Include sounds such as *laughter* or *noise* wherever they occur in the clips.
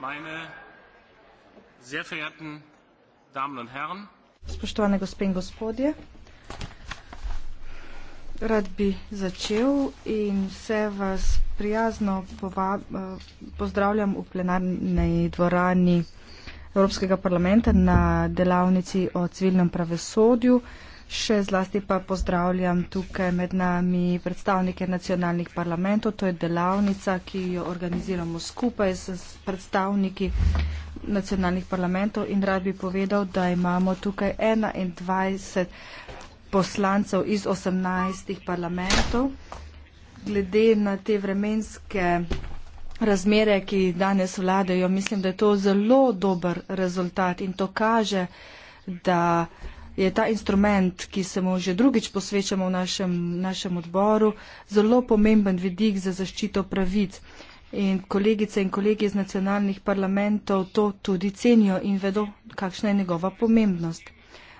meine sehr verehrten Damen und Herren. Spoštovane gospe in gospodje, rad bi začel in vse vas prijazno pozdravljam v plenarni dvorani Evropskega parlamenta na delavnici o civilnem pravesodju še zlasti pa pozdravljam tukaj med nami predstavnike nacionalnih parlamentov. To je delavnica, ki jo organiziramo skupaj s predstavniki nacionalnih parlamentov in rad bi povedal, da imamo tukaj 21 poslancev iz 18 parlamentov. Glede na te vremenske razmere, ki danes vladajo, mislim, da je to zelo dober rezultat in to kaže, da je ta instrument, ki se mu že drugič posvečamo v našem, našem odboru, zelo pomemben vidik za zaščito pravic. In kolegice in kolegi iz nacionalnih parlamentov to tudi cenijo in vedo, kakšna je njegova pomembnost.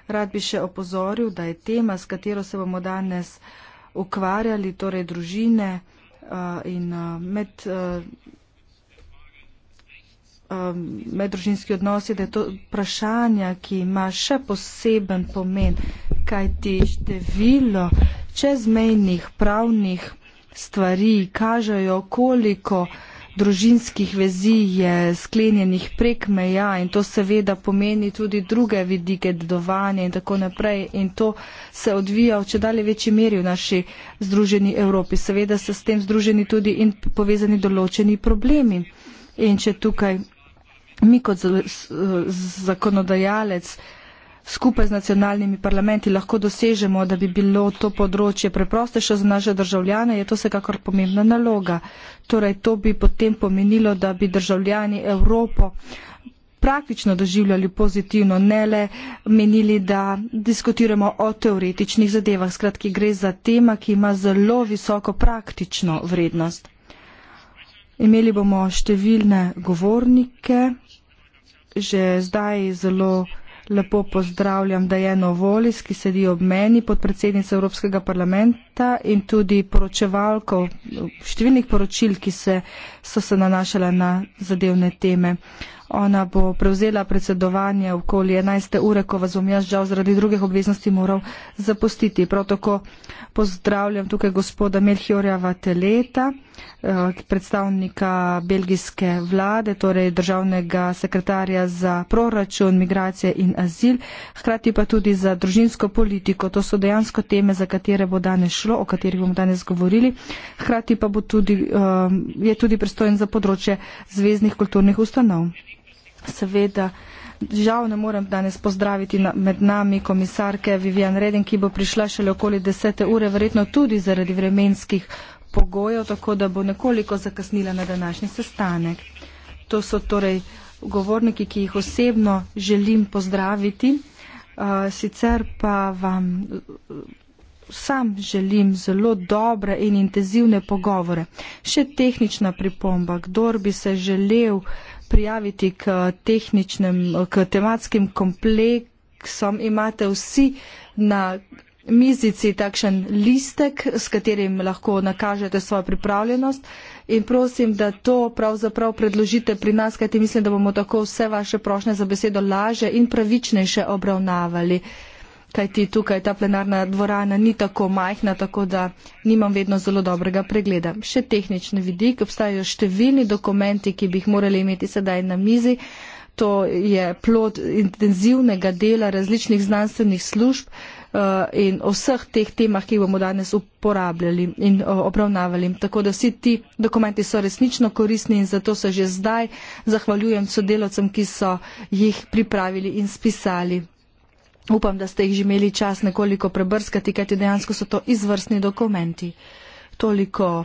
Rad bi še opozoril, da je tema, s katero se bomo danes ukvarjali, torej družine uh, in uh, med. Uh, Um, medružinski odnosi, da je to vprašanje, ki ima še poseben pomen, kaj ti število čezmejnih pravnih stvari kažejo, koliko družinskih vezi je sklenjenih prek meja in to seveda pomeni tudi druge vidike dedovanja in tako naprej in to se odvija v če dalje večji meri v naši združeni Evropi. Seveda se s tem združeni tudi in povezani določeni problemi. In če tukaj mi kot zakonodajalec skupaj z nacionalnimi parlamenti lahko dosežemo, da bi bilo to področje preprostejše za naše državljane, je to vsekakor pomembna naloga. Torej, to bi potem pomenilo, da bi državljani Evropo praktično doživljali pozitivno, ne le menili, da diskutiramo o teoretičnih zadevah. Skratki, gre za tema, ki ima zelo visoko praktično vrednost. Imeli bomo številne govornike že zdaj zelo lepo pozdravljam Dajeno Volis, ki sedi ob meni pod predsednico Evropskega parlamenta in tudi poročevalko številnih poročil, ki se, so se nanašala na zadevne teme. Uh, Ona bo prevzela predsedovanje okoli 11. ure, ko vas bom jaz žal zaradi drugih obveznosti moral zapustiti. Prav tako pozdravljam tukaj gospoda Melchiorja Vateleta, eh, predstavnika belgijske vlade, torej državnega sekretarja za proračun, migracije in azil, hkrati pa tudi za družinsko politiko. To so dejansko teme, za katere bo danes šlo, o katerih bomo danes govorili. Hkrati pa tudi, eh, je tudi pristojen za področje zvezdnih kulturnih ustanov seveda žal ne morem danes pozdraviti na, med nami komisarke Vivian Reden, ki bo prišla šele okoli 10. ure, verjetno tudi zaradi vremenskih pogojev, tako da bo nekoliko zakasnila na današnji sestanek. To so torej govorniki, ki jih osebno želim pozdraviti. Uh, sicer pa vam uh, sam želim zelo dobre in intenzivne pogovore. Še tehnična pripomba, kdor bi se želel uh, prijaviti k tehničnim, k tematskim kompleksom. Imate vsi na mizici takšen listek, s katerim lahko nakažete svojo pripravljenost in prosim, da to pravzaprav predložite pri nas, kajti mislim, da bomo tako vse vaše prošnje za besedo laže in pravičnejše obravnavali kajti tukaj ta plenarna dvorana ni tako majhna, tako da nimam vedno zelo dobrega pregleda. Še tehnični vidik, obstajajo številni dokumenti, ki bi jih morali imeti sedaj na mizi. To je plod intenzivnega dela različnih znanstvenih služb uh, in o vseh teh temah, ki jih bomo danes uporabljali in obravnavali. Tako da vsi ti dokumenti so resnično koristni in zato se že zdaj zahvaljujem sodelovcem, ki so jih pripravili in spisali. Upam, da ste jih že imeli čas nekoliko prebrskati, kajti dejansko so to izvrstni dokumenti. Toliko uh,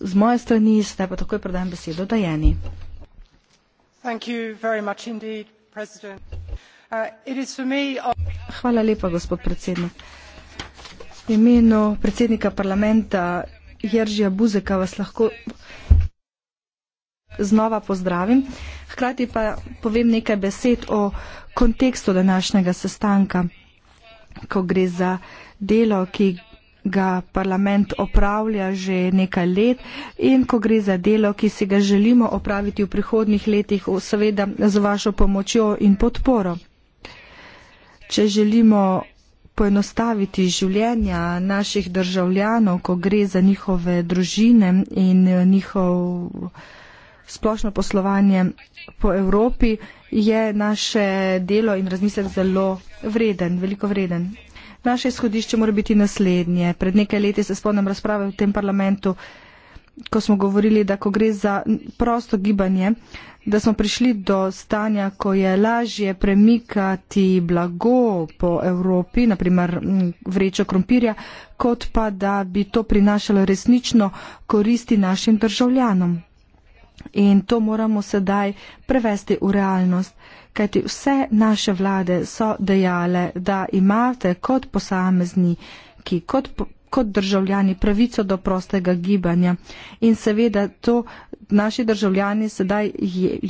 z moje strani, zdaj pa takoj predajam besedo Dajeni. Uh, Hvala lepa, gospod predsednik. V imenu predsednika parlamenta Jeržija Buzeka vas lahko znova pozdravim. Hkrati pa povem nekaj besed o kontekstu današnjega sestanka, ko gre za delo, ki ga parlament opravlja že nekaj let in ko gre za delo, ki si ga želimo opraviti v prihodnih letih, seveda z vašo pomočjo in podporo. Če želimo poenostaviti življenja naših državljanov, ko gre za njihove družine in njihov splošno poslovanje po Evropi, je naše delo in razmislek zelo vreden, veliko vreden. Naše izhodišče mora biti naslednje. Pred nekaj leti se spomnim razprave v tem parlamentu, ko smo govorili, da ko gre za prosto gibanje, da smo prišli do stanja, ko je lažje premikati blago po Evropi, naprimer vrečo krompirja, kot pa da bi to prinašalo resnično koristi našim državljanom. In to moramo sedaj prevesti v realnost, kajti vse naše vlade so dejale, da imate kot posamezni, ki kot, kot državljani pravico do prostega gibanja. In seveda to naši državljani sedaj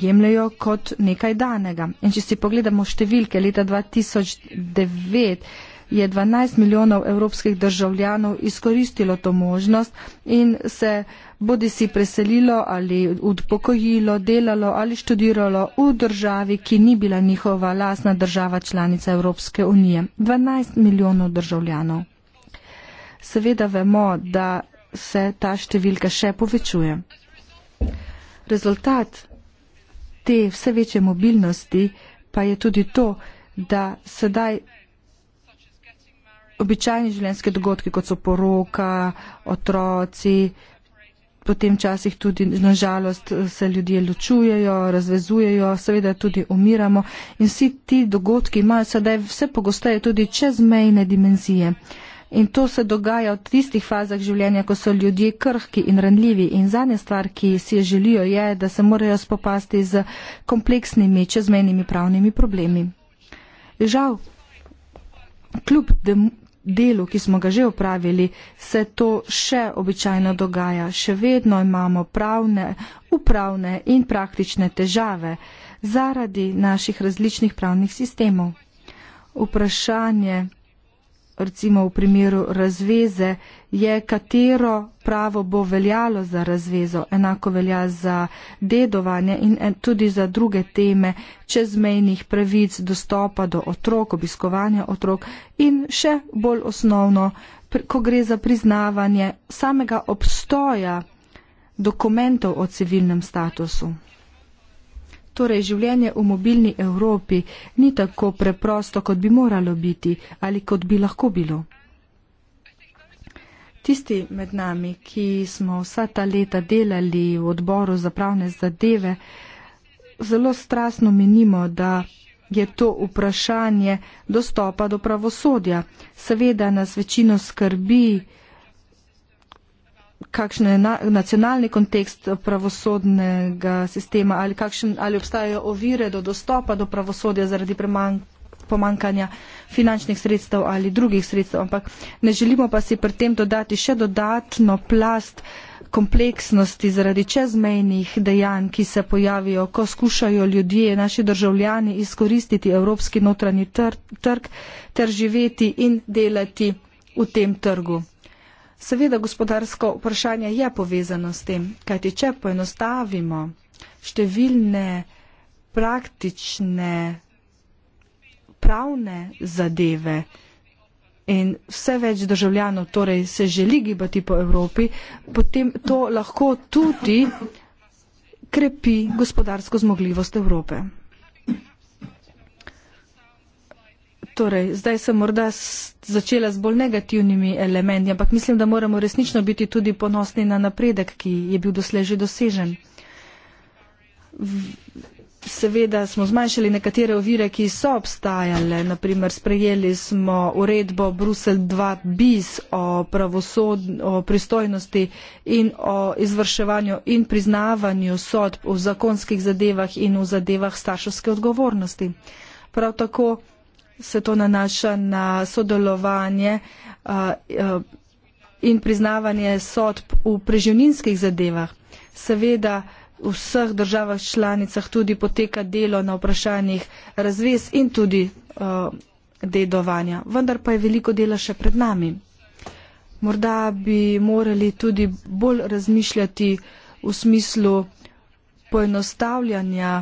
jemljajo kot nekaj danega. In če si pogledamo številke leta 2009, je 12 milijonov evropskih državljanov izkoristilo to možnost in se bodi si preselilo ali upokojilo, delalo ali študiralo v državi, ki ni bila njihova lasna država članica Evropske unije. 12 milijonov državljanov. Seveda vemo, da se ta številka še povečuje. Rezultat te vse večje mobilnosti pa je tudi to, da sedaj običajni življenjski dogodki, kot so poroka, otroci, potem včasih tudi na žalost se ljudje ločujejo, razvezujejo, seveda tudi umiramo in vsi ti dogodki imajo sedaj vse pogosteje tudi čezmejne dimenzije. In to se dogaja v tistih fazah življenja, ko so ljudje krhki in ranljivi. In zadnja stvar, ki si je želijo, je, da se morajo spopasti z kompleksnimi, čezmenimi pravnimi problemi. Žal, kljub delu, ki smo ga že opravili, se to še običajno dogaja. Še vedno imamo pravne, upravne in praktične težave zaradi naših različnih pravnih sistemov. Vprašanje recimo v primeru razveze, je katero pravo bo veljalo za razvezo. Enako velja za dedovanje in eh, tudi za druge teme čezmejnih pravic dostopa do otrok, obiskovanja otrok in še bolj osnovno, ko gre za priznavanje samega obstoja dokumentov o civilnem statusu. Torej, življenje v mobilni Evropi ni tako preprosto, kot bi moralo biti ali kot bi lahko bilo. Tisti med nami, ki smo vsa ta leta delali v odboru za pravne zadeve, zelo strastno menimo, da je to vprašanje dostopa do pravosodja. Seveda nas večino skrbi, kakšen je na, nacionalni kontekst pravosodnega sistema ali, kakšen, ali obstajajo ovire do dostopa do pravosodja zaradi premanj pomankanja finančnih sredstev ali drugih sredstev, ampak ne želimo pa si pri tem dodati še dodatno plast kompleksnosti zaradi čezmejnih dejanj, ki se pojavijo, ko skušajo ljudje, naši državljani, izkoristiti evropski notranji trg, trg ter živeti in delati v tem trgu. Seveda gospodarsko vprašanje je povezano s tem, kajti če poenostavimo številne praktične pravne zadeve in vse več državljanov torej se želi gibati po Evropi, potem to lahko tudi krepi gospodarsko zmogljivost Evrope. Torej, zdaj sem morda začela z bolj negativnimi elementi, ampak mislim, da moramo resnično biti tudi ponosni na napredek, ki je bil doslej že dosežen. V, seveda smo zmanjšali nekatere ovire, ki so obstajale. Naprimer, sprejeli smo uredbo Brusel 2 bis o, o pristojnosti in o izvrševanju in priznavanju sodb v zakonskih zadevah in v zadevah starševske odgovornosti. Prav tako se to nanaša na sodelovanje uh, in priznavanje sodb v preživninskih zadevah. Seveda v vseh državah članicah tudi poteka delo na vprašanjih razvez in tudi uh, dedovanja. Vendar pa je veliko dela še pred nami. Morda bi morali tudi bolj razmišljati v smislu poenostavljanja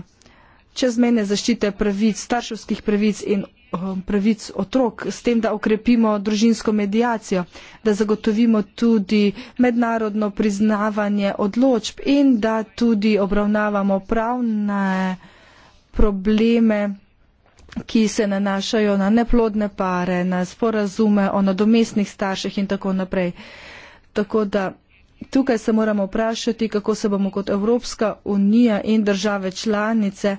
čezmene zaščite pravic, starševskih pravic in Um, pravic otrok, s tem, da okrepimo družinsko medijacijo, da zagotovimo tudi mednarodno priznavanje odločb in da tudi obravnavamo pravne probleme, ki se nanašajo na neplodne pare, na sporazume o nadomestnih starših in tako naprej. Tako da tukaj se moramo vprašati, kako se bomo kot Evropska unija in države članice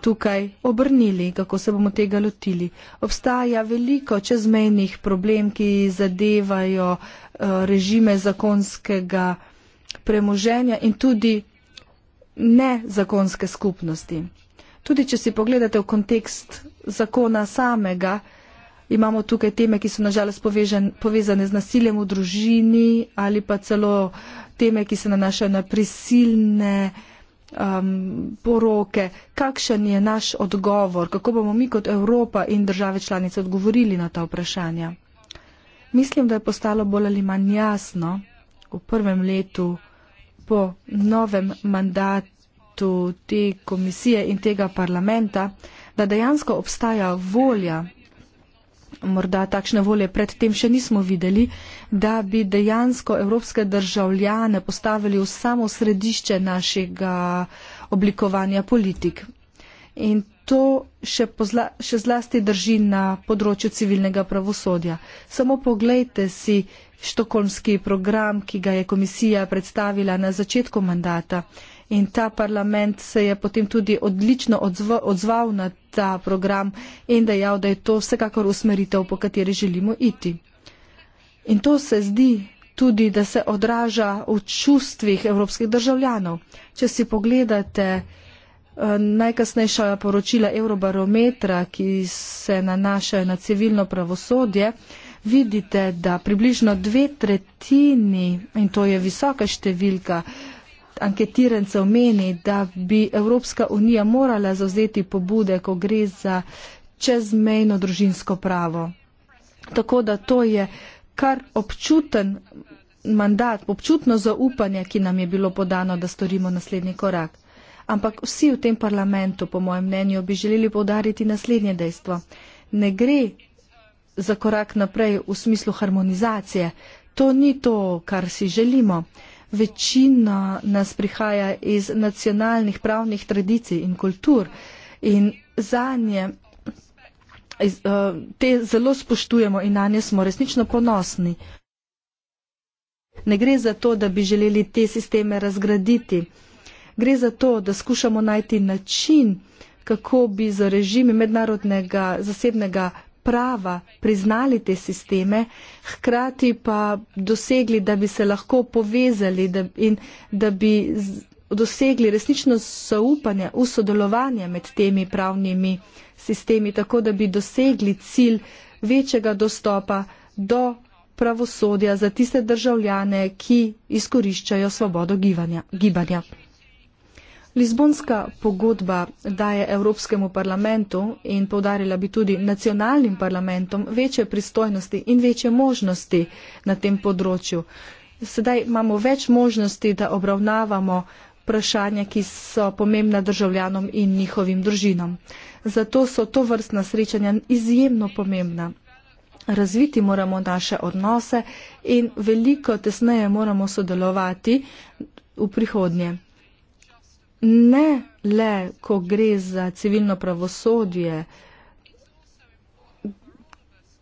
tukaj obrnili, kako se bomo tega lotili. Obstaja veliko čezmejnih problem, ki zadevajo eh, režime zakonskega premoženja in tudi nezakonske skupnosti. Tudi, če si pogledate v kontekst zakona samega, imamo tukaj teme, ki so nažalost povezane z nasiljem v družini ali pa celo teme, ki se nanašajo na prisilne uh, um, poroke, kakšen je naš odgovor, kako bomo mi kot Evropa in države članice odgovorili na ta vprašanja. Mislim, da je postalo bolj ali manj jasno v prvem letu po novem mandatu te komisije in tega parlamenta, da dejansko obstaja volja morda takšne volje predtem še nismo videli, da bi dejansko evropske državljane postavili v samo središče našega oblikovanja politik. In to še, pozla, še zlasti drži na področju civilnega pravosodja. Samo pogledajte si štokolmski program, ki ga je komisija predstavila na začetku mandata in ta parlament se je potem tudi odlično odzval na ta program in dejal, da je to vsekakor usmeritev, po kateri želimo iti. In to se zdi tudi, da se odraža v čustvih evropskih državljanov. Če si pogledate eh, najkasnejša poročila Eurobarometra, ki se nanašajo na civilno pravosodje, vidite, da približno dve tretjini, in to je visoka številka, anketirancev meni, da bi Evropska unija morala zauzeti pobude, ko gre za čezmejno družinsko pravo. Tako da to je kar občuten mandat, občutno zaupanje, ki nam je bilo podano, da storimo naslednji korak. Ampak vsi v tem parlamentu, po mojem mnenju, bi želeli povdariti naslednje dejstvo. Ne gre za korak naprej v smislu harmonizacije. To ni to, kar si želimo večina nas prihaja iz nacionalnih pravnih tradicij in kultur in zanje eh, te zelo spoštujemo in na nje smo resnično ponosni. Ne gre za to, da bi želeli te sisteme razgraditi. Gre za to, da skušamo najti način, kako bi za režim mednarodnega zasebnega prava, priznali te sisteme, hkrati pa dosegli, da bi se lahko povezali da, in da bi dosegli resnično zaupanje v sodelovanje med temi pravnimi sistemi, tako da bi dosegli cilj večjega dostopa do pravosodja za tiste državljane, ki izkoriščajo svobodo gibanja. Lizbonska pogodba daje Evropskemu parlamentu in povdarila bi tudi nacionalnim parlamentom večje pristojnosti in večje možnosti na tem področju. Sedaj imamo več možnosti, da obravnavamo vprašanja, ki so pomembna državljanom in njihovim družinam. Zato so to vrstna srečanja izjemno pomembna. Razviti moramo naše odnose in veliko tesneje moramo sodelovati v prihodnje ne le, ko gre za civilno pravosodje.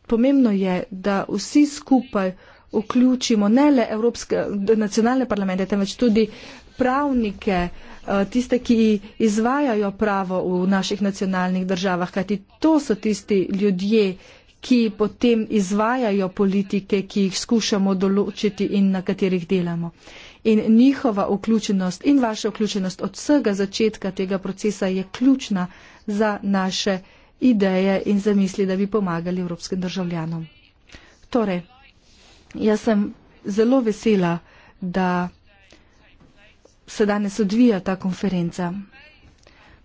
Pomembno je, da vsi skupaj vključimo ne le Evropske, nacionalne parlamente, temveč tudi pravnike, eh, tiste, ki izvajajo pravo v naših nacionalnih državah, kajti to so tisti ljudje, ki potem izvajajo politike, ki jih skušamo določiti in na katerih delamo in njihova vključenost in vaša vključenost od vsega začetka tega procesa je ključna za naše ideje in zamisli, da bi pomagali evropskim državljanom. Torej, jaz sem zelo vesela, da se danes odvija ta konferenca.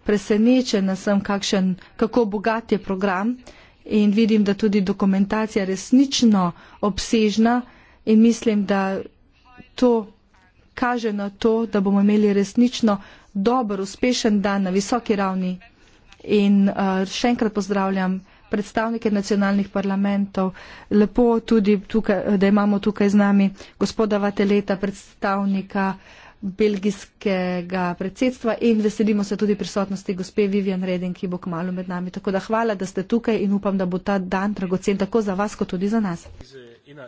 Presenečena sem, kakšen, kako bogat je program in vidim, da tudi dokumentacija resnično obsežna in mislim, da to kaže na to, da bomo imeli resnično dober, uspešen dan na visoki ravni. In uh, še enkrat pozdravljam predstavnike nacionalnih parlamentov. Lepo tudi, tukaj, da imamo tukaj z nami gospoda Vateleta, predstavnika belgijskega predsedstva in veselimo se tudi prisotnosti gospe Vivian Reden, ki bo kmalo med nami. Tako da hvala, da ste tukaj in upam, da bo ta dan dragocen tako za vas, kot tudi za nas. Inna,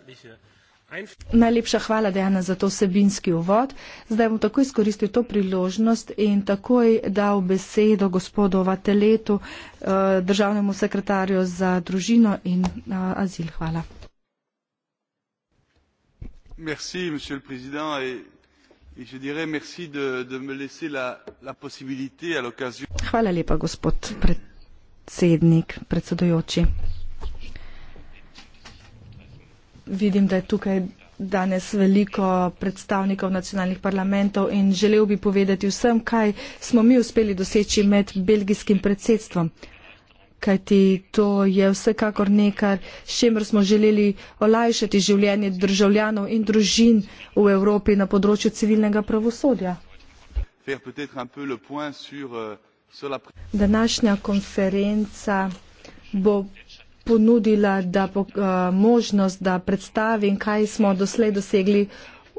Najlepša hvala, Dejana, za to sebinski uvod. Zdaj bom takoj izkoristil to priložnost in takoj dal besedo gospodu Vateletu, eh, državnemu sekretarju za družino in eh, azil. Hvala. Merci, monsieur le président, et, et je dirais merci de, de me laisser la, la possibilité à l'occasion. Hvala lepa, gospod predsednik, predsedujoči vidim, da je tukaj danes veliko predstavnikov nacionalnih parlamentov in želel bi povedati vsem, kaj smo mi uspeli doseči med belgijskim predsedstvom. Kajti to je vsekakor nekaj, s čimer smo želeli olajšati življenje državljanov in družin v Evropi na področju civilnega pravosodja. Euh, Današnja konferenca bo ponudila da, uh, možnost, da predstavim, kaj smo doslej dosegli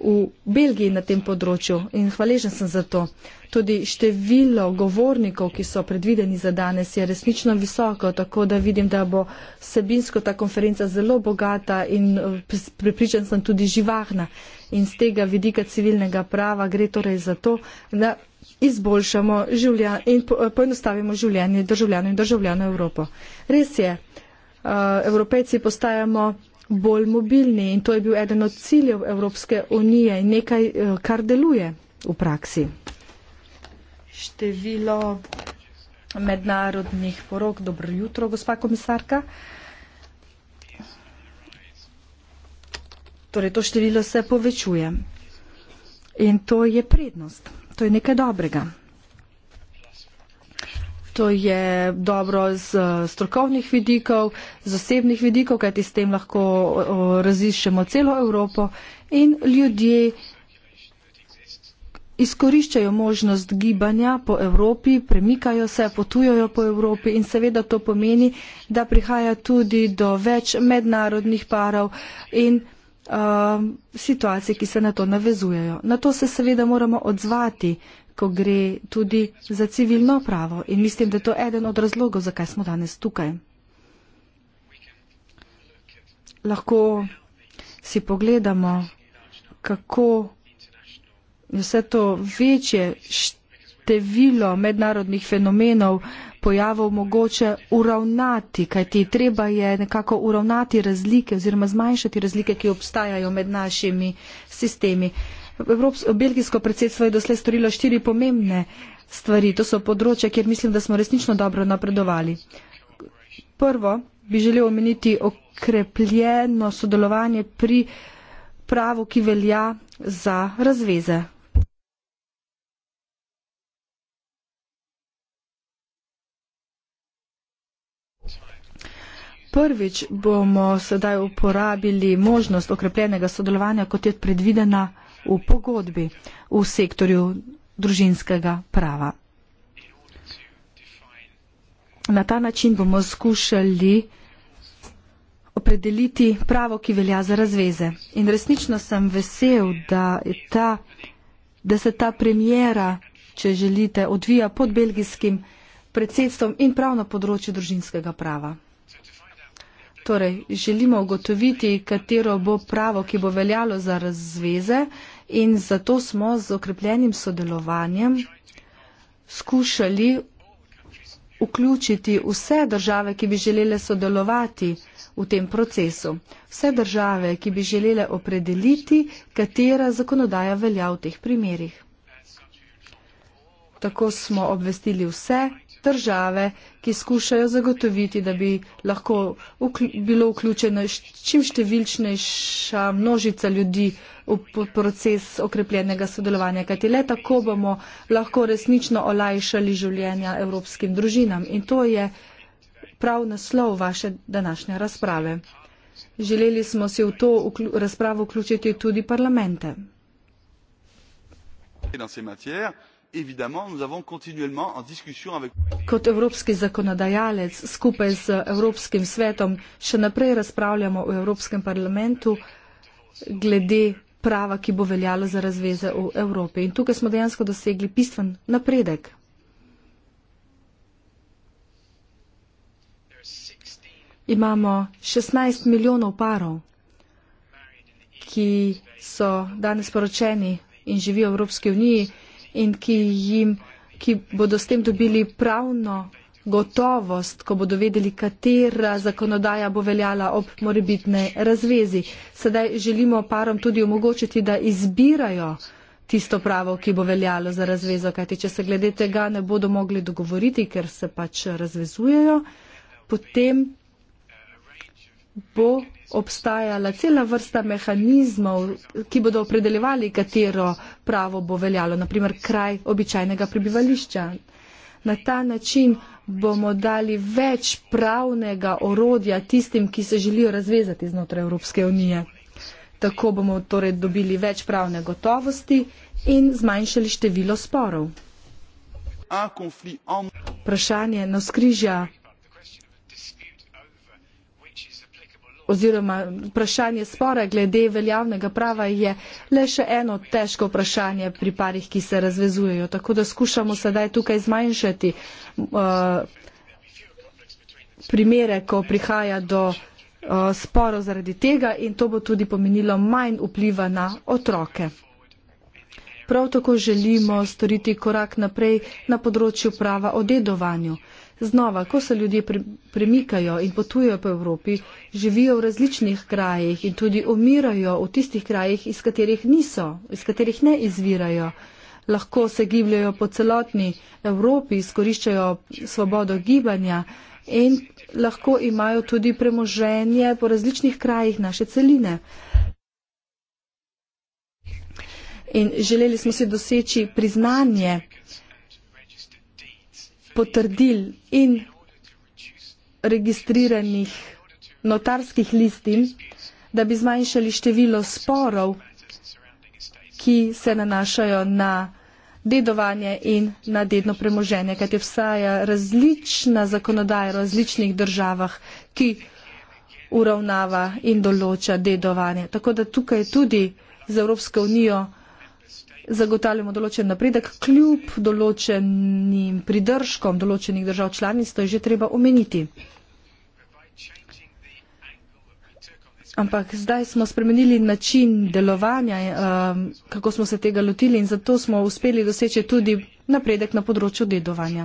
v Belgiji na tem področju. In hvaležen sem za to. Tudi število govornikov, ki so predvideni za danes, je resnično visoko, tako da vidim, da bo sebinsko ta konferenca zelo bogata in eh, pripričan sem tudi živahna. In z tega vidika civilnega prava gre torej za to, da izboljšamo življenje in eh, poenostavimo življenje državljanov in državljanov Evropo. Res je, Eh, Evropejci postajamo bolj mobilni in to je bil eden od ciljev Evropske unije in nekaj, eh, kar deluje v praksi. Število mednarodnih porok. Dobro jutro, gospa komisarka. Torej, to število se povečuje. In to je prednost. To je nekaj dobrega to je dobro z eh, strokovnih vidikov, z osebnih vidikov, kajti s tem lahko eh, raziščemo celo Evropo in ljudje izkoriščajo možnost gibanja po Evropi, premikajo se, potujajo po Evropi in seveda to pomeni, da prihaja tudi do več mednarodnih parov in uh, situacij, ki se na to navezujejo. Na to se seveda moramo odzvati, ko gre tudi za civilno pravo. In mislim, da je to eden od razlogov, zakaj smo danes tukaj. Lahko si pogledamo, kako vse to večje število mednarodnih fenomenov pojavov mogoče uravnati, kajti treba je nekako uravnati razlike oziroma zmanjšati razlike, ki obstajajo med našimi sistemi. Evropsko, belgijsko predsedstvo je doslej storilo štiri pomembne stvari. To so področja, kjer mislim, da smo resnično dobro napredovali. Prvo bi želel omeniti okrepljeno sodelovanje pri pravu, ki velja za razveze. Prvič bomo sedaj uporabili možnost okrepljenega sodelovanja, kot je predvidena v pogodbi v sektorju družinskega prava. Na ta način bomo skušali opredeliti pravo, ki velja za razveze. In resnično sem vesel, da, ta, da se ta premjera, če želite, odvija pod belgijskim predsedstvom in prav na področju družinskega prava. Torej, želimo ugotoviti, katero bo pravo, ki bo veljalo za razveze in zato smo z okrepljenim sodelovanjem skušali vključiti vse države, ki bi želele sodelovati v tem procesu. Vse države, ki bi želele opredeliti, katera zakonodaja velja v teh primerih. Tako smo obvestili vse države, ki skušajo zagotoviti, da bi lahko ukl bilo vključeno čim številčnejša množica ljudi v proces okrepljenega sodelovanja, kajti le tako bomo lahko resnično olajšali življenja evropskim družinam. In to je prav naslov vaše današnje razprave. Želeli smo se v to vkl razpravo vključiti tudi parlamente évidemment, nous avons continuellement en discussion avec. Kot evropski zakonodajalec skupaj z Evropskim svetom še naprej razpravljamo v Evropskem parlamentu glede prava, ki bo veljala za razveze v Evropi. In tukaj smo dejansko dosegli bistven napredek. Imamo 16 milijonov parov, ki so danes poročeni in živijo v Evropski uniji in ki, jim, ki bodo s tem dobili pravno gotovost, ko bodo vedeli, katera zakonodaja bo veljala ob morebitne razvezi. Sedaj želimo parom tudi omogočiti, da izbirajo tisto pravo, ki bo veljalo za razvezo, kajti če se glede tega ne bodo mogli dogovoriti, ker se pač razvezujejo, potem bo obstajala cela vrsta mehanizmov, ki bodo opredeljevali, katero pravo bo veljalo, naprimer kraj običajnega prebivališča. Na ta način bomo dali več pravnega orodja tistim, ki se želijo razvezati znotraj Evropske unije. Tako bomo torej dobili več pravne gotovosti in zmanjšali število sporov. Vprašanje na skrižja oziroma vprašanje spora glede veljavnega prava je le še eno težko vprašanje pri parih, ki se razvezujejo. Tako da skušamo sedaj tukaj zmanjšati uh, primere, ko prihaja do uh, sporo zaradi tega in to bo tudi pomenilo manj vpliva na otroke. Prav tako želimo storiti korak naprej na področju prava o dedovanju. Znova, ko se ljudje premikajo in potujejo po Evropi, živijo v različnih krajih in tudi umirajo v tistih krajih, iz katerih niso, iz katerih ne izvirajo. Lahko se gibljajo po celotni Evropi, izkoriščajo svobodo gibanja in lahko imajo tudi premoženje po različnih krajih naše celine. In želeli smo si doseči priznanje potrdil in registriranih notarskih listin, da bi zmanjšali število sporov, ki se nanašajo na dedovanje in na dedno premoženje, kaj te vsaja različna zakonodaja v različnih državah, ki uravnava in določa dedovanje. Tako da tukaj tudi z Evropsko unijo zagotavljamo določen napredek, kljub določenim pridržkom določenih držav članic, to je že treba omeniti. Ampak zdaj smo spremenili način delovanja, um, kako smo se tega lotili in zato smo uspeli doseči tudi napredek na področju dedovanja.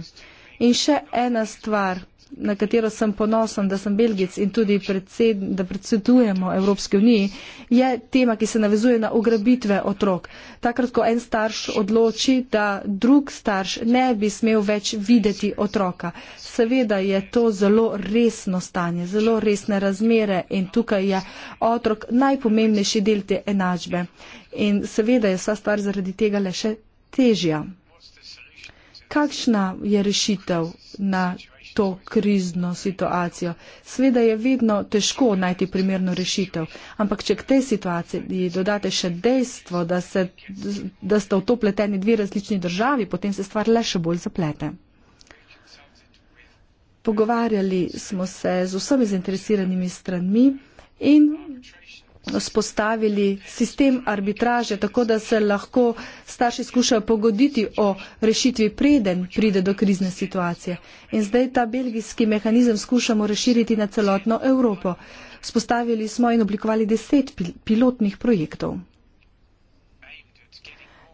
In še ena stvar, na katero sem ponosen, da sem Belgic in tudi predsed, da predsedujemo Evropski uniji, je tema, ki se navezuje na ugrabitve otrok. Takrat, ko en starš odloči, da drug starš ne bi smel več videti otroka. Seveda je to zelo resno stanje, zelo resne razmere in tukaj je otrok najpomembnejši del te enačbe. In seveda je vsa stvar zaradi tega le še težja. Kakšna je rešitev na to krizno situacijo. Sveda je vedno težko najti primerno rešitev, ampak če k tej situaciji dodate še dejstvo, da, se, da sta v to pleteni dve različni državi, potem se stvar le še bolj zaplete. Pogovarjali smo se z vsemi zainteresiranimi stranmi in spostavili sistem arbitraže, tako da se lahko starši skušajo pogoditi o rešitvi preden pride do krizne situacije. In zdaj ta belgijski mehanizem skušamo razširiti na celotno Evropo. Spostavili smo in oblikovali deset pilotnih projektov.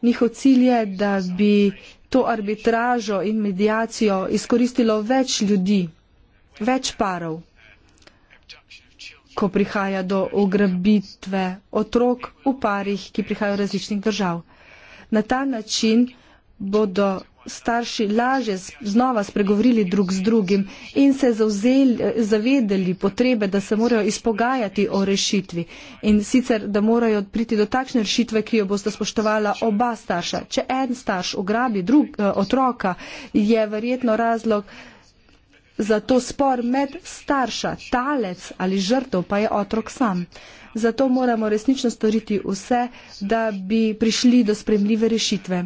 Njihov cilj je, da bi to arbitražo in medijacijo izkoristilo več ljudi, več parov ko prihaja do ugrabitve otrok v parih, ki prihajajo iz različnih držav. Na ta način bodo starši lažje znova spregovorili drug z drugim in se zavzeli, zavedeli potrebe, da se morajo izpogajati o rešitvi in sicer, da morajo priti do takšne rešitve, ki jo boste spoštovala oba starša. Če en starš ugrabi drug, eh, otroka, je verjetno razlog, Zato spor med starša, talec ali žrtov pa je otrok sam. Zato moramo resnično storiti vse, da bi prišli do spremljive rešitve.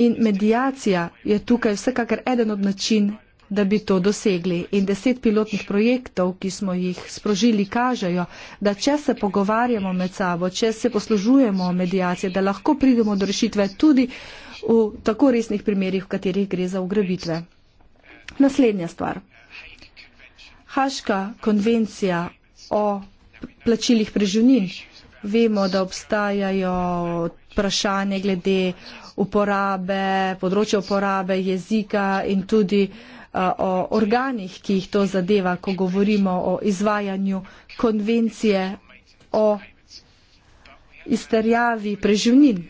In medijacija je tukaj vsekakor eden od način, da bi to dosegli. In deset pilotnih projektov, ki smo jih sprožili, kažejo, da če se pogovarjamo med sabo, če se poslužujemo medijacije, da lahko pridemo do rešitve tudi v tako resnih primerjih, v katerih gre za ugrabitve. Naslednja stvar. Haška konvencija o plačilih preživnin. Vemo, da obstajajo vprašanje glede uporabe, področja uporabe jezika in tudi eh, o organih, ki jih to zadeva, ko govorimo o izvajanju konvencije o izterjavi preživnin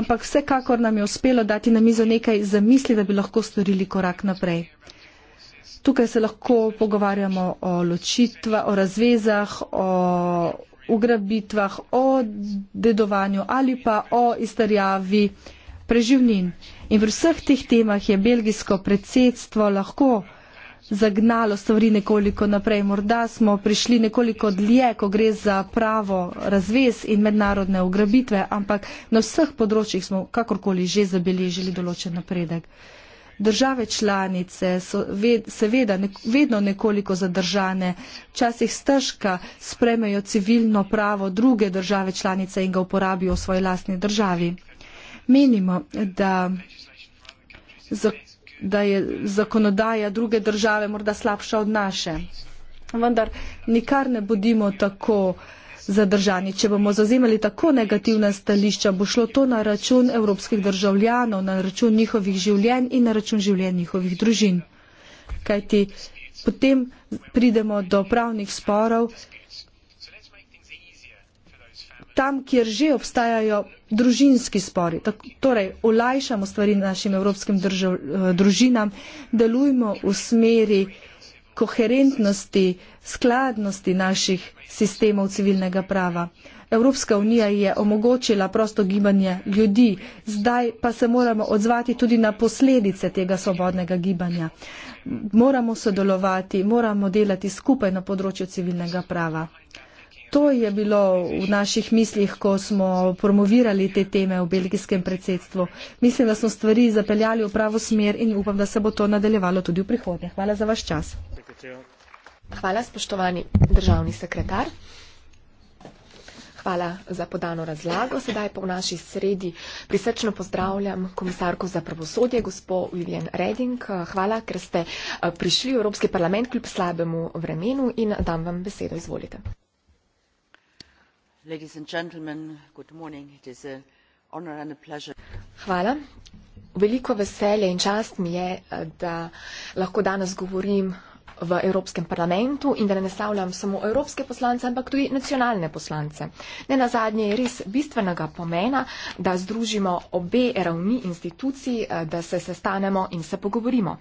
ampak vsekakor nam je uspelo dati na mizo nekaj zamisli, da bi lahko storili korak naprej. Tukaj se lahko pogovarjamo o ločitva, o razvezah, o ugrabitvah, o dedovanju ali pa o istarjavi preživnin. In v vseh teh temah je belgijsko predsedstvo lahko zagnalo stvari nekoliko naprej. Morda smo prišli nekoliko dlje, ko gre za pravo razves in mednarodne ugrabitve, ampak na vseh področjih smo kakorkoli že zabeležili določen napredek. Države članice so ved, seveda ne, vedno nekoliko zadržane, včasih stržka spremejo civilno pravo druge države članice in ga uporabijo v svoji lastni državi. Menimo, da zakon da je zakonodaja druge države morda slabša od naše. Vendar nikar ne bodimo tako zadržani. Če bomo zazemali tako negativna stališča, bo šlo to na račun evropskih državljanov, na račun njihovih življenj in na račun življenj njihovih družin. Kajti potem pridemo do pravnih sporov tam, kjer že obstajajo družinski spori. Torej, olajšamo stvari našim evropskim držav, eh, družinam, delujmo v smeri koherentnosti, skladnosti naših sistemov civilnega prava. Evropska unija je omogočila prosto gibanje ljudi, zdaj pa se moramo odzvati tudi na posledice tega svobodnega gibanja. Moramo sodelovati, moramo delati skupaj na področju civilnega prava. To je bilo v naših mislih, ko smo promovirali te teme v belgijskem predsedstvu. Mislim, da smo stvari zapeljali v pravo smer in upam, da se bo to nadaljevalo tudi v prihodnje. Hvala za vaš čas. Hvala, spoštovani državni sekretar. Hvala za podano razlago. Sedaj pa v naši sredi prisrčno pozdravljam komisarko za pravosodje, gospo Vivian Reding. Hvala, ker ste eh, prišli v Evropski parlament kljub slabemu vremenu in dam vam besedo. Izvolite. Veliko veselje in čast mi je, eh, da lahko danes govorim v Evropskem parlamentu in da ne naslavljam samo evropske poslance, ampak tudi nacionalne poslance. Ne nazadnje je res bistvenega pomena, da združimo obe ravni institucij, eh, da se sestanemo in se pogovorimo.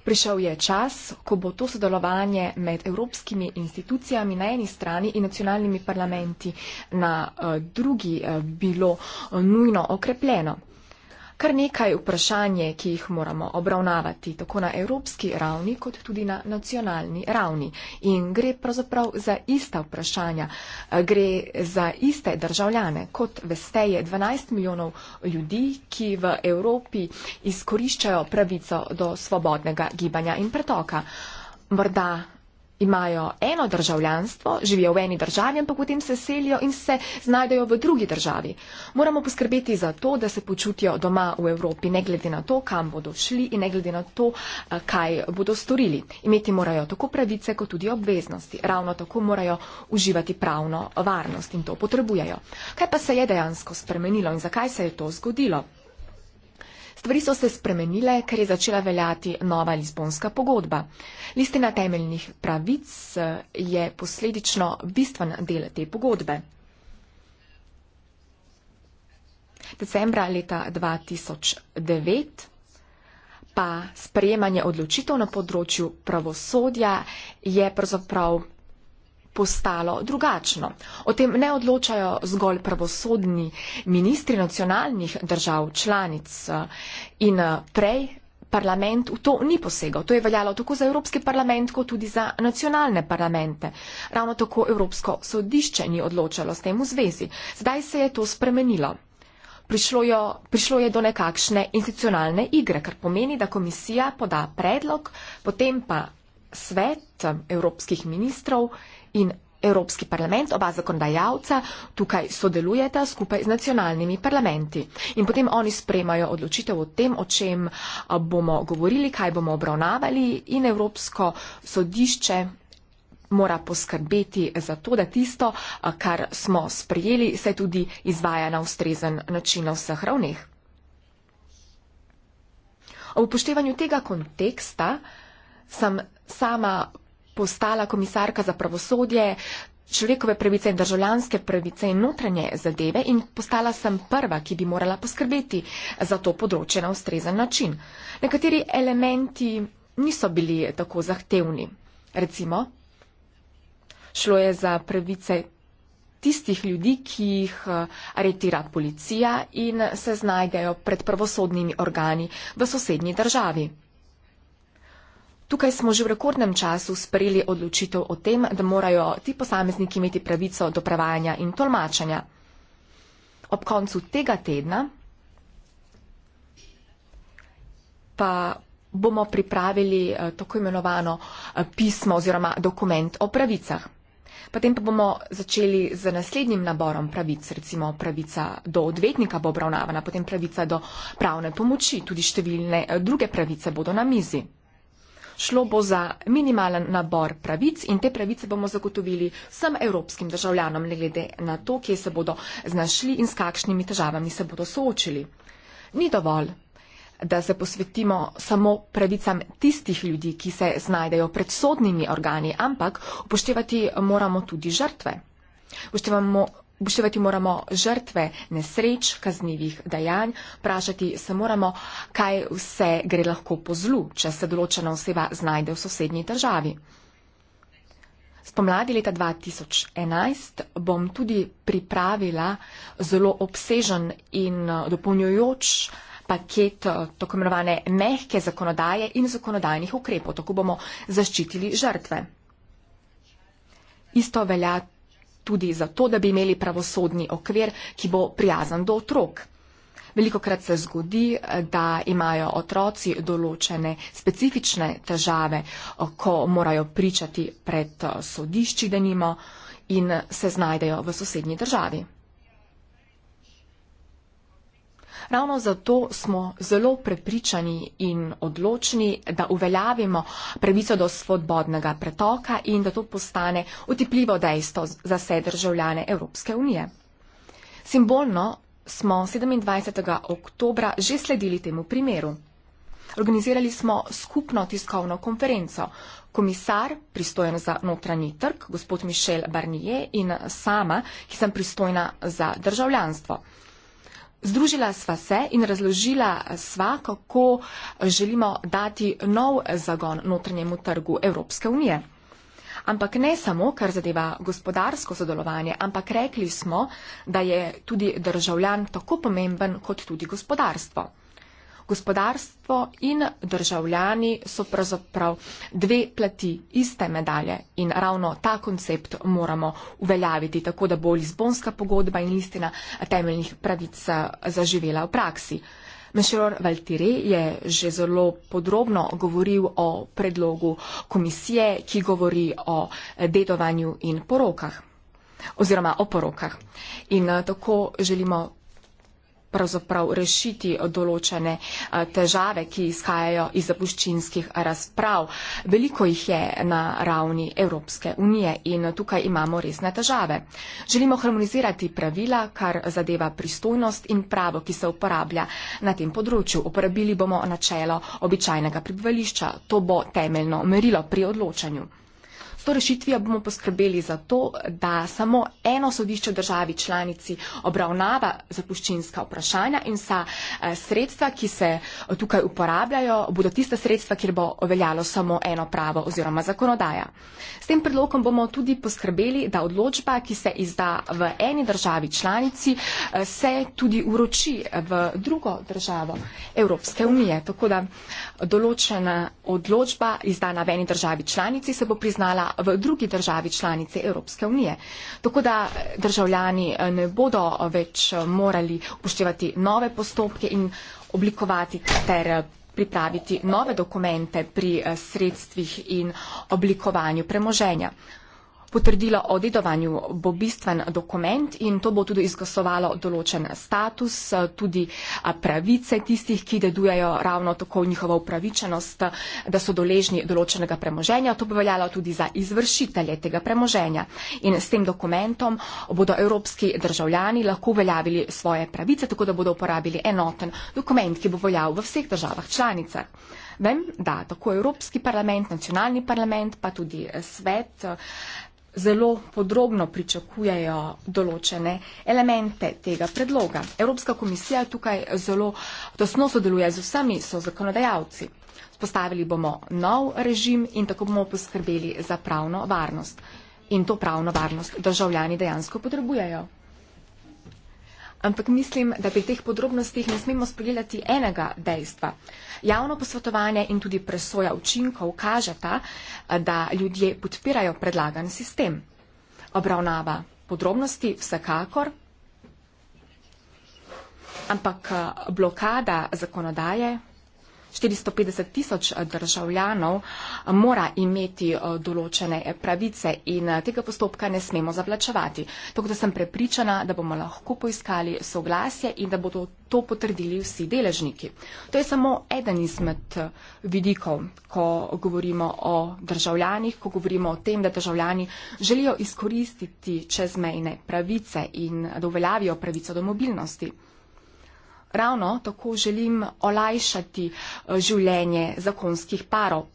Prišel je čas, ko bo to sodelovanje med evropskimi institucijami na eni strani in nacionalnimi parlamenti na eh, drugi eh, bilo nujno okrepljeno kar nekaj vprašanje, ki jih moramo obravnavati tako na evropski ravni, kot tudi na nacionalni ravni. In gre pravzaprav za ista vprašanja. Gre za iste državljane, kot veste je 12 milijonov ljudi, ki v Evropi izkoriščajo pravico do svobodnega gibanja in pretoka. Morda imajo eno državljanstvo, živijo v eni državi, ampak potem se selijo in se znajdejo v drugi državi. Moramo poskrbeti za to, da se počutijo doma v Evropi, ne glede na to, kam bodo šli in ne glede na to, eh, kaj bodo storili. Imeti morajo tako pravice, kot tudi obveznosti. Ravno tako morajo uživati pravno varnost in to potrebujejo. Kaj pa se je dejansko spremenilo in zakaj se je to zgodilo? Stvari so se spremenile, ker je začela veljati nova Lizbonska pogodba. Listina temeljnih pravic eh, je posledično bistven del te pogodbe. Decembra leta 2009 pa sprejemanje odločitev na področju pravosodja je pravzaprav postalo drugačno. O tem ne odločajo zgolj pravosodni ministri nacionalnih držav članic in eh, prej. Parlament v to ni posegal. To je veljalo tako za Evropski parlament, kot tudi za nacionalne parlamente. Ravno tako Evropsko sodišče ni odločalo s tem v zvezi. Zdaj se je to spremenilo. Prišlo, jo, prišlo je do nekakšne institucionalne igre, kar pomeni, da komisija poda predlog, potem pa svet eh, evropskih ministrov in Evropski parlament, oba zakonodajalca tukaj sodelujeta skupaj z nacionalnimi parlamenti. In potem oni spremajo odločitev o tem, o čem bomo govorili, kaj bomo obravnavali in Evropsko sodišče mora poskrbeti za to, da tisto, kar smo sprejeli, se tudi izvaja na ustrezen način na vseh ravneh. Ob upoštevanju tega konteksta sem sama postala komisarka za pravosodje, človekove pravice in državljanske pravice in notranje zadeve in postala sem prva, ki bi morala poskrbeti za to področje na ustrezen način. Nekateri elementi niso bili tako zahtevni. Recimo, šlo je za pravice tistih ljudi, ki jih eh, aretira policija in se znajdejo pred pravosodnimi organi v sosednji državi. Tukaj smo že v rekordnem času sprejeli odločitev o tem, da morajo ti posamezniki imeti pravico do prevajanja in tolmačenja. Ob koncu tega tedna pa bomo pripravili eh, tako imenovano eh, pismo oziroma dokument o pravicah. Potem pa bomo začeli z naslednjim naborom pravic, recimo pravica do odvetnika bo obravnavana, potem pravica do pravne pomoči, tudi številne eh, druge pravice bodo na mizi šlo bo za minimalen nabor pravic in te pravice bomo zagotovili vsem evropskim državljanom, ne glede na to, kje se bodo znašli in s kakšnimi težavami se bodo soočili. Ni dovolj da se posvetimo samo pravicam tistih ljudi, ki se znajdejo pred sodnimi organi, ampak upoštevati moramo tudi žrtve. Upoštevamo, Obuševati moramo žrtve nesreč, kaznjivih dejanj, vprašati se moramo, kaj vse gre lahko po zlu, če se določena oseba znajde v sosednji državi. Spomladi leta 2011 bom tudi pripravila zelo obsežen in eh, dopolnjujoč paket eh, tako imenovane mehke zakonodaje in zakonodajnih ukrepov. Tako bomo zaščitili žrtve. Isto velja tudi zato, da bi imeli pravosodni okvir, ki bo prijazen do otrok. Veliko krat se zgodi, da imajo otroci določene specifične težave, ko morajo pričati pred eh, sodišči, da nimo in se znajdejo v sosednji državi. Ravno zato smo zelo prepričani in odločni, da uveljavimo pravico do svobodnega pretoka in da to postane utipljivo dejstvo za vse državljane Evropske unije. Simbolno smo 27. oktobra že sledili temu primeru. Organizirali smo skupno tiskovno konferenco. Komisar, pristojen za notranji trg, gospod Mišel Barnije in sama, ki sem pristojna za državljanstvo. Združila sva se in razložila sva, kako želimo dati nov zagon notranjemu trgu Evropske unije. Ampak ne samo, kar zadeva gospodarsko sodelovanje, ampak rekli smo, da je tudi državljan tako pomemben kot tudi gospodarstvo gospodarstvo in državljani so pravzaprav dve plati iste medalje in ravno ta koncept moramo uveljaviti, tako da bo Lizbonska pogodba in listina temeljnih pravic eh, zaživela v praksi. Mešelor Valtire je že zelo podrobno govoril o predlogu komisije, ki govori o dedovanju in porokah oziroma o porokah. In eh, tako želimo pravzaprav rešiti določene težave, ki izhajajo iz zapuščinskih razprav. Veliko jih je na ravni Evropske unije in tukaj imamo resne težave. Želimo harmonizirati pravila, kar zadeva pristojnost in pravo, ki se uporablja na tem področju. Uporabili bomo načelo običajnega prebivališča. To bo temeljno merilo pri odločanju to rešitvijo bomo poskrbeli za to, da samo eno sodišče državi članici obravnava zapuščinska vprašanja in vsa eh, sredstva, ki se eh, tukaj uporabljajo, bodo tista sredstva, kjer bo veljalo samo eno pravo oziroma zakonodaja. S tem predlogom bomo tudi poskrbeli, da odločba, ki se izda v eni državi članici, eh, se tudi uroči v drugo državo Evropske unije. Tako da določena odločba izdana v eni državi članici se bo priznala v drugi državi članice Evropske unije. Tako da eh, državljani eh, ne bodo eh, več morali upoštevati nove postopke in oblikovati ter pripraviti nove dokumente pri sredstvih in oblikovanju premoženja potrdilo o dedovanju bo bistven dokument in to bo tudi izglasovalo določen status, tudi pravice tistih, ki dedujajo ravno tako njihovo upravičenost, da so doležni določenega premoženja. To bo veljalo tudi za izvršitelje tega premoženja. In s tem dokumentom bodo evropski državljani lahko veljavili svoje pravice, tako da bodo uporabili enoten dokument, ki bo veljal v vseh državah članicah. Vem, da tako Evropski parlament, nacionalni parlament, pa tudi svet zelo podrobno pričakujejo določene elemente tega predloga. Evropska komisija tukaj zelo tesno sodeluje z vsemi so zakonodajalci. Spostavili bomo nov režim in tako bomo poskrbeli za pravno varnost. In to pravno varnost državljani dejansko potrebujejo ampak mislim, da pri teh podrobnostih ne smemo spoljeljati enega dejstva. Javno posvetovanje in tudi presoja učinkov kažeta, da ljudje podpirajo predlagan sistem. Obravnava podrobnosti vsekakor, ampak eh, blokada zakonodaje 450 tisoč eh, državljanov eh, mora imeti eh, določene pravice in tega postopka ne smemo zavlačevati. Tako da sem prepričana, da bomo lahko poiskali soglasje in da bodo to potrdili vsi deležniki. To je samo eden izmed vidikov, ko govorimo o državljanih, ko govorimo o tem, da državljani želijo izkoristiti čezmejne pravice in da uveljavijo pravico do mobilnosti ravno tako želim olajšati eh, življenje zakonskih parov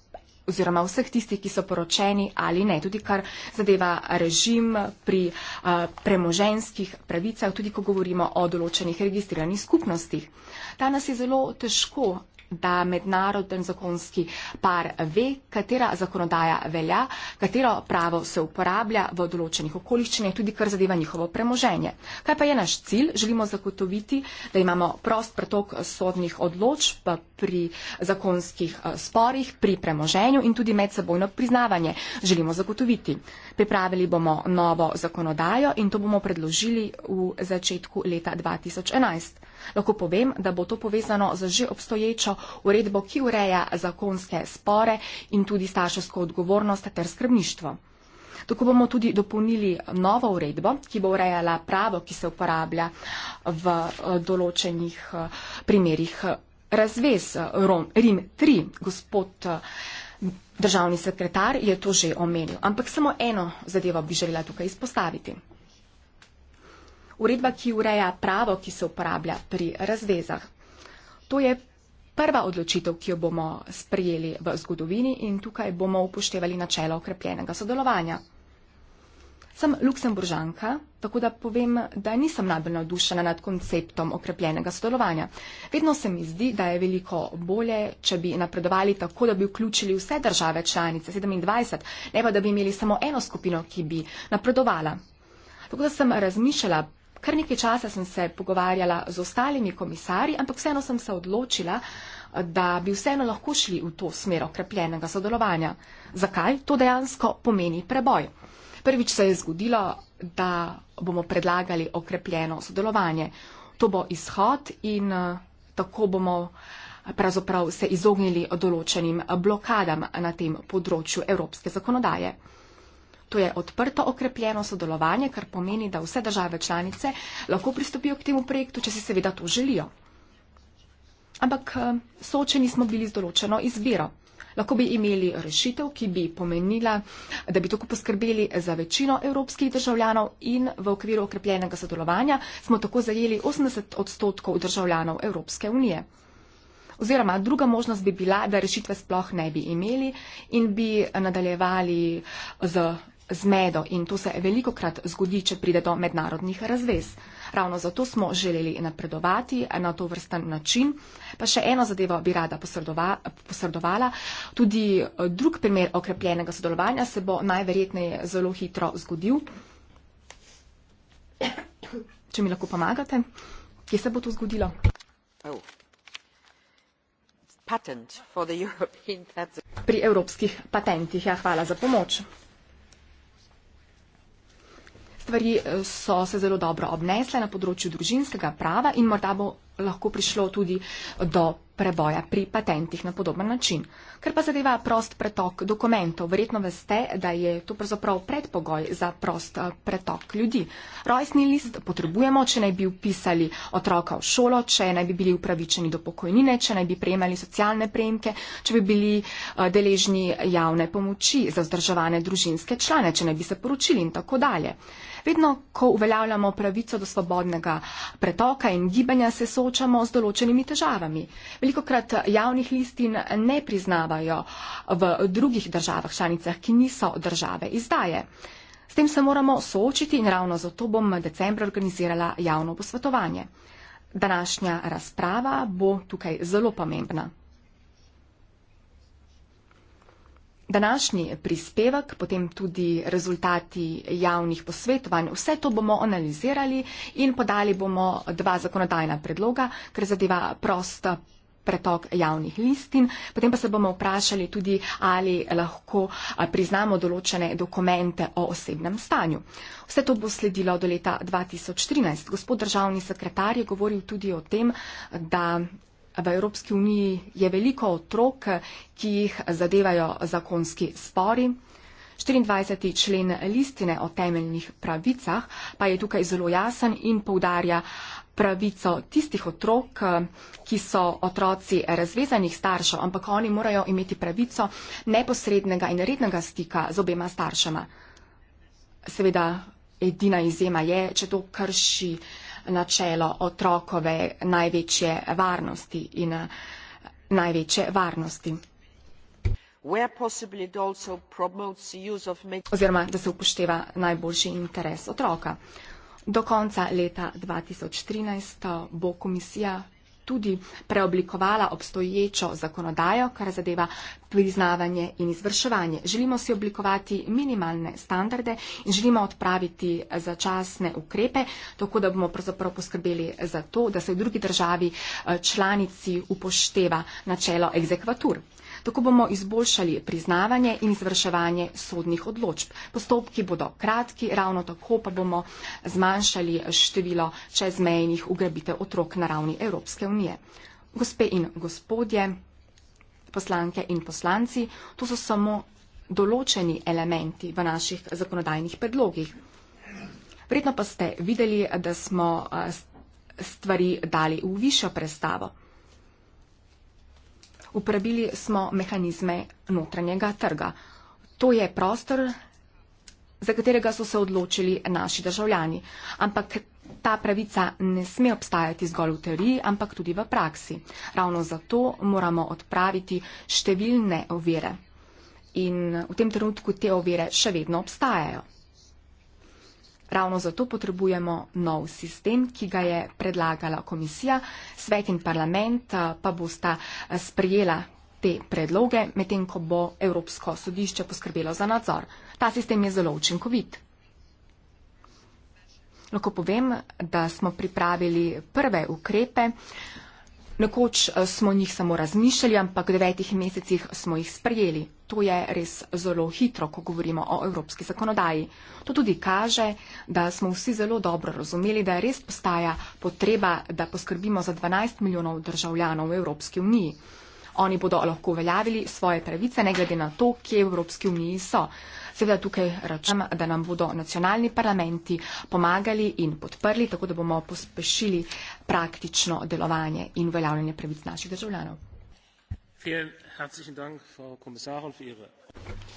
oziroma vseh tistih, ki so poročeni ali ne, tudi kar zadeva režim pri a, eh, premoženskih pravicah, tudi ko govorimo o določenih registriranih skupnostih. Danes je zelo težko da mednaroden zakonski par ve, katera zakonodaja velja, katero pravo se uporablja v določenih okoliščinah, tudi kar zadeva njihovo premoženje. Kaj pa je naš cilj? Želimo zagotoviti, da imamo prost pretok sodnih odločb pri zakonskih eh, sporih, pri premoženju in tudi medsebojno priznavanje. Želimo zagotoviti. Pripravili bomo novo zakonodajo in to bomo predložili v začetku leta 2011. Lahko povem, da bo to povezano z že obstoječo uredbo, ki ureja zakonske spore in tudi starševsko odgovornost ter skrbništvo. Tako bomo tudi dopolnili novo uredbo, ki bo urejala pravo, ki se uporablja v eh, določenih eh, primerjih eh, razvez Rom, Rim 3. Gospod državni sekretar je to že omenil, ampak samo eno zadevo bi želela tukaj izpostaviti uredba, ki ureja pravo, ki se uporablja pri razvezah. To je prva odločitev, ki jo bomo sprejeli v zgodovini in tukaj bomo upoštevali načelo okrepljenega sodelovanja. Sem luksemburžanka, tako da povem, da nisem najbolj navdušena nad konceptom okrepljenega sodelovanja. Vedno se mi zdi, da je veliko bolje, če bi napredovali tako, da bi vključili vse države članice 27, ne pa da bi imeli samo eno skupino, ki bi napredovala. Tako da sem razmišljala Kar nekaj časa sem se pogovarjala z ostalimi komisarji, ampak vseeno sem se odločila, da bi vseeno lahko šli v to smer okrepljenega sodelovanja. Zakaj to dejansko pomeni preboj? Prvič se je zgodilo, da bomo predlagali okrepljeno sodelovanje. To bo izhod in eh, tako bomo pravzaprav se izognili določenim blokadam na tem področju evropske zakonodaje to je odprto, okrepljeno sodelovanje, kar pomeni, da vse države članice lahko pristopijo k temu projektu, če si seveda to želijo. Ampak eh, soočeni smo bili z določeno izbiro. Lahko bi imeli rešitev, ki bi pomenila, da bi tako poskrbeli za večino evropskih državljanov in v okviru okrepljenega sodelovanja smo tako zajeli 80 odstotkov državljanov Evropske unije. Oziroma druga možnost bi bila, da rešitve sploh ne bi imeli in bi nadaljevali z zmedo in to se veliko krat zgodi, če pride do mednarodnih razvez. Ravno zato smo želeli napredovati na to vrsten način. Pa še eno zadevo bi rada posredova, posredovala. Tudi eh, drug primer okrepljenega sodelovanja se bo najverjetneje zelo hitro zgodil. Če mi lahko pomagate, kje se bo to zgodilo? Oh. Pri evropskih patentih. Ja, hvala za pomoč stvari eh, so se zelo dobro obnesle na področju družinskega prava in morda bo lahko prišlo tudi do preboja pri patentih na podoben način. Ker pa zadeva prost pretok dokumentov, verjetno veste, da je to pravzaprav predpogoj za prost eh, pretok ljudi. Rojstni list potrebujemo, če naj bi upisali otroka v šolo, če naj bi bili upravičeni do pokojnine, če naj bi prejemali socialne prejemke, če bi bili eh, deležni javne pomoči za vzdrževane družinske člane, če naj bi se poročili in tako dalje. Vedno, ko uveljavljamo pravico do svobodnega pretoka in gibanja, se soočamo z določenimi težavami. Veliko krat javnih listin ne priznavajo v drugih državah, članicah, ki niso države izdaje. S tem se moramo soočiti in ravno zato bom decembra organizirala javno posvetovanje. Današnja razprava bo tukaj zelo pomembna. Današnji prispevek, potem tudi rezultati javnih posvetovanj, vse to bomo analizirali in podali bomo dva zakonodajna predloga, ker zadeva prost pretok javnih listin. Potem pa se bomo vprašali tudi, ali lahko priznamo določene dokumente o osebnem stanju. Vse to bo sledilo do leta 2013. Gospod državni sekretar je govoril tudi o tem, da v Evropski uniji je veliko otrok, ki jih zadevajo zakonski spori. 24. člen listine o temeljnih pravicah pa je tukaj zelo jasen in povdarja pravico tistih otrok, ki so otroci razvezanih staršev, ampak oni morajo imeti pravico neposrednega in rednega stika z obema staršema. Seveda, edina izjema je, če to krši uh, načelo otrokove največje varnosti in eh, največje varnosti. Oziroma, da se upošteva najboljši interes otroka. Do konca leta 2013 bo komisija tudi preoblikovala obstoječo zakonodajo, kar zadeva priznavanje in izvrševanje. Želimo si oblikovati minimalne standarde in želimo odpraviti začasne ukrepe, tako da bomo pravzaprav poskrbeli za to, da se v drugi državi eh, članici upošteva načelo egzekvatur. Tako bomo izboljšali priznavanje in izvrševanje sodnih odločb. Postopki bodo kratki, ravno tako pa bomo zmanjšali število čezmejnih ugrabitev otrok na ravni Evropske unije. Gospe in gospodje, poslanke in poslanci, to so samo določeni elementi v naših zakonodajnih predlogih. Vredno pa ste videli, da smo eh, stvari dali v višjo predstavo uporabili smo mehanizme notranjega trga. To je prostor, za katerega so se odločili naši državljani. Ampak ta pravica ne sme obstajati zgolj v teoriji, ampak tudi v praksi. Ravno zato moramo odpraviti številne ovire. In v tem trenutku te ovire še vedno obstajajo. Ravno zato potrebujemo nov sistem, ki ga je predlagala komisija. Svet in parlament eh, pa bosta eh, sprejela te predloge, medtem ko bo Evropsko sodišče poskrbelo za nadzor. Ta sistem je zelo učinkovit. Lahko povem, da smo pripravili prve ukrepe. Nekoč eh, smo o njih samo razmišljali, ampak v devetih mesecih smo jih sprejeli. To je res zelo hitro, ko govorimo o evropski zakonodaji. To tudi kaže, da smo vsi zelo dobro razumeli, da res postaja potreba, da poskrbimo za 12 milijonov državljanov v Evropski uniji. Oni bodo lahko uveljavili svoje pravice, ne glede na to, kje v Evropski uniji so. Seveda tukaj računam, da nam bodo nacionalni parlamenti pomagali in podprli, tako da bomo pospešili praktično delovanje in uveljavljanje pravic naših državljanov.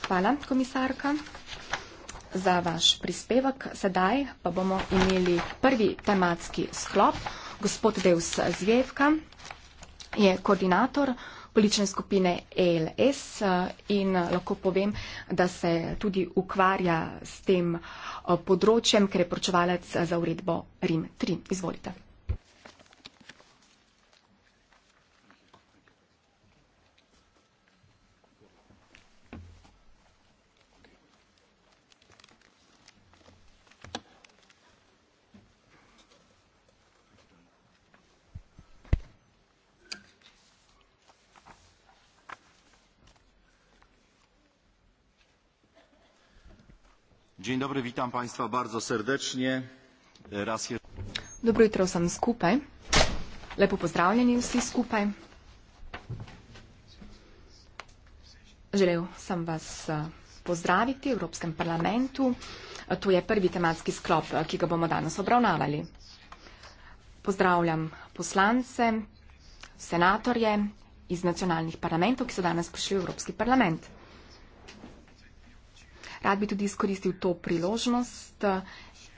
Hvala, komisarka, za vaš prispevek. Sedaj pa bomo imeli prvi tematski sklop. Gospod Deus Zvevka je koordinator politične skupine ELS eh, in eh, lahko povem, da se tudi ukvarja s tem eh, področjem, ker je pročevalec za uredbo RIM 3. Izvolite. Dobro jutro vsem skupaj. Lepo pozdravljeni vsi skupaj. Želel sem vas, eh, pozdraviti v Evropskem parlamentu. Eh, to je prvi tematski sklop, eh, ki ga bomo danes obravnavali. Pozdravljam poslance, senatorje iz nacionalnih parlamentov, ki so danes prišli v Evropski parlament. Rad bi tudi izkoristil to priložnost eh,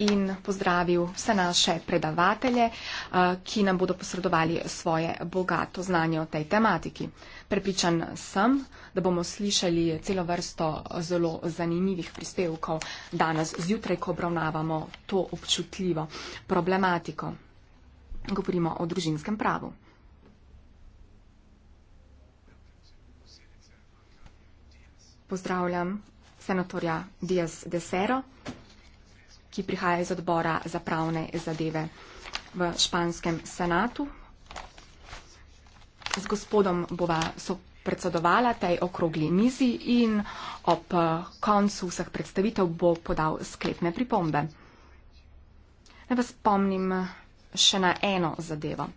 in pozdravil vse naše predavatelje, eh, ki nam bodo posredovali svoje bogato znanje o tej tematiki. Prepričan sem, da bomo slišali celo vrsto zelo zanimivih prispevkov danes zjutraj, ko obravnavamo to občutljivo problematiko. Govorimo o družinskem pravu. Pozdravljam senatorja Diaz Desero, ki prihaja iz odbora za pravne zadeve v španskem senatu. Z gospodom bova so predsedovala tej okrogli mizi in ob koncu vseh predstavitev bo podal sklepne pripombe. Naj vas spomnim še na eno zadevo.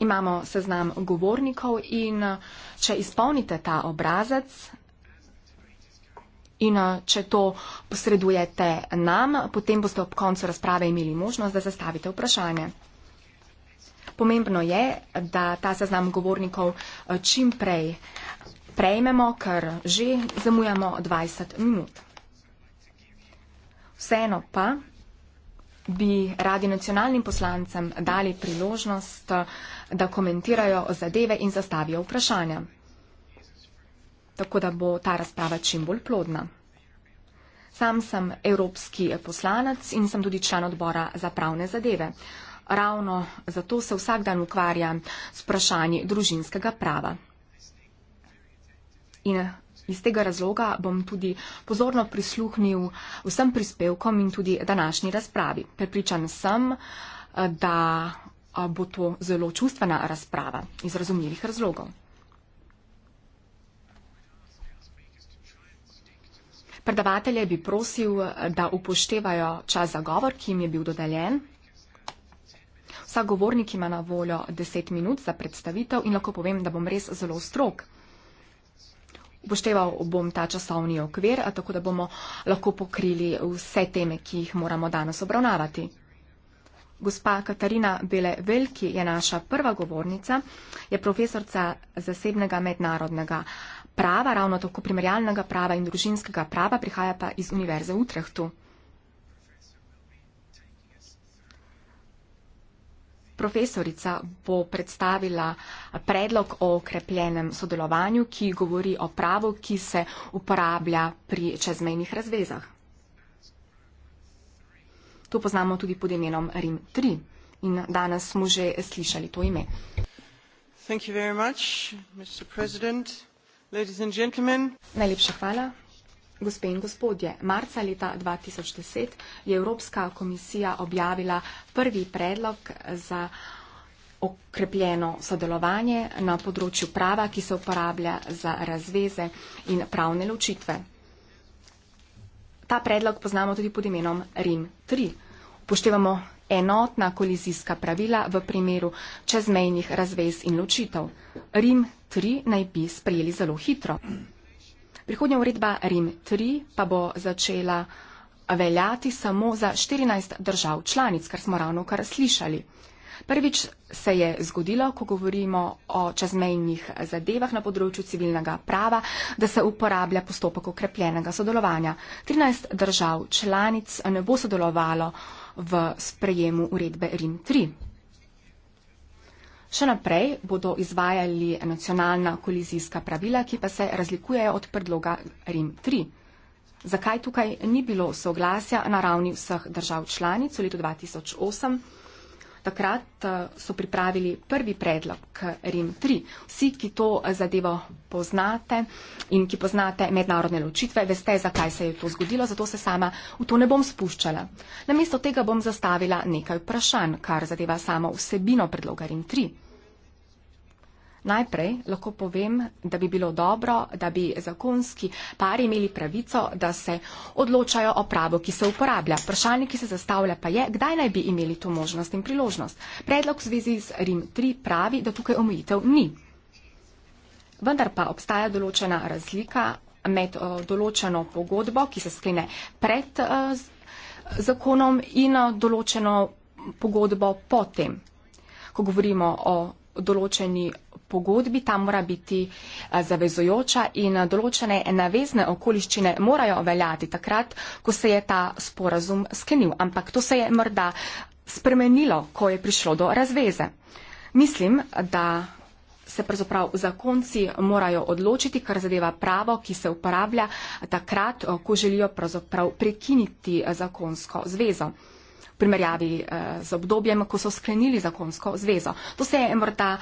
imamo seznam govornikov in če izpolnite ta obrazec in če to posredujete nam, potem boste ob koncu razprave imeli možnost, da zastavite vprašanje. Pomembno je, da ta seznam govornikov čim prej prejmemo, ker že zamujamo 20 minut. Vseeno pa bi radi nacionalnim poslancem dali priložnost, da se vprašanje da komentirajo zadeve in zastavijo vprašanja. Tako da bo ta razprava čim bolj plodna. Sam sem evropski poslanec in sem tudi član odbora za pravne zadeve. Ravno zato se vsak dan ukvarjam s vprašanji družinskega prava. In iz tega razloga bom tudi pozorno prisluhnil vsem prispevkom in tudi današnji razpravi. Prepričan sem, da a bo to zelo čustvena razprava iz razumljivih razlogov. Predavatelje bi prosil, da upoštevajo čas za govor, ki jim je bil dodeljen. Vsak govornik ima na voljo 10 minut za predstavitev in lahko povem, da bom res zelo strok. Upošteval bom ta časovni okvir, tako da bomo lahko pokrili vse teme, ki jih moramo danes obravnavati. Gospa Katarina Bele Velki je naša prva govornica, je profesorca zasebnega mednarodnega prava, ravno tako primerjalnega prava in družinskega prava, prihaja pa iz Univerze v Utrehtu. Profesorica bo predstavila predlog o okrepljenem sodelovanju, ki govori o pravu, ki se uporablja pri čezmejnih razvezah. To poznamo tudi pod imenom Rim 3 in danes smo že slišali to ime. Najlepša hvala. Gospe in gospodje, marca leta 2010 je Evropska komisija objavila prvi predlog za okrepljeno sodelovanje na področju prava, ki se uporablja za razveze in pravne ločitve. Ta predlog poznamo tudi pod imenom RIM-3. Upoštevamo enotna kolizijska pravila v primeru čezmejnih razvez in ločitev. RIM-3 naj bi sprejeli zelo hitro. Prihodnja uredba RIM-3 pa bo začela veljati samo za 14 držav članic, kar smo ravno kar slišali. Prvič se je zgodilo, ko govorimo o čezmejnih zadevah na področju civilnega prava, da se uporablja postopek okrepljenega sodelovanja. 13 držav članic ne bo sodelovalo v sprejemu uredbe RIM-3. Še naprej bodo izvajali nacionalna kolizijska pravila, ki pa se razlikujejo od predloga RIM-3. Zakaj tukaj ni bilo soglasja na ravni vseh držav članic v letu 2008? Takrat eh, so pripravili prvi predlog k Rim 3. Vsi, ki to zadevo poznate in ki poznate mednarodne ločitve, veste, zakaj se je to zgodilo, zato se sama v to ne bom spuščala. Namesto tega bom zastavila nekaj vprašanj, kar zadeva samo vsebino predloga Rim 3. Najprej lahko povem, da bi bilo dobro, da bi zakonski pari imeli pravico, da se odločajo o pravu, ki se uporablja. Vprašanje, ki se zastavlja, pa je, kdaj naj bi imeli to možnost in priložnost. Predlog v zvezi z Rim 3 pravi, da tukaj omejitev ni. Vendar pa obstaja določena razlika med eh, določeno pogodbo, ki se sklene pred eh, zakonom in eh, določeno pogodbo potem, ko govorimo o določeni pogodbi, ta mora biti zavezojoča in določene navezne okoliščine morajo veljati takrat, ko se je ta sporazum sklenil. Ampak to se je morda spremenilo, ko je prišlo do razveze. Mislim, da se pravzaprav zakonci morajo odločiti, kar zadeva pravo, ki se uporablja takrat, ko želijo pravzaprav prekiniti zakonsko zvezo primerjavi eh, z obdobjem, ko so sklenili zakonsko zvezo. To se je morda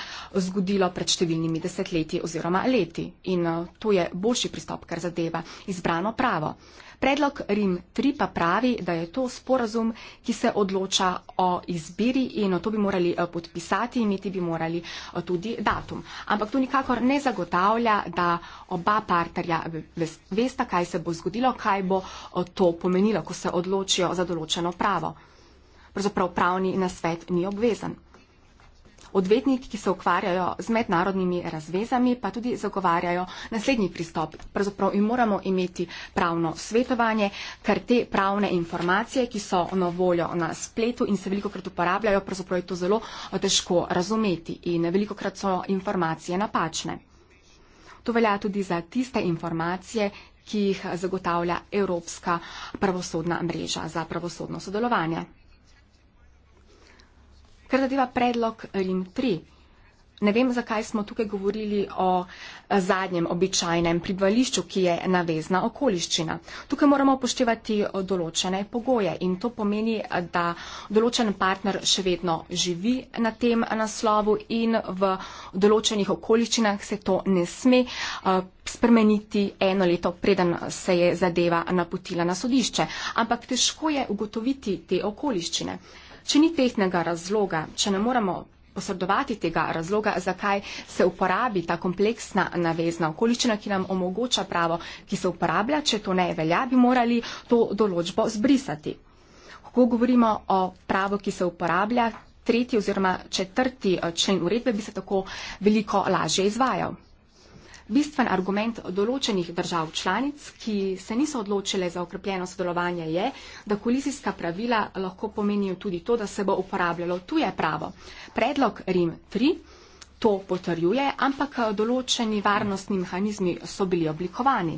zgodilo pred številnimi desetletji oziroma leti in eh, to je boljši pristop, ker zadeva izbrano pravo. Predlog Rim 3 pa pravi, da je to sporazum, ki se odloča o izbiri in to bi morali eh, podpisati, imeti bi morali tudi datum. Ampak to nikakor ne zagotavlja, da oba partnerja veste, kaj se bo zgodilo, kaj bo to pomenilo, ko se odločijo za določeno pravo pravzaprav pravni nasvet ni obvezen. Odvetniki, ki se ukvarjajo z mednarodnimi razvezami, pa tudi zagovarjajo naslednji pristop. Pravzaprav jim moramo imeti pravno svetovanje, ker te pravne informacije, ki so na voljo na spletu in se veliko krat uporabljajo, pravzaprav je to zelo težko razumeti in veliko krat so informacije napačne. To velja tudi za tiste informacije, ki jih zagotavlja Evropska pravosodna mreža za pravosodno sodelovanje. Ker zadeva predlog Rim 3. Ne vem, zakaj smo tukaj govorili o eh, zadnjem običajnem pribvališču, ki je navezna okoliščina. Tukaj moramo upoštevati eh, določene pogoje in to pomeni, eh, da določen partner še vedno živi na tem naslovu in v določenih okoliščinah se to ne sme spremeniti eno leto, preden se je zadeva napotila na sodišče. Ampak težko je ugotoviti te okoliščine če ni tehnega razloga, če ne moremo posredovati tega razloga, zakaj se uporabi ta kompleksna navezna okoličina, ki nam omogoča pravo, ki se uporablja, če to ne velja, bi morali to določbo zbrisati. Ko govorimo o pravo, ki se uporablja, tretji oziroma četrti eh, člen uredbe bi se tako veliko lažje izvajal. Bistven argument določenih držav članic, ki se niso odločile za okrepljeno sodelovanje, je, da kolizijska pravila lahko pomenijo tudi to, da se bo uporabljalo tuje pravo. Predlog Rim 3 to potrjuje, ampak določeni varnostni mehanizmi so bili oblikovani.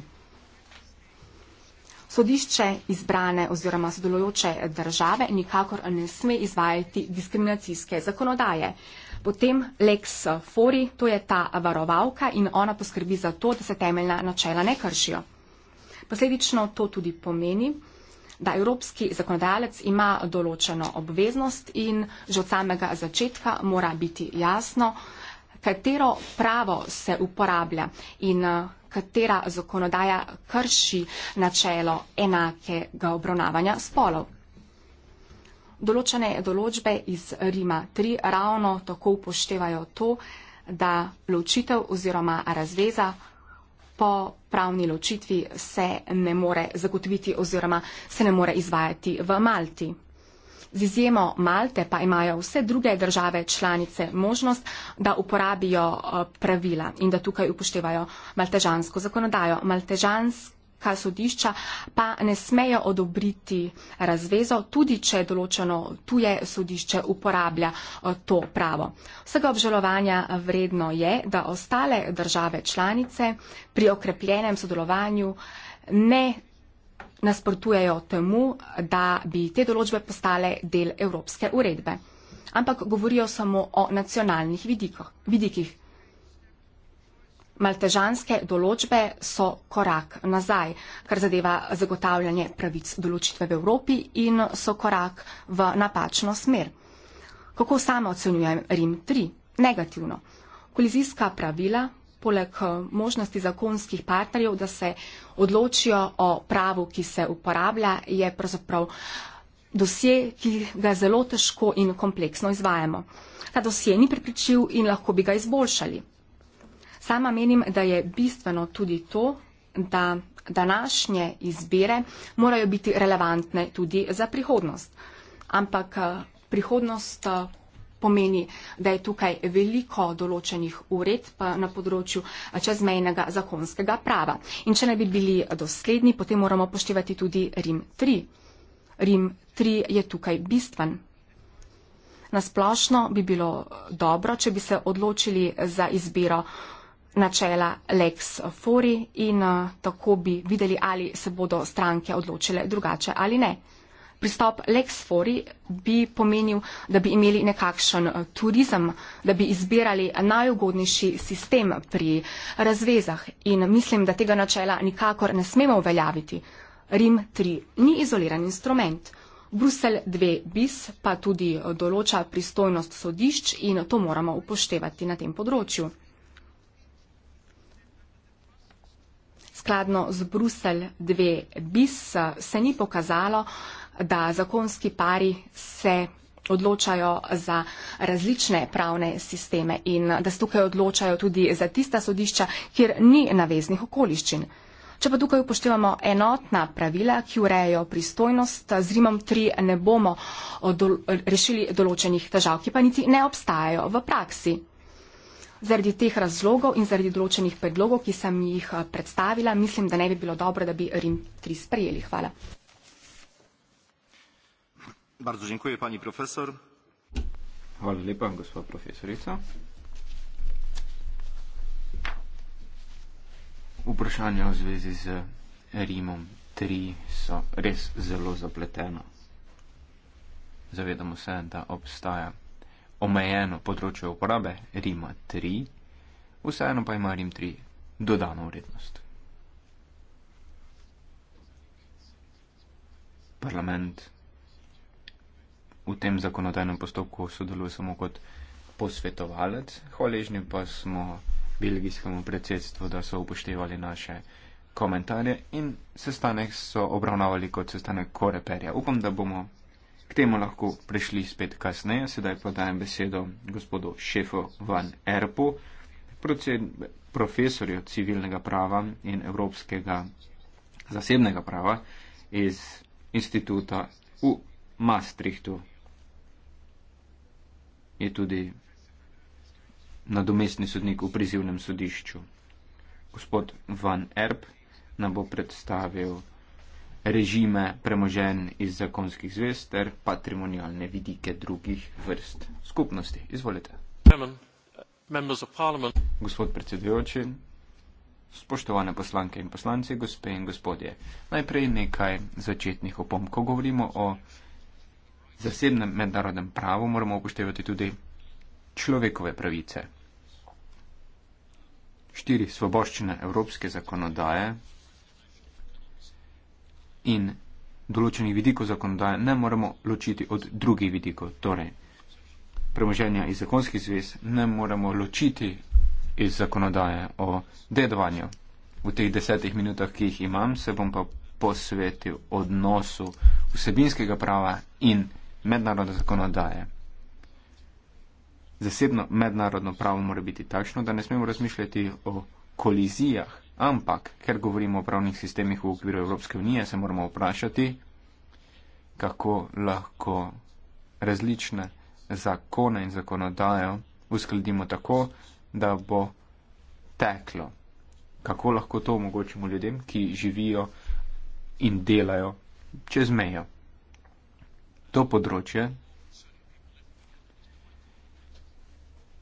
Sodišče izbrane oziroma sodelujoče države nikakor ne sme izvajati diskriminacijske zakonodaje. Potem Lex Fori, to je ta varovalka in ona poskrbi za to, da se temeljna načela ne kršijo. Posledično to tudi pomeni, da evropski zakonodajalec ima določeno obveznost in že od samega začetka mora biti jasno, katero pravo se uporablja in eh, katera zakonodaja krši načelo enakega obravnavanja spolov določene določbe iz Rima 3 ravno tako upoštevajo to, da ločitev oziroma razveza po pravni ločitvi se ne more zagotoviti oziroma se ne more izvajati v Malti. Z izjemo Malte pa imajo vse druge države članice možnost, da uporabijo eh, pravila in da tukaj upoštevajo maltežansko zakonodajo. Maltežansk odloka sodišča, pa ne smejo odobriti razvezo, tudi če določeno tuje sodišče uporablja eh, to pravo. Vsega obžalovanja vredno je, da ostale države članice pri okrepljenem sodelovanju ne nasprotujejo temu, da bi te določbe postale del evropske uredbe, ampak govorijo samo o nacionalnih vidikih maltežanske določbe so korak nazaj, kar zadeva zagotavljanje pravic določitve v Evropi in so korak v napačno smer. Kako sama ocenjujem Rim 3? Negativno. Kolizijska pravila, poleg eh, možnosti zakonskih partnerjev, da se odločijo o pravu, ki se uporablja, je pravzaprav dosje, ki ga zelo težko in kompleksno izvajamo. Ta dosje ni prepričil in lahko bi ga izboljšali. Sama menim, da je bistveno tudi to, da današnje izbire morajo biti relevantne tudi za prihodnost. Ampak eh, prihodnost eh, pomeni, da je tukaj veliko določenih uredb eh, na področju čezmejnega zakonskega prava. In če ne bi bili dosledni, potem moramo poštevati tudi Rim 3. Rim 3 je tukaj bistven. Nasplošno bi bilo dobro, če bi se odločili za izbiro načela lex fori in eh, tako bi videli, ali se bodo stranke odločile drugače ali ne. Pristop lex fori bi pomenil, da bi imeli nekakšen eh, turizem, da bi izbirali najugodnejši sistem pri razvezah in mislim, da tega načela nikakor ne smemo uveljaviti. Rim 3 ni izoliran instrument. Brusel 2 bis pa tudi eh, določa pristojnost sodišč in to moramo upoštevati na tem področju. skladno z Bruselj 2 bis eh, se ni pokazalo, da zakonski pari se odločajo za različne pravne sisteme in da se tukaj odločajo tudi za tista sodišča, kjer ni naveznih okoliščin. Če pa tukaj upoštevamo enotna pravila, ki urejajo pristojnost, z Rimom 3 ne bomo do, rešili določenih težav, ki pa niti ne obstajajo v praksi. Zaradi teh razlogov in zaradi določenih predlogov, ki sem jih eh, predstavila, mislim, da ne bi bilo dobro, da bi Rim 3 sprejeli. Hvala. Bardzo dziękuję, pani profesor. Hvala lepa, gospod profesorica. Vprašanja v zvezi z Rimom 3 so res zelo zapletena. Zavedamo se, da obstaja omejeno področje uporabe, Rima 3, vseeno pa ima Rim 3 dodano vrednost. Parlament v tem zakonodajnem postopku sodeluje samo kot posvetovalec, hvaležni pa smo belgijskemu predsedstvu, da so upoštevali naše komentarje in sestanek so obravnavali kot sestanek koreperja. Upam, da bomo K temu lahko prešli spet kasneje, sedaj pa dajem besedo gospodu Šefu Van Erpu, profesorju civilnega prava in evropskega zasebnega prava iz instituta v Maastrichtu. Je tudi nadomestni sodnik v prizivnem sodišču. Gospod Van Erp nam bo predstavil režime premožen iz zakonskih zvez ter patrimonialne vidike drugih vrst skupnosti. Izvolite. Gospod predsedujoči, spoštovane poslanke in poslanci, gospe in gospodje. Najprej nekaj začetnih opom. Ko govorimo o zasebnem mednarodnem pravu, moramo upoštevati tudi človekove pravice. Štiri svoboščine evropske zakonodaje in določenih vidikov zakonodaje ne moremo ločiti od drugih vidikov. Torej, premoženja iz zakonskih zvez ne moremo ločiti iz zakonodaje o dedovanju. V teh desetih minutah, ki jih imam, se bom pa posvetil odnosu vsebinskega prava in mednarodne zakonodaje. Zasebno mednarodno pravo mora biti takšno, da ne smemo razmišljati o kolizijah Ampak, ker govorimo o pravnih sistemih v okviru Evropske unije, se moramo vprašati, kako lahko različne zakone in zakonodajo uskladimo tako, da bo teklo. Kako lahko to omogočimo ljudem, ki živijo in delajo čez mejo. To področje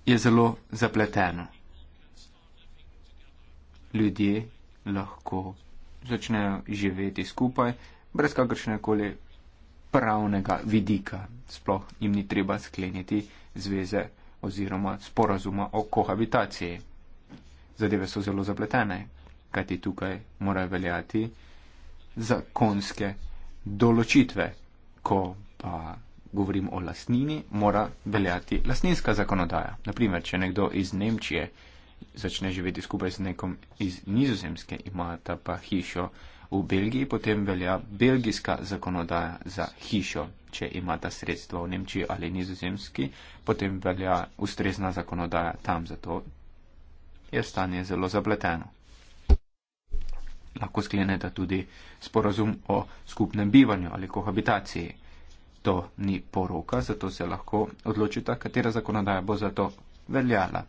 je zelo zapleteno ljudje lahko začnejo živeti skupaj, brez kakršnekoli pravnega vidika. Sploh jim ni treba skleniti zveze oziroma sporazuma o kohabitaciji. Zadeve so zelo zapletene, kajti tukaj morajo veljati zakonske določitve, ko pa govorimo o lasnini, mora veljati lasninska zakonodaja. Naprimer, če nekdo iz Nemčije začne živeti skupaj z nekom iz nizozemske, imata pa hišo v Belgiji, potem velja belgijska zakonodaja za hišo. Če imata sredstva v Nemčiji ali nizozemski, potem velja ustrezna zakonodaja tam, zato je stanje zelo zapleteno. Lahko skleneta tudi sporazum o skupnem bivanju ali kohabitaciji. To ni poroka, zato se lahko odločita, katera zakonodaja bo za to veljala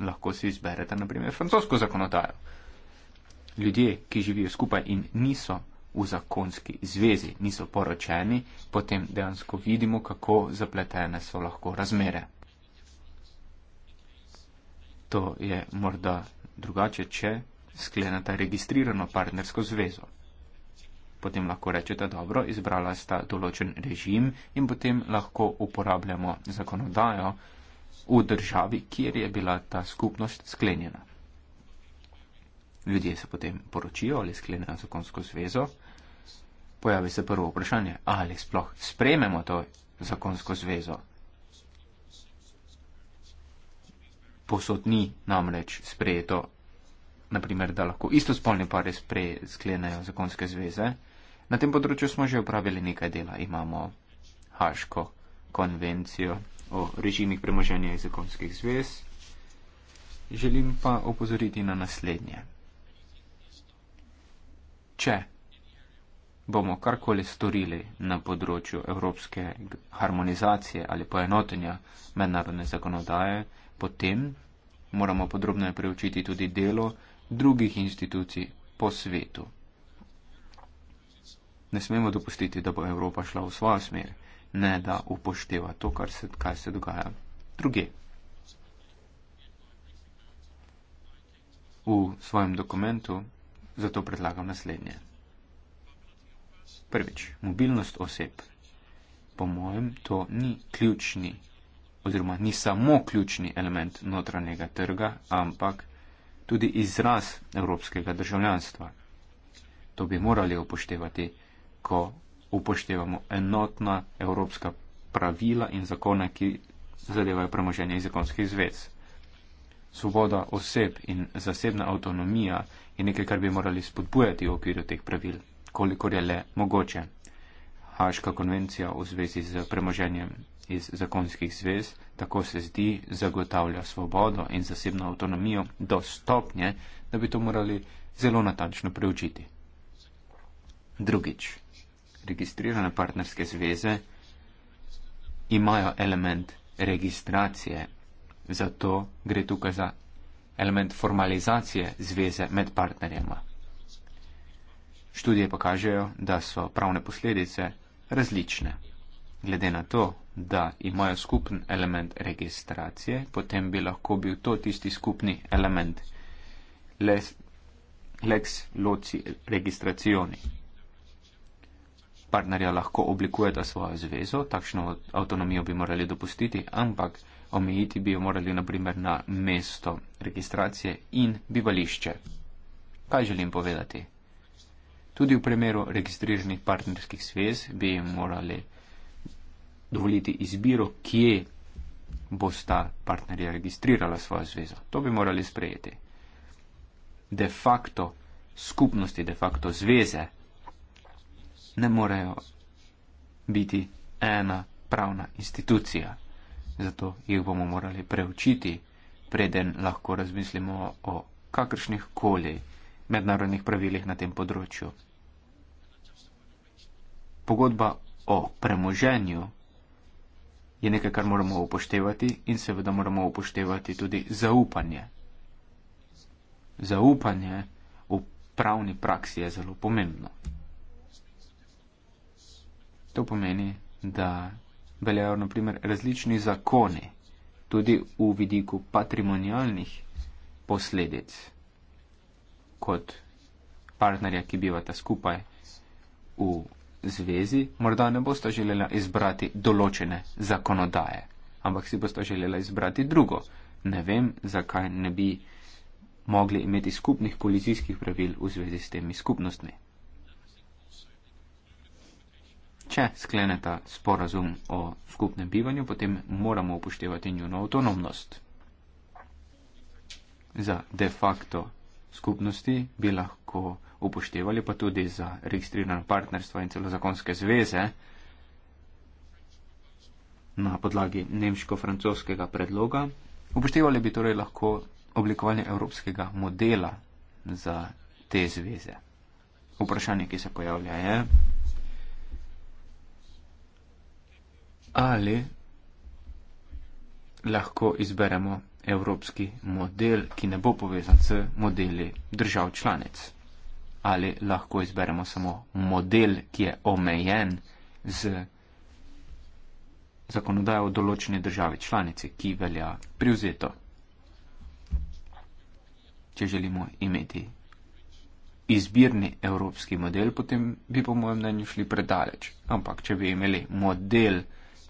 lahko si izberete, na primer, francosko zakonodajo. Ljudje, ki živijo skupaj in niso v zakonski zvezi, niso poročeni, potem dejansko vidimo, kako zapletene so lahko razmere. To je morda drugače, če sklenete registrirano partnersko zvezo. Potem lahko rečete, dobro, izbrala sta določen režim in potem lahko uporabljamo zakonodajo, v državi, kjer je bila ta skupnost sklenjena. Ljudje se potem poročijo ali sklenejo zakonsko zvezo. Pojavi se prvo vprašanje, ali sploh sprememo to zakonsko zvezo. Posod ni namreč sprejeto, naprimer, da lahko istospolni pare sklenejo zakonske zveze. Na tem področju smo že upravili nekaj dela. Imamo Haško konvencijo, o režimih premoženja iz zakonskih zvez. Želim pa opozoriti na naslednje. Če bomo karkoli storili na področju evropske harmonizacije ali poenotenja mednarodne zakonodaje, potem moramo podrobno preučiti tudi delo drugih institucij po svetu. Ne smemo dopustiti, da bo Evropa šla v svojo smer ne da upošteva to, kar se, kaj se dogaja druge. V svojem dokumentu zato predlagam naslednje. Prvič, mobilnost oseb. Po mojem, to ni ključni oziroma ni samo ključni element notranjega trga, ampak tudi izraz evropskega državljanstva. To bi morali upoštevati, ko upoštevamo enotna evropska pravila in zakone, ki zadevajo premoženje iz zakonskih zvez. Svoboda oseb in zasebna avtonomija je nekaj, kar bi morali spodbujati v okviru teh pravil, kolikor je le mogoče. Haška konvencija v zvezi z premoženjem iz zakonskih zvez, tako se zdi, zagotavlja svobodo in zasebno avtonomijo do stopnje, da bi to morali zelo natančno preučiti. Drugič registrirane partnerske zveze imajo element registracije. Zato gre tukaj za element formalizacije zveze med partnerjema. Študije pa kažejo, da so pravne posledice različne. Glede na to, da imajo skupen element registracije, potem bi lahko bil to tisti skupni element. Les, lex loci registracioni partnerja lahko oblikujeta svojo zvezo, takšno avtonomijo bi morali dopustiti, ampak omejiti bi jo morali naprimer na mesto registracije in bivališče. Kaj želim povedati? Tudi v primeru registriranih partnerskih svez bi jim morali dovoliti izbiro, kje bo sta partnerja registrirala svojo zvezo. To bi morali sprejeti. De facto skupnosti, de facto zveze ne morejo biti ena pravna institucija. Zato jih bomo morali preučiti, preden lahko razmislimo o kakršnih koli mednarodnih pravilih na tem področju. Pogodba o premoženju je nekaj, kar moramo upoštevati in seveda moramo upoštevati tudi zaupanje. Zaupanje v pravni praksi je zelo pomembno. To pomeni, da veljajo naprimer različni zakoni, tudi v vidiku patrimonialnih posledic, kot partnerja, ki bivata skupaj v zvezi, morda ne boste želeli izbrati določene zakonodaje, ampak si boste želeli izbrati drugo. Ne vem, zakaj ne bi mogli imeti skupnih policijskih pravil v zvezi s temi skupnostmi če skleneta sporazum o skupnem bivanju, potem moramo upoštevati njuno avtonomnost. Za de facto skupnosti bi lahko upoštevali pa tudi za registrirano partnerstvo in celo zakonske zveze na podlagi nemško-francoskega predloga. Upoštevali bi torej lahko oblikovanje evropskega modela za te zveze. Vprašanje, ki se pojavlja, je, ali lahko izberemo evropski model, ki ne bo povezan s modeli držav članic. Ali lahko izberemo samo model, ki je omejen z zakonodajo v določeni državi članici, ki velja privzeto. Če želimo imeti izbirni evropski model, potem bi po mojem mnenju šli predaleč. Ampak, če bi imeli model,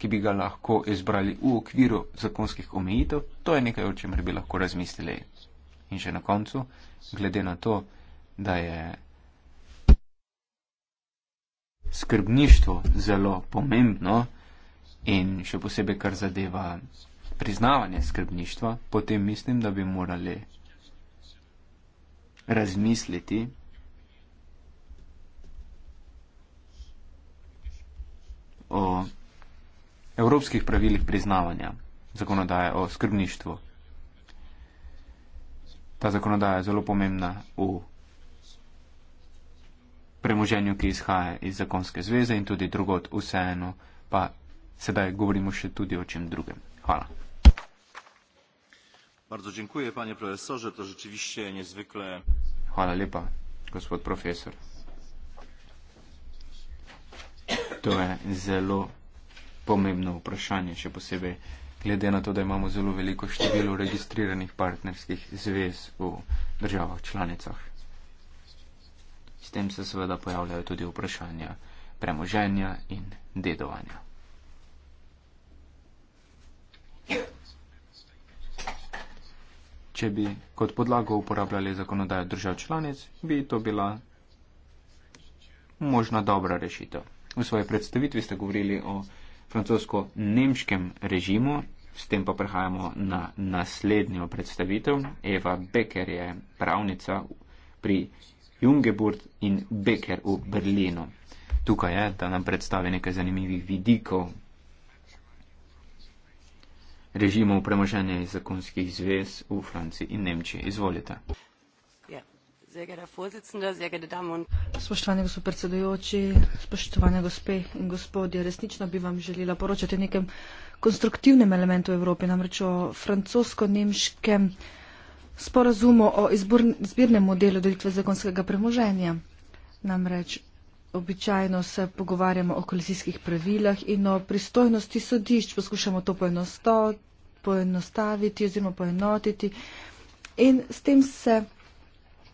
ki bi ga lahko izbrali v okviru zakonskih omejitev, to je nekaj, o čemer bi lahko razmislili. In še na koncu, glede na to, da je skrbništvo zelo pomembno in še posebej, kar zadeva priznavanje skrbništva, potem mislim, da bi morali razmisliti. O evropskih pravilih priznavanja zakonodaje o skrbništvu. Ta zakonodaja je zelo pomembna v premoženju, ki izhaja iz zakonske zveze in tudi drugot vseeno, pa sedaj govorimo še tudi o čem drugem. Hvala. Bardzo dziękuję, panie profesorze. To rzeczywiście niezwykle. Hvala lepa, gospod profesor. To je zelo pomembno vprašanje, še posebej glede na to, da imamo zelo veliko število registriranih partnerskih zvez v državah članicah. S tem se seveda pojavljajo tudi vprašanja premoženja in dedovanja. Če bi kot podlago uporabljali zakonodajo držav članic, bi to bila možna dobra rešitev. V svoji predstavitvi ste govorili o francosko-nemškem režimu. S tem pa prehajamo na naslednjo predstavitev. Eva Becker je pravnica pri Jungeburg in Becker v Berlinu. Tukaj je, da nam predstavi nekaj zanimivih vidikov režimov premoženja in zakonskih zvez v Franciji in Nemčiji. Izvolite. Sehr geehrter Vorsitzender, sehr geehrte Damen und Spoštovani gospod predsedujoči, spoštovane gospe in gospodje, resnično bi vam želela poročati o nekem konstruktivnem elementu Evrope, namreč o francosko-nemškem sporazumu o izbirnem modelu delitve zakonskega premoženja. Namreč običajno se pogovarjamo o koalicijskih pravilah in o pristojnosti sodišč, poskušamo to poenostaviti oziroma poenotiti in s tem se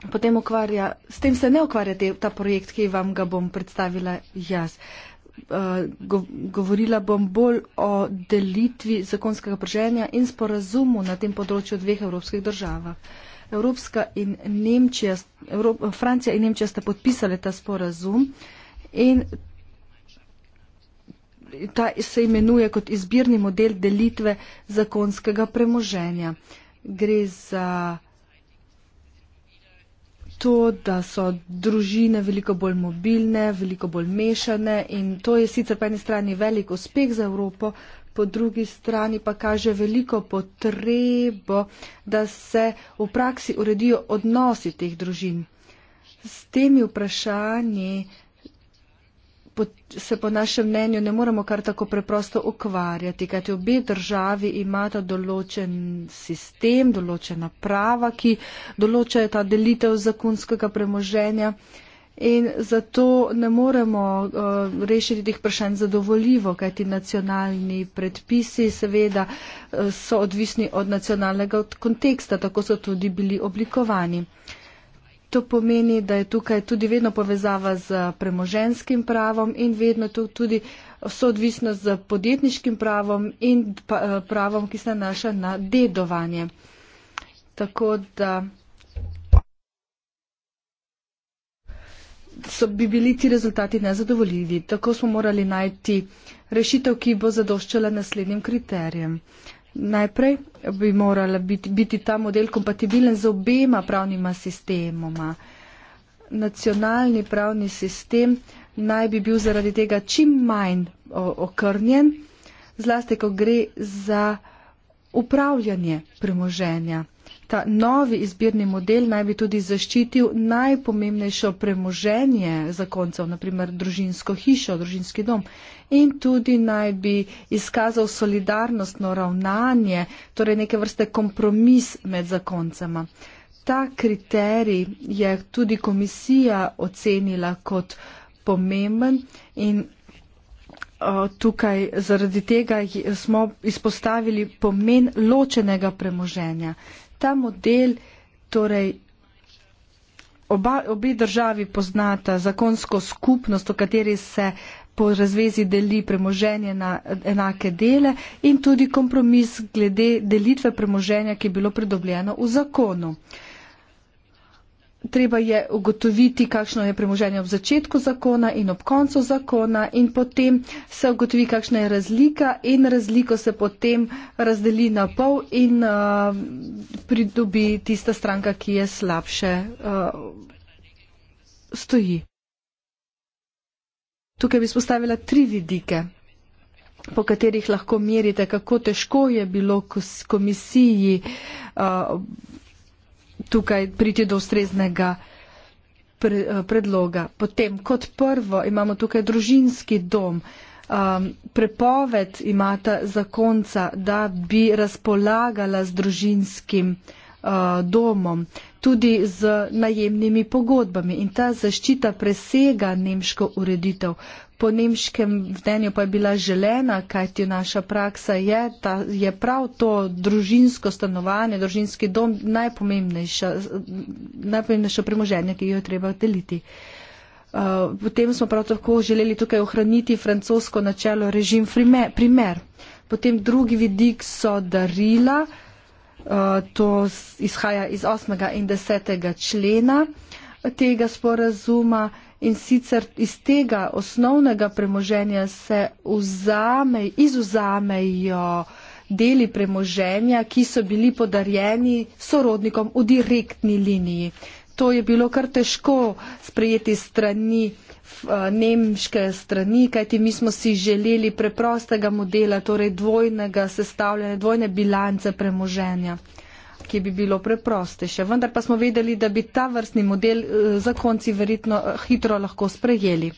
potem ukvarja, s tem se ne ukvarja te, ta projekt, ki vam ga bom predstavila jaz. Uh, govorila bom bolj o delitvi zakonskega prženja in sporazumu na tem področju dveh evropskih držav. Evropska in Nemčija, Evrop, Francija in Nemčija sta podpisali ta sporazum in ta se imenuje kot izbirni model delitve zakonskega premoženja. Gre za to, da so družine veliko bolj mobilne, veliko bolj mešane in to je sicer po eni strani velik uspeh za Evropo, po drugi strani pa kaže veliko potrebo, da se v praksi uredijo odnosi teh družin. S temi vprašanji se po našem mnenju ne moremo kar tako preprosto ukvarjati, kajti obe državi imata določen sistem, določena prava, ki določajo ta delitev zakonskega premoženja in zato ne moremo uh, rešiti teh vprašanj zadovoljivo, kajti nacionalni predpisi seveda uh, so odvisni od nacionalnega konteksta, tako so tudi bili oblikovani. To pomeni, da je tukaj tudi vedno povezava z premoženskim pravom in vedno tu tudi soodvisno z podjetniškim pravom in eh, pravom, ki se naša na dedovanje. Tako da so bi bili ti rezultati nezadovoljivi. Tako smo morali najti rešitev, ki bo zadoščala naslednjim kriterijem najprej bi morala biti, biti ta model kompatibilen z obema pravnima sistemoma. Nacionalni pravni sistem naj bi bil zaradi tega čim manj okrnjen, zlasti ko gre za upravljanje premoženja. Ta novi izbirni model naj bi tudi zaščitil najpomembnejšo premoženje zakoncev, naprimer družinsko hišo, družinski dom, in tudi naj bi izkazal solidarnostno ravnanje, torej neke vrste kompromis med zakoncema. Ta kriterij je tudi komisija ocenila kot pomemben in tukaj zaradi tega smo izpostavili pomen ločenega premoženja. Ta model, torej oba, obi državi poznata zakonsko skupnost, v kateri se po razvezi deli premoženje na enake dele in tudi kompromis glede delitve premoženja, ki je bilo pridobljeno v zakonu. Treba je ugotoviti, kakšno je premoženje ob začetku zakona in ob koncu zakona in potem se ugotovi, kakšna je razlika in razliko se potem razdeli na pol in uh, pridobi tista stranka, ki je slabše uh, stoji. Tukaj bi spostavila tri vidike, po katerih lahko merite, kako težko je bilo komisiji uh, tukaj priti do ustreznega uh, predloga. Potem, kot prvo, imamo tukaj družinski dom. Um, prepoved imata zakonca, da bi razpolagala z družinskim uh, Eh, domom, tudi z najemnimi pogodbami. In ta zaščita presega nemško ureditev. Po nemškem vdenju pa je bila želena, kajti naša praksa je, da je prav to družinsko stanovanje, družinski dom najpomembnejša premoženja, ki jo je treba deliti. Eh, potem smo prav tako želeli tukaj ohraniti francosko načelo režim primer. Potem drugi vidik so darila. Eh, to izhaja iz 8. in 10. člena tega sporazuma in sicer iz tega osnovnega premoženja se vzame, izuzamejo deli premoženja, ki so bili podarjeni sorodnikom v direktni liniji. To je bilo kar težko sprejeti strani Eh, nemške strani, kajti mi smo si želeli preprostega modela, torej dvojnega sestavljanja, dvojne bilance premoženja, ki bi bilo preprostejše. Vendar pa smo vedeli, da bi ta vrstni model eh, za konci verjetno eh, hitro lahko sprejeli.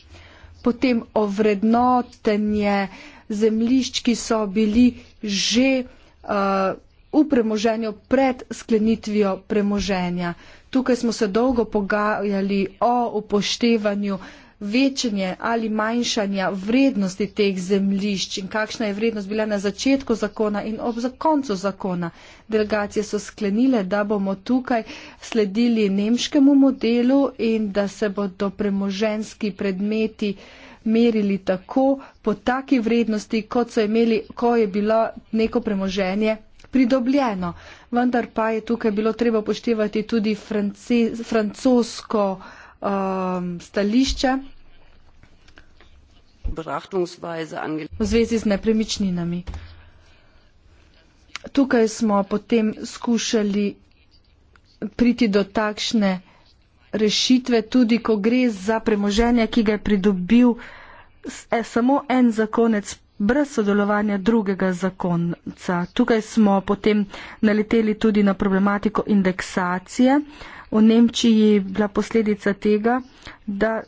Potem ovrednotenje zemlišč, ki so bili že uh, v premoženju pred sklenitvijo premoženja. Tukaj smo se dolgo pogajali o upoštevanju uh, večanje ali manjšanja vrednosti teh zemljišč in kakšna je vrednost bila na začetku zakona in ob zakoncu zakona. Delegacije so sklenile, da bomo tukaj sledili nemškemu modelu in da se bodo premoženski predmeti merili tako po taki vrednosti, kot so imeli, ko je bilo neko premoženje pridobljeno. Vendar pa je tukaj bilo treba upoštevati tudi francosko um, stališče v zvezi z nepremičninami. Tukaj smo potem skušali priti do takšne rešitve, tudi ko gre za premoženje, ki ga je pridobil e, samo en zakonec brez sodelovanja drugega zakonca. Tukaj smo potem naleteli tudi na problematiko indeksacije. Uh, v Nemčiji bila posledica tega, da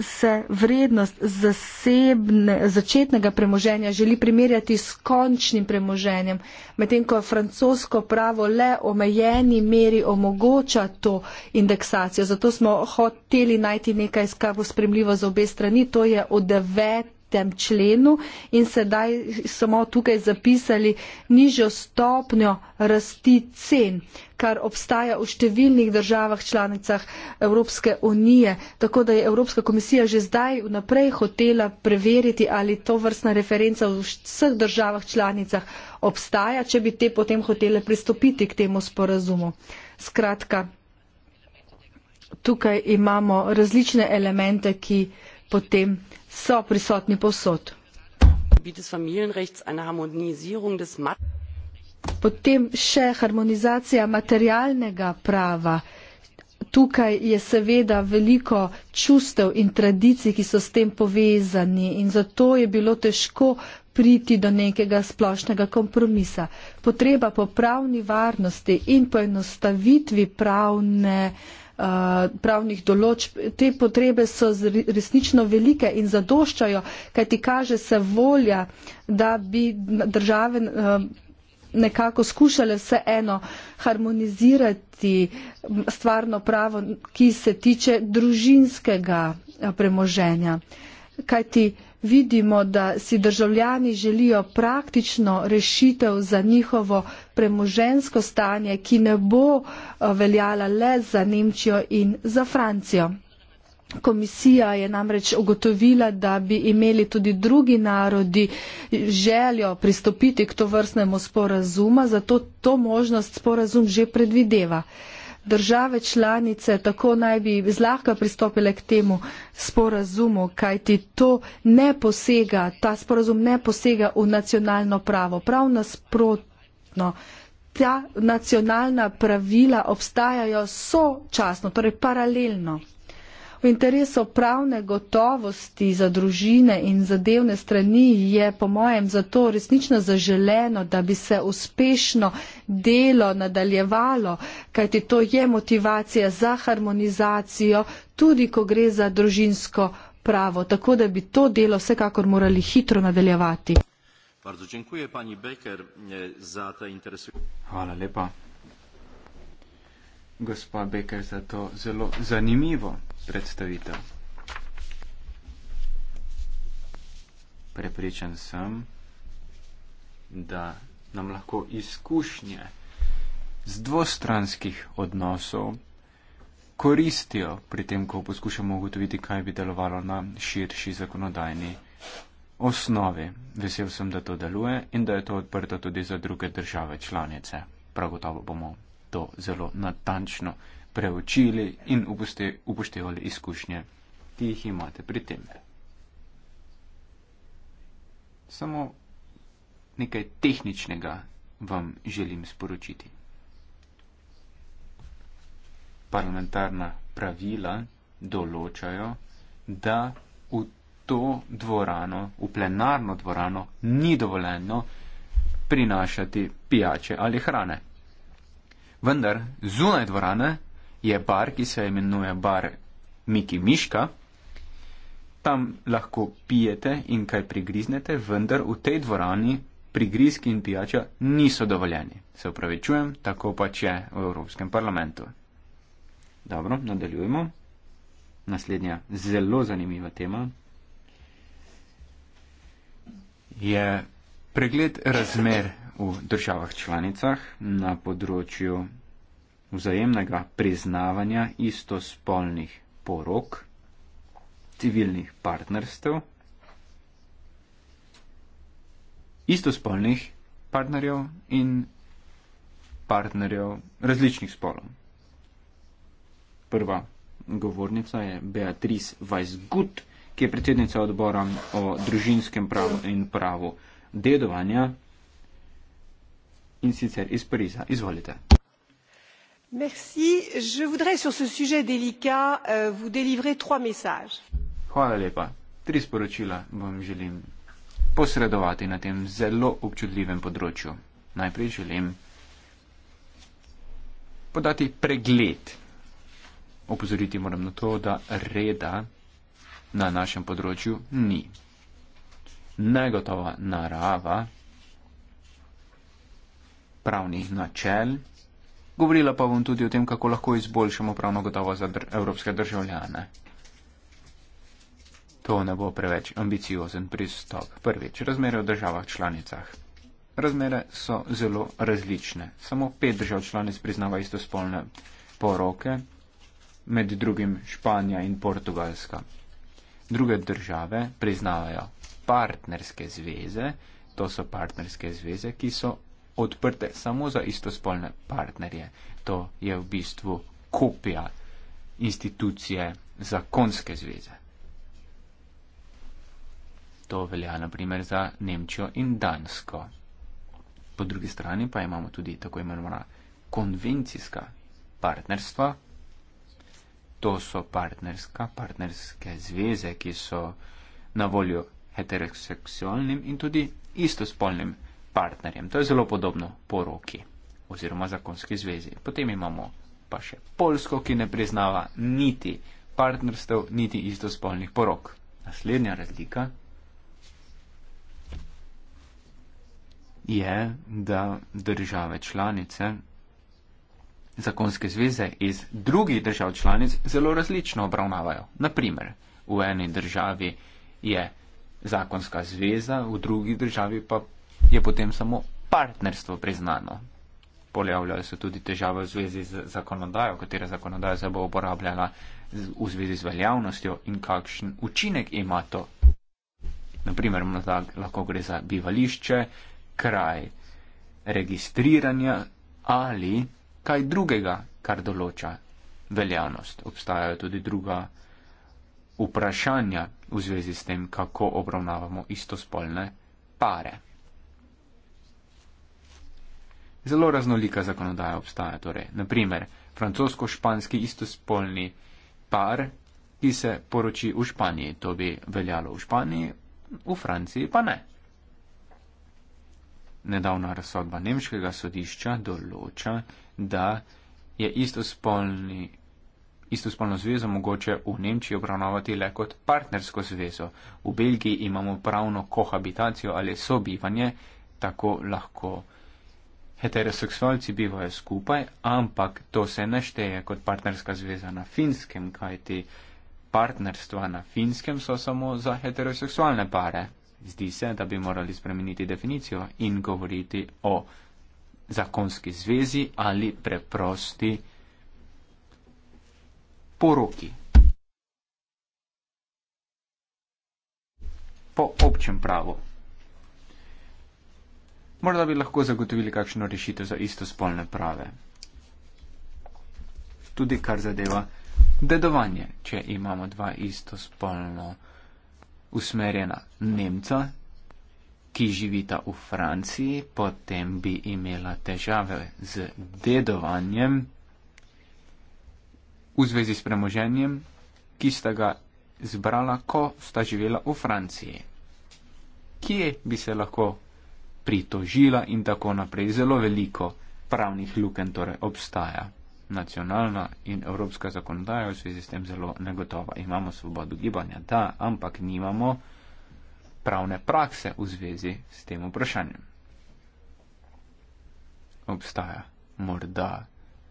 se vrednost zasebne, začetnega premoženja želi primerjati s končnim premoženjem, medtem ko francosko pravo le omejeni meri omogoča to indeksacijo. Zato smo hoteli najti nekaj, kar bo spremljivo za obe strani. To je v 9 tem členu in sedaj smo tukaj zapisali nižjo stopnjo rasti cen, kar obstaja v številnih državah članicah Evropske unije. Tako da je Evropska komisija že zdaj vnaprej hotela preveriti, ali to vrstna referenca v vseh državah članicah obstaja, če bi te potem hotele pristopiti k temu sporazumu. Skratka, tukaj imamo različne elemente, ki potem so prisotni povsod. Potem še harmonizacija materialnega prava. Tukaj je seveda veliko čustev in tradicij, ki so s tem povezani in zato je bilo težko priti do nekega splošnega kompromisa. Potreba po pravni varnosti in poenostavitvi pravne uh, Eh, pravnih določb. Te potrebe so resnično velike in zadoščajo, kajti kaže se volja, da bi države eh, nekako skušale vseeno harmonizirati stvarno pravo, ki se tiče družinskega eh, premoženja. Kajti, uh, vidimo, da si državljani želijo praktično rešitev za njihovo premožensko stanje, ki ne bo eh, veljala le za Nemčijo in za Francijo. Komisija je namreč ugotovila, da bi imeli tudi drugi narodi željo pristopiti k to vrstnemu sporazuma, zato to možnost sporazum že predvideva države članice tako naj bi zlahka pristopile k temu sporazumu, kajti to ne posega, ta sporazum ne posega v nacionalno pravo. Prav nasprotno, ta nacionalna pravila obstajajo sočasno, torej paralelno. V interesu pravne gotovosti za družine in zadevne strani je po mojem zato resnično zaželeno, da bi se uspešno delo nadaljevalo, kajti to je motivacija za harmonizacijo, tudi ko gre za družinsko pravo, tako da bi to delo vsekakor morali hitro nadaljevati. Bardzo dziękuję pani Becker e, za te interesy. Hvala lepa gospa Becker za to zelo zanimivo predstavitev. Prepričan sem, da nam lahko izkušnje z dvostranskih odnosov koristijo pri tem, ko poskušamo ugotoviti, kaj bi delovalo na širši zakonodajni osnovi. Vesel sem, da to deluje in da je to odprto tudi za druge države članice. Prav gotovo bomo to zelo natančno preučili in upoštevali izkušnje, ki jih imate pri tem. Samo nekaj tehničnega vam želim sporočiti. Parlamentarna pravila določajo, da v to dvorano, v plenarno dvorano, ni dovoljeno prinašati pijače ali hrane vendar zunaj dvorane je bar, ki se imenuje bar Miki Miška. Tam lahko pijete in kaj prigriznete, vendar v tej dvorani prigrizki in pijača niso dovoljeni. Se upravičujem, tako pač je v Evropskem parlamentu. Dobro, nadaljujemo. Naslednja zelo zanimiva tema je pregled razmer v državah članicah na področju vzajemnega priznavanja istospolnih porok, civilnih partnerstev, istospolnih partnerjev in partnerjev različnih spolov. Prva govornica je Beatriz Weisgut, ki je predsednica odbora o družinskem pravu in pravu dedovanja in sicer iz Pariza. Izvolite. Merci. Je voudrais sur ce sujet délicat euh, vous délivrer trois messages. Hvala lepa. Tri sporočila vam želim posredovati na tem zelo občutljivem področju. Najprej želim podati pregled. Opozoriti moram na to, da reda na našem področju ni. Negotova narava pravnih načel. Govorila pa bom tudi o tem, kako lahko izboljšamo pravno gotovo za dr evropske državljane. To ne bo preveč ambiciozen pristop. Prvič, razmere v državah članicah. Razmere so zelo različne. Samo pet držav članic priznava istospolne poroke, med drugim Španija in Portugalska. Druge države priznavajo partnerske zveze, to so partnerske zveze, ki so odprte samo za istospolne partnerje. To je v bistvu kopija institucije zakonske zveze. To velja naprimer za Nemčijo in Dansko. Po drugi strani pa imamo tudi tako imenovana konvencijska partnerstva. To so partnerska, partnerske zveze, ki so na voljo heteroseksualnim in tudi istospolnim partnerjem partnerjem. To je zelo podobno poroki oziroma zakonski zvezi. Potem imamo pa še Polsko, ki ne priznava niti partnerstev, niti istospolnih porok. Naslednja razlika je, da države članice zakonske zveze iz drugih držav članic zelo različno obravnavajo. Naprimer, v eni državi je zakonska zveza, v drugi državi pa je potem samo partnerstvo priznano. Pojavljajo se tudi težave v zvezi z zakonodajo, katera zakonodaja se bo uporabljala v zvezi z veljavnostjo in kakšen učinek ima to. Naprimer, lahko gre za bivališče, kraj registriranja ali kaj drugega, kar določa veljavnost. Obstajajo tudi druga vprašanja v zvezi s tem, kako obravnavamo istospolne pare zelo raznolika zakonodaja obstaja. Torej, naprimer, francosko-španski istospolni par, ki se poroči v Španiji, to bi veljalo v Španiji, v Franciji pa ne. Nedavna razsodba nemškega sodišča določa, da je istospolni, istospolno zvezo mogoče v Nemčiji obravnavati le kot partnersko zvezo. V Belgiji imamo pravno kohabitacijo ali sobivanje, tako lahko heteroseksualci bivajo skupaj, ampak to se ne šteje kot partnerska zveza na finskem, kajti partnerstva na finskem so samo za heteroseksualne pare. Zdi se, da bi morali spremeniti definicijo in govoriti o zakonski zvezi ali preprosti poroki. Po občem pravu. Morda bi lahko zagotovili kakšno rešitev za istospolne prave. Tudi kar zadeva dedovanje, če imamo dva istospolno usmerjena Nemca, ki živita v Franciji, potem bi imela težave z dedovanjem v zvezi s premoženjem, ki sta ga zbrala, ko sta živela v Franciji. Kje bi se lahko pritožila in tako naprej. Zelo veliko pravnih luken torej obstaja. Nacionalna in evropska zakonodaja v zvezi s tem zelo negotova. Imamo svobodo gibanja, da, ampak nimamo pravne prakse v zvezi s tem vprašanjem. Obstaja morda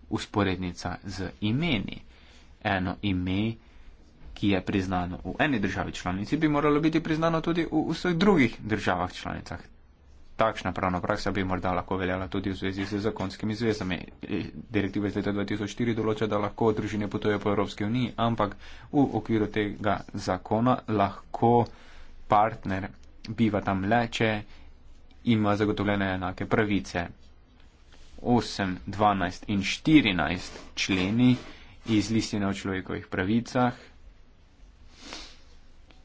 usporednica z imeni. Eno ime, ki je priznano v eni državi članici, bi moralo biti priznano tudi v vseh drugih državah članicah takšna pravna praksa bi morda lahko veljala tudi v zvezi z zakonskimi zvezami. Direktiva iz leta 2004 določa, da lahko družine potujejo po Evropski uniji, ampak v okviru tega zakona lahko partner biva tam le, če ima zagotovljene enake pravice. 8, 12 in 14 členi iz listine o človekovih pravicah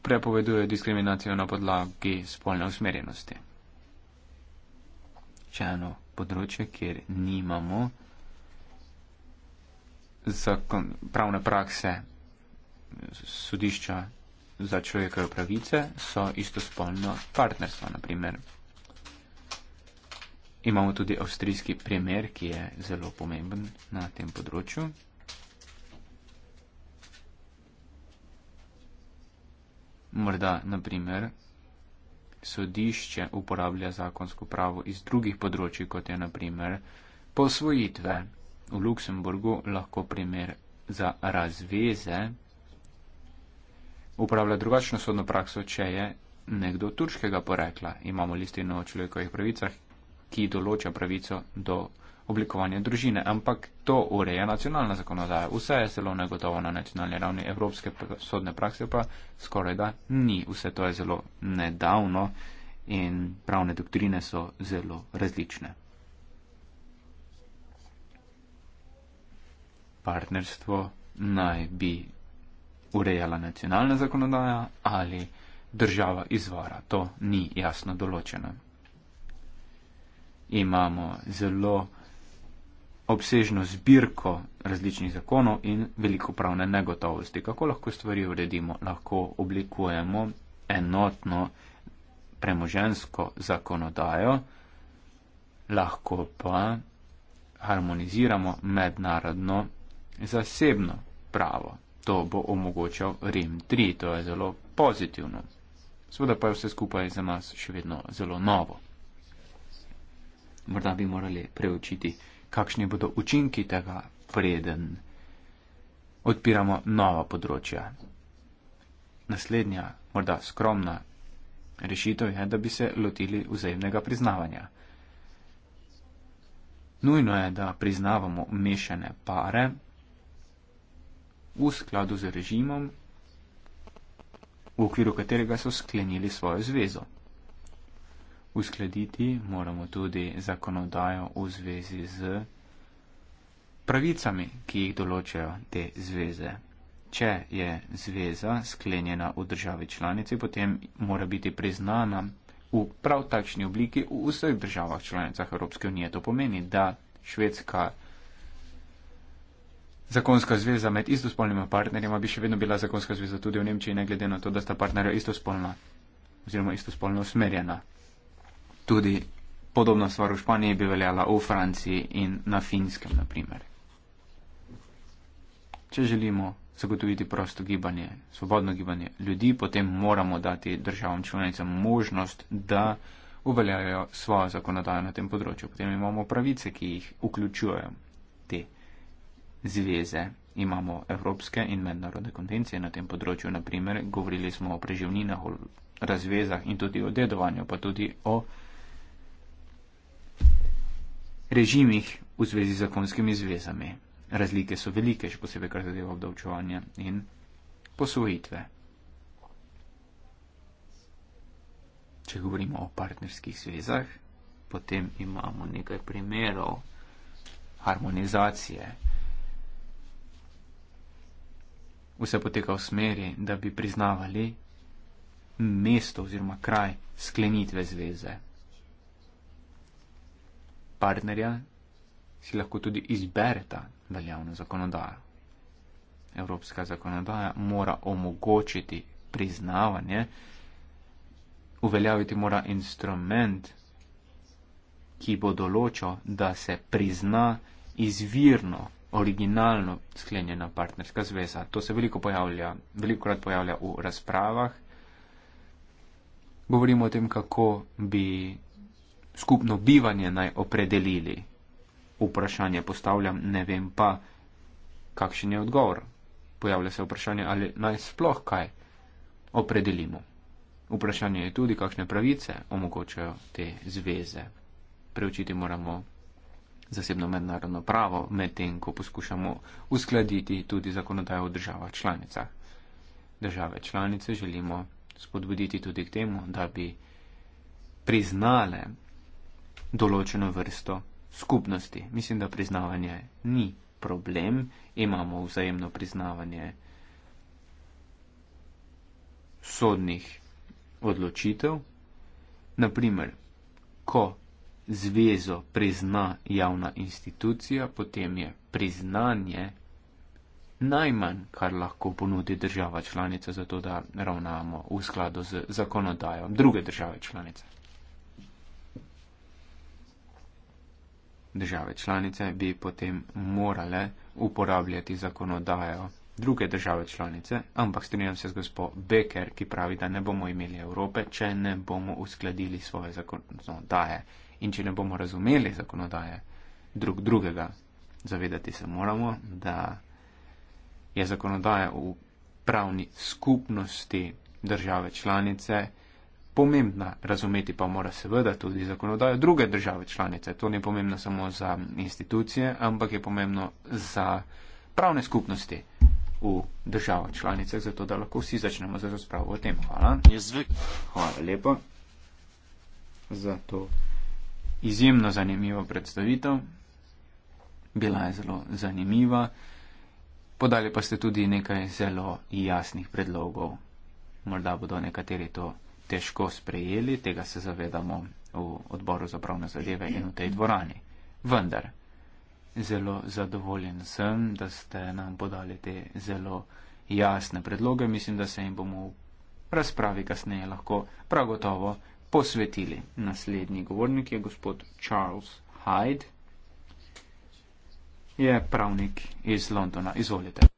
prepovedujejo diskriminacijo na podlagi spolne usmerjenosti rečeno, področje, kjer nimamo zakon, pravne prakse sodišča za človekove pravice, so istospolno partnerstvo, naprimer. Imamo tudi avstrijski primer, ki je zelo pomemben na tem področju. Morda, naprimer, sodišče uporablja zakonsko pravo iz drugih področji, kot je naprimer posvojitve. V Luksemburgu lahko primer za razveze uporablja drugačno sodno prakso, če je nekdo turškega porekla. Imamo listino o človekovih pravicah, ki določa pravico do oblikovanje družine, ampak to ureja nacionalna zakonodaja. Vse je zelo negotovo na nacionalni ravni, evropske sodne prakse pa skoraj da ni. Vse to je zelo nedavno in pravne doktrine so zelo različne. Partnerstvo naj bi urejala nacionalna zakonodaja ali država izvora. To ni jasno določeno. Imamo zelo obsežno zbirko različnih zakonov in veliko pravne negotovosti. Kako lahko stvari uredimo? Lahko oblikujemo enotno premožensko zakonodajo, lahko pa harmoniziramo mednarodno zasebno pravo. To bo omogočal Rim 3, to je zelo pozitivno. Sveda pa je vse skupaj za nas še vedno zelo novo. Morda bi morali preučiti kakšni bodo učinki tega, preden odpiramo nova področja. Naslednja, morda skromna rešitev je, da bi se lotili vzajemnega priznavanja. Nujno je, da priznavamo mešane pare v skladu z režimom, v okviru katerega so sklenili svojo zvezo uskladiti moramo tudi zakonodajo v zvezi z pravicami, ki jih določajo te zveze. Če je zveza sklenjena v državi članici, potem mora biti priznana v prav takšni obliki v vseh državah članicah Evropske unije. To pomeni, da švedska zakonska zveza med istospolnima partnerima bi še vedno bila zakonska zveza tudi v Nemčiji, ne glede na to, da sta partnerja istospolna oziroma istospolno usmerjena tudi podobna stvar v Španiji bi veljala v Franciji in na Finskem, naprimer. Če želimo zagotoviti prosto gibanje, svobodno gibanje ljudi, potem moramo dati državam članicam možnost, da uveljavljajo svojo zakonodajo na tem področju. Potem imamo pravice, ki jih vključujejo te zveze. Imamo evropske in mednarodne konvencije na tem področju, naprimer govorili smo o preživninah, o razvezah in tudi o dedovanju, pa tudi o režimih v zvezi z zakonskimi zvezami. Razlike so velike, še posebej kar zadeva obdavčevanje in posvojitve. Če govorimo o partnerskih zvezah, potem imamo nekaj primerov harmonizacije. Vse poteka v smeri, da bi priznavali mesto oziroma kraj sklenitve zveze partnerja si lahko tudi izbereta veljavno zakonodajo. Evropska zakonodaja mora omogočiti priznavanje, uveljaviti mora instrument, ki bo določil, da se prizna izvirno, originalno sklenjena partnerska zveza. To se veliko pojavlja, veliko krat pojavlja v razpravah. Govorimo o tem, kako bi skupno bivanje naj opredelili. Vprašanje postavljam, ne vem pa, kakšen je odgovor. Pojavlja se vprašanje, ali naj sploh kaj opredelimo. Vprašanje je tudi, kakšne pravice omogočajo te zveze. Preučiti moramo zasebno mednarodno pravo, medtem ko poskušamo uskladiti tudi zakonodajo v državah članicah. Države članice želimo spodbuditi tudi k temu, da bi priznale določeno vrsto skupnosti. Mislim, da priznavanje ni problem, imamo vzajemno priznavanje sodnih odločitev. Naprimer, ko zvezo prizna javna institucija, potem je priznanje najmanj, kar lahko ponudi država članica, zato da ravnamo v skladu z zakonodajo druge države članice. države članice bi potem morale uporabljati zakonodajo druge države članice, ampak strinjam se z gospod Becker, ki pravi, da ne bomo imeli Evrope, če ne bomo uskladili svoje zakonodaje in če ne bomo razumeli zakonodaje drug drugega. Zavedati se moramo, da je zakonodaja v pravni skupnosti države članice, pomembna. Razumeti pa mora seveda tudi zakonodajo druge države članice. To ni pomembno samo za institucije, ampak je pomembno za pravne skupnosti v državah članicah, zato da lahko vsi začnemo z razpravo o tem. Hvala. Hvala lepo za to izjemno zanimivo predstavitev. Bila je zelo zanimiva. Podali pa ste tudi nekaj zelo jasnih predlogov. Morda bodo nekateri to težko sprejeli, tega se zavedamo v odboru za pravne zadeve in v tej dvorani. Vendar, zelo zadovoljen sem, da ste nam podali te zelo jasne predloge. Mislim, da se jim bomo v razpravi kasneje lahko prav gotovo posvetili. Naslednji govornik je gospod Charles Hyde. Je pravnik iz Londona. Izvolite.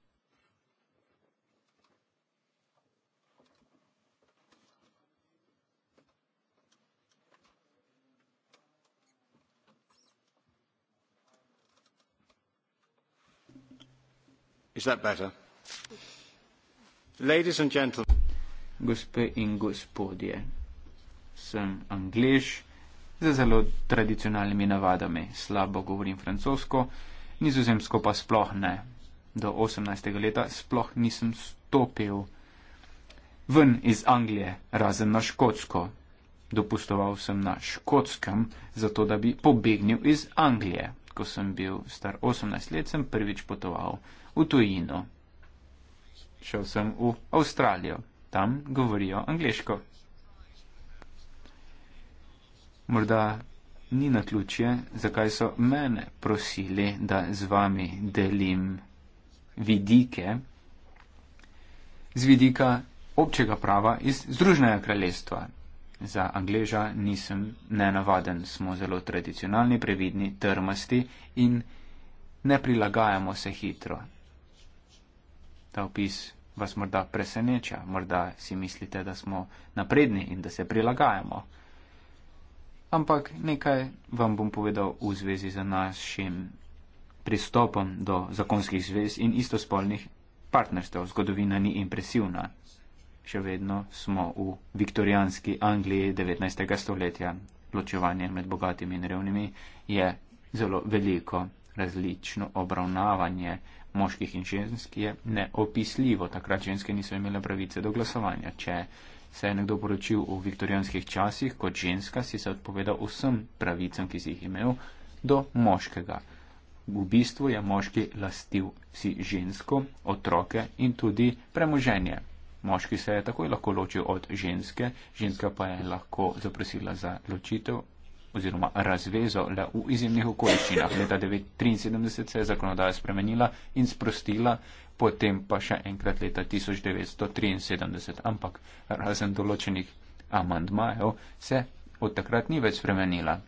gospe in gospodje sem anglež z zelo tradicionalnimi navadami slabo govorim francosko nizozemsko pa sploh ne do 18. leta sploh nisem stopil ven iz Anglije razen na škotsko dopustoval sem na škotskem zato da bi pobegnil iz Anglije ko sem bil star 18 let, sem prvič potoval v tujino. Šel sem v Avstralijo, tam govorijo angliško. Morda ni na ključje, zakaj so mene prosili, da z vami delim vidike z vidika občega prava iz Združenega kraljestva. Za Angleža nisem nenavaden, smo zelo tradicionalni, previdni, trmasti in ne prilagajamo se hitro. Ta opis vas morda preseneča, morda si mislite, da smo napredni in da se prilagajamo. Ampak nekaj vam bom povedal v zvezi z našim pristopom do zakonskih zvez in istospolnih partnerstev. Zgodovina ni impresivna, še vedno smo v viktorijanski Angliji 19. stoletja. Ločevanje med bogatimi in revnimi je zelo veliko. Različno obravnavanje moških in žensk je neopisljivo. Takrat ženske niso imele pravice do glasovanja. Če se je nekdo poročil v viktorijanskih časih kot ženska, si se odpovedal vsem pravicam, ki si jih imel, do moškega. V bistvu je moški lastil si žensko, otroke in tudi premoženje. Moški se je takoj lahko ločil od ženske, ženska pa je lahko zaprosila za ločitev oziroma razvezo le v izjemnih okoliščinah. Leta 1973 se je zakonodaja spremenila in sprostila, potem pa še enkrat leta 1973. Ampak razen določenih amandmajev se od takrat ni več spremenila.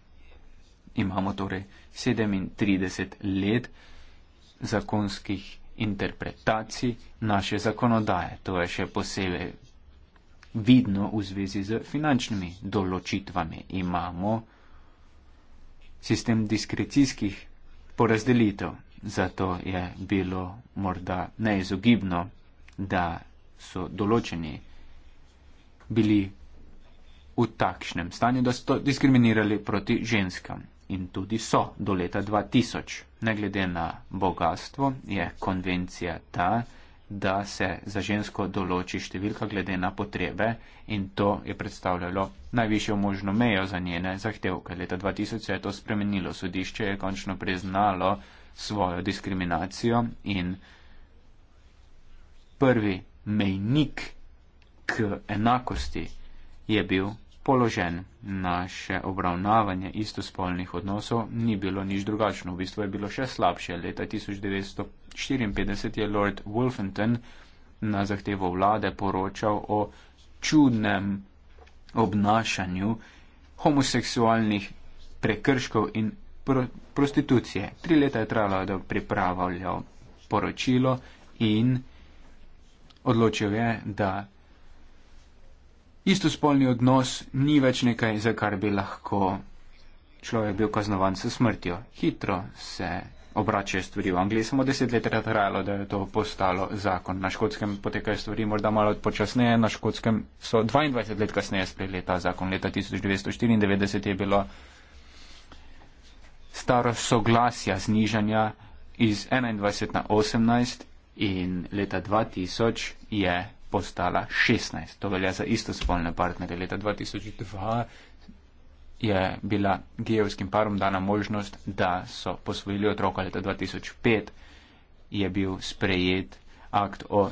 Imamo torej 37 let zakonskih interpretacij naše zakonodaje. To je še posebej vidno v zvezi z finančnimi določitvami. Imamo sistem diskrecijskih porazdelitev, zato je bilo morda neizogibno, da so določeni bili v takšnem stanju, da so diskriminirali proti ženskam. In tudi so do leta 2000 ne glede na bogatstvo, je konvencija ta, da se za žensko določi številka glede na potrebe in to je predstavljalo najvišjo možno mejo za njene zahtevke. Leta 2000 je to spremenilo. Sodišče je končno priznalo svojo diskriminacijo in prvi mejnik k enakosti je bil položen naše obravnavanje istospolnih odnosov ni bilo nič drugačno. V bistvu je bilo še slabše. Leta 1954 je Lord Wolfenton na zahtevo vlade poročal o čudnem obnašanju homoseksualnih prekrškov in pro prostitucije. Tri leta je trajalo, da pripravljal poročilo in odločil je, da istospolni odnos ni več nekaj, za kar bi lahko človek bil kaznovan s smrtjo. Hitro se obračajo stvari. V Angliji samo deset let je trajalo, da je to postalo zakon. Na škotskem potekajo stvari morda malo počasneje, na škotskem so 22 let kasneje sprejeli ta zakon. Leta 1994 je bilo starost soglasja znižanja iz 21 na 18 in leta 2000 je postala 16. To velja za istospolne partnerje. Leta 2002 je bila gejevskim parom dana možnost, da so posvojili otroka. Leta 2005 je bil sprejet akt o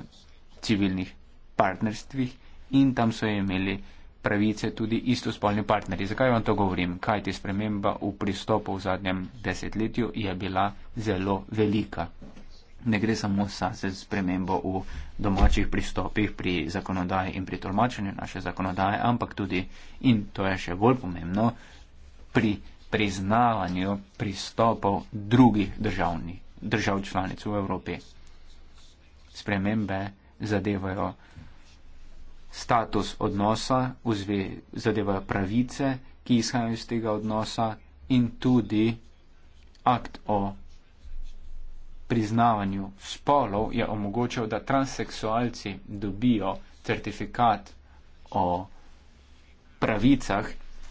civilnih partnerstvih in tam so imeli pravice tudi istospolni partnerji. Zakaj vam to govorim? Kaj ti sprememba v pristopu v zadnjem desetletju je bila zelo velika ne gre samo za spremembo v domačih pristopih pri zakonodaji in pri tolmačenju naše zakonodaje, ampak tudi, in to je še bolj pomembno, pri priznavanju pristopov drugih državni, držav članic v Evropi. Spremembe zadevajo status odnosa, vzve, zadevajo pravice, ki izhajajo iz tega odnosa in tudi akt o priznavanju spolov je omogočal, da transseksualci dobijo certifikat o pravicah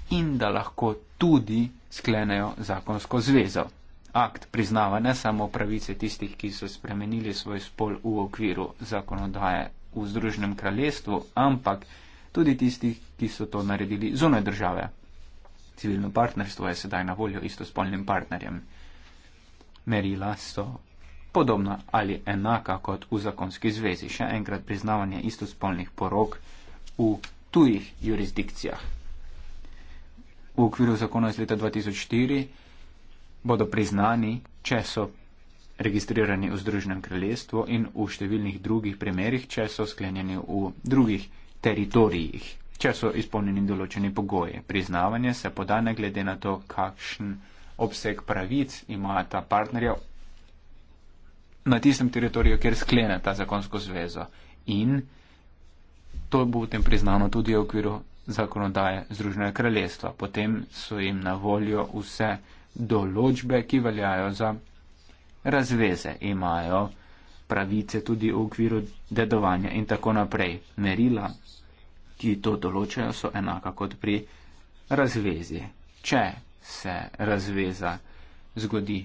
in da lahko tudi sklenejo zakonsko zvezo. Akt priznava ne samo pravice tistih, ki so spremenili svoj spol v okviru zakonodaje v Združenem kraljestvu, ampak tudi tistih, ki so to naredili zunaj države. Civilno partnerstvo je sedaj na voljo istospolnim partnerjem. Merila so podobno ali enaka kot v zakonski zvezi. Še enkrat priznavanje istospolnih porok v tujih jurisdikcijah. V okviru zakona iz leta 2004 bodo priznani, če so registrirani v Združenem kraljestvu in v številnih drugih primerjih, če so sklenjeni v drugih teritorijih, če so izpolnjeni določeni pogoji. Priznavanje se podane glede na to, kakšen obseg pravic ima ta partnerja na tistem teritoriju, kjer sklene ta zakonsko zvezo. In to bo potem priznano tudi v okviru zakonodaje Združenega kraljestva. Potem so jim na voljo vse določbe, ki veljajo za razveze. Imajo pravice tudi v okviru dedovanja in tako naprej. Merila, ki to določajo, so enaka kot pri razvezi. Če se razveza zgodi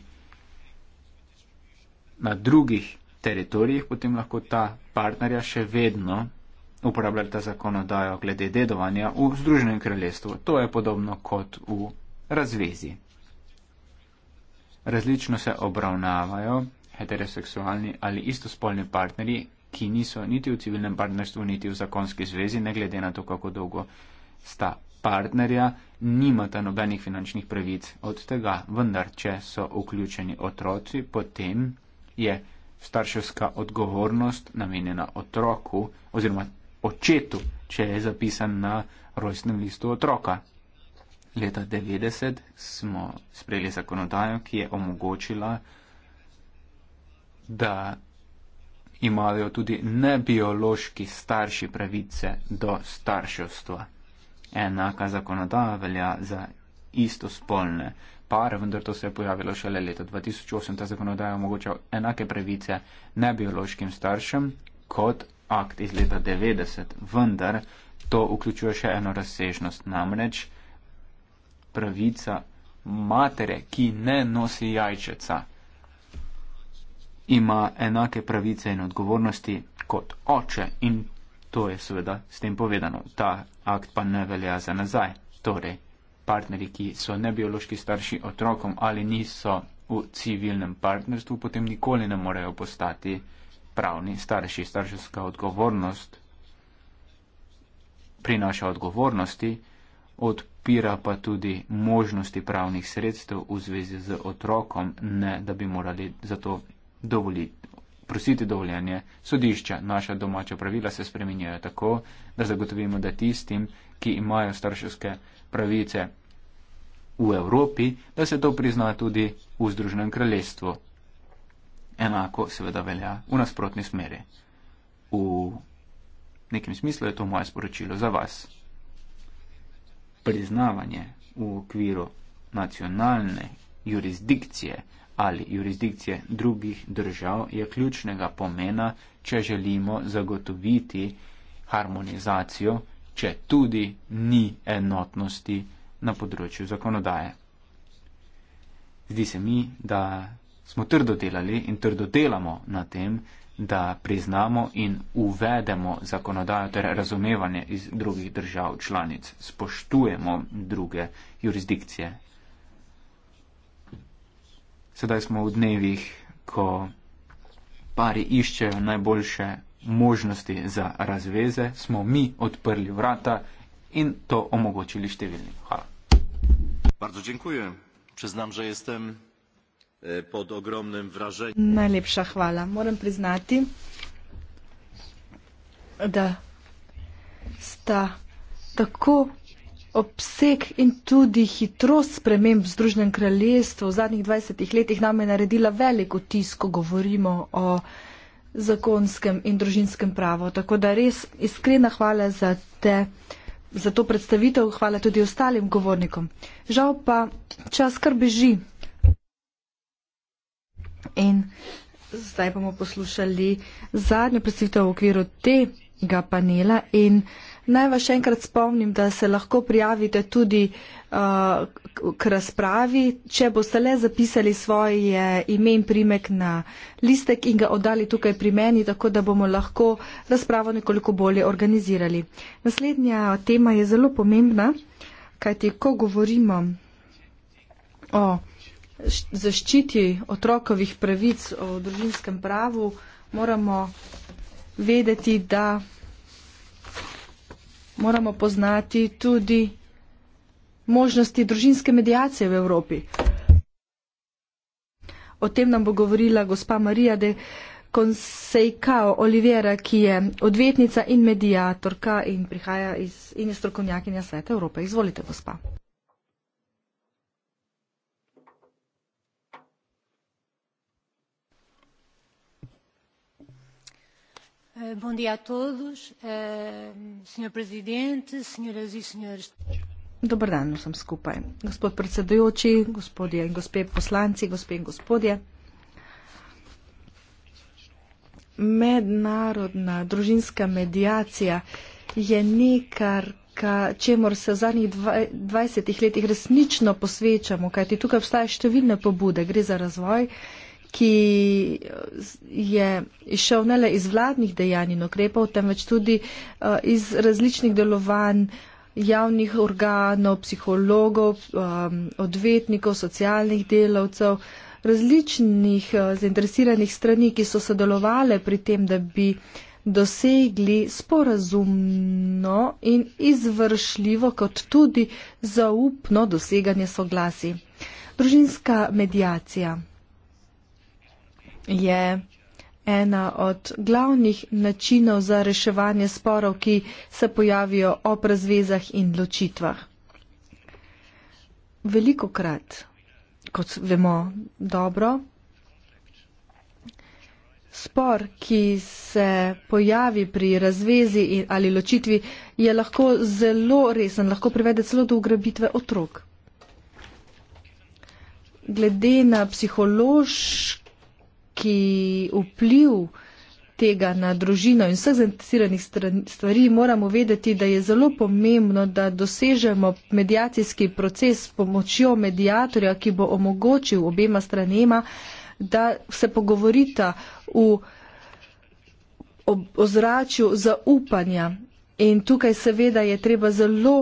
na drugih teritorijih, potem lahko ta partnerja še vedno uporablja ta zakonodajo glede dedovanja v Združenem kraljestvu. To je podobno kot v razvezi. Različno se obravnavajo heteroseksualni ali istospolni partnerji, ki niso niti v civilnem partnerstvu, niti v zakonski zvezi, ne glede na to, kako dolgo sta partnerja, nimata nobenih finančnih pravic od tega, vendar če so vključeni otroci, potem je starševska odgovornost namenjena otroku oziroma očetu, če je zapisan na rojstnem listu otroka. Leta 90 smo sprejeli zakonodajo, ki je omogočila, da imajo tudi nebiološki starši pravice do starševstva. Enaka zakonodaja velja za istospolne par, vendar to se je pojavilo šele leta 2008. Ta zakonodaja omogoča enake pravice nebiološkim staršem kot akt iz leta 90, vendar to vključuje še eno razsežnost, namreč pravica matere, ki ne nosi jajčeca, ima enake pravice in odgovornosti kot oče in to je seveda s tem povedano. Ta akt pa ne velja za nazaj. Torej, partnerji, ki so nebiološki starši otrokom ali niso v civilnem partnerstvu, potem nikoli ne morejo postati pravni starši. Starševska odgovornost prinaša odgovornosti, odpira pa tudi možnosti pravnih sredstev v zvezi z otrokom, ne da bi morali za to dovoliti. Prositi dovoljenje sodišča. Naša domača pravila se spreminjajo tako, da zagotovimo, da tistim, ki imajo starševske pravice, v Evropi, da se to prizna tudi v Združenem kraljestvu. Enako seveda velja v nasprotni smeri. V nekem smislu je to moje sporočilo za vas. Priznavanje v okviru nacionalne jurisdikcije ali jurisdikcije drugih držav je ključnega pomena, če želimo zagotoviti harmonizacijo, če tudi ni enotnosti na področju zakonodaje. Zdi se mi, da smo trdo delali in trdo delamo na tem, da priznamo in uvedemo zakonodajo ter razumevanje iz drugih držav članic, spoštujemo druge jurisdikcije. Sedaj smo v dnevih, ko pari iščejo najboljše možnosti za razveze, smo mi odprli vrata in to omogočili številnim. Hvala. Bardzo dziękuję. Przyznam, że jestem e, pod ogromnym wrażeniem. Najlepsza chwala. Moram priznati, da sta tako obseg in tudi hitrost sprememb v Združenem kraljestvu v zadnjih 20 letih nam je naredila veliko tisko, govorimo o zakonskem in družinskem pravu. Tako da res iskrena hvala za te za to predstavitev, hvala tudi ostalim govornikom. Žal pa čas kar beži. In zdaj bomo poslušali zadnjo predstavitev v okviru tega panela in uh, Naj vas še enkrat spomnim, da se lahko prijavite tudi uh, k razpravi, če boste le zapisali svoje ime in primek na listek in ga oddali tukaj pri meni, tako da bomo lahko razpravo nekoliko bolje organizirali. Naslednja tema je zelo pomembna, kajti ko govorimo o zaščiti otrokovih pravic v družinskem pravu, moramo vedeti, da moramo poznati tudi možnosti družinske medijacije v Evropi. O tem nam bo govorila gospa Marija de Consejcao Olivera, ki je odvetnica in medijatorka in, prihaja iz, in je strokovnjakinja Sveta Evrope. Izvolite, gospa. Eh, bom dia a todos, eh, senhor presidente, senhoras e senhores. Dober dan vsem skupaj. Gospod predsedujoči, gospodje in gospe poslanci, gospe in gospodje. Mednarodna družinska medijacija je nekaj, čemor se v zadnjih 20 letih resnično posvečamo, kajti tukaj obstaja številne pobude, gre za razvoj uh, ki je išel ne le iz vladnih dejanj in okrepov, temveč tudi eh, iz različnih delovanj javnih organov, psihologov, eh, odvetnikov, socialnih delavcev, različnih eh, zainteresiranih strani, ki so sodelovali pri tem, da bi dosegli sporazumno in izvršljivo kot tudi zaupno doseganje soglasi. Družinska medijacija je ena od glavnih načinov za reševanje sporov, ki se pojavijo ob razvezah in ločitvah. Veliko krat, kot vemo dobro, spor, ki se pojavi pri razvezi ali ločitvi, je lahko zelo resen, lahko privede celo do ugrabitve otrok. Glede na psihološko ki vpliv tega na družino in vseh zainteresiranih stvari, moramo vedeti, da je zelo pomembno, da dosežemo medijacijski proces s pomočjo medijatorja, ki bo omogočil obema stranema, da se pogovorita v ozračju zaupanja. In tukaj seveda je treba zelo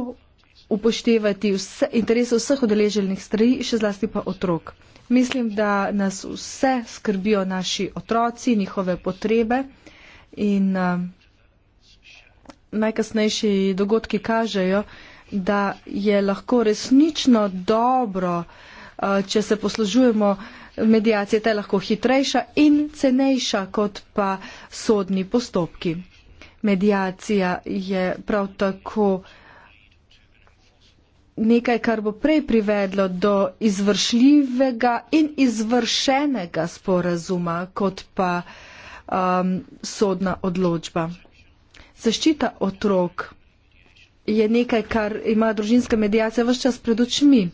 upoštevati vse, interese vseh odeleženih strani, še zlasti pa otrok. Mislim, da nas vse skrbijo naši otroci, njihove potrebe in eh, najkasnejši dogodki kažejo, da je lahko resnično dobro, eh, če se poslužujemo medijacije, ta je lahko hitrejša in cenejša kot pa sodni postopki. Medijacija je prav tako uh, nekaj, kar bo prej privedlo do izvršljivega in izvršenega sporazuma, kot pa um, sodna odločba. Zaščita otrok je nekaj, kar ima družinska medijacija vse čas pred očmi.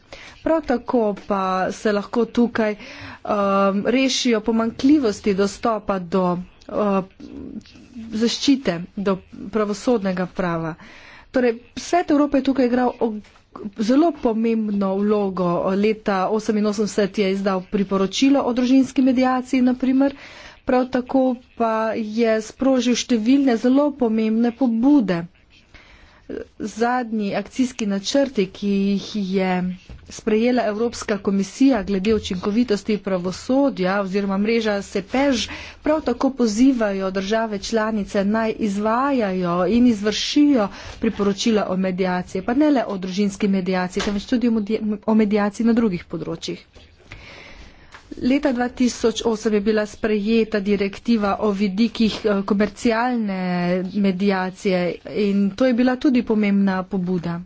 Prav tako pa se lahko tukaj um, rešijo pomankljivosti dostopa do uh, zaščite, do pravosodnega prava. Torej, svet Evrope je tukaj igral ogromno zelo pomembno vlogo. Leta 1988 je izdal priporočilo o družinski medijaciji, naprimer. prav tako pa je sprožil številne zelo pomembne pobude zadnji akcijski načrti, ki jih je sprejela Evropska komisija glede učinkovitosti pravosodja oziroma mreža SEPEŽ, prav tako pozivajo države članice naj izvajajo in izvršijo priporočila o mediaciji, pa ne le o družinski mediaciji, temveč tudi o mediaciji na drugih področjih. Leta 2008 je bila sprejeta direktiva o vidikih eh, komercialne medijacije in to je bila tudi pomembna pobuda.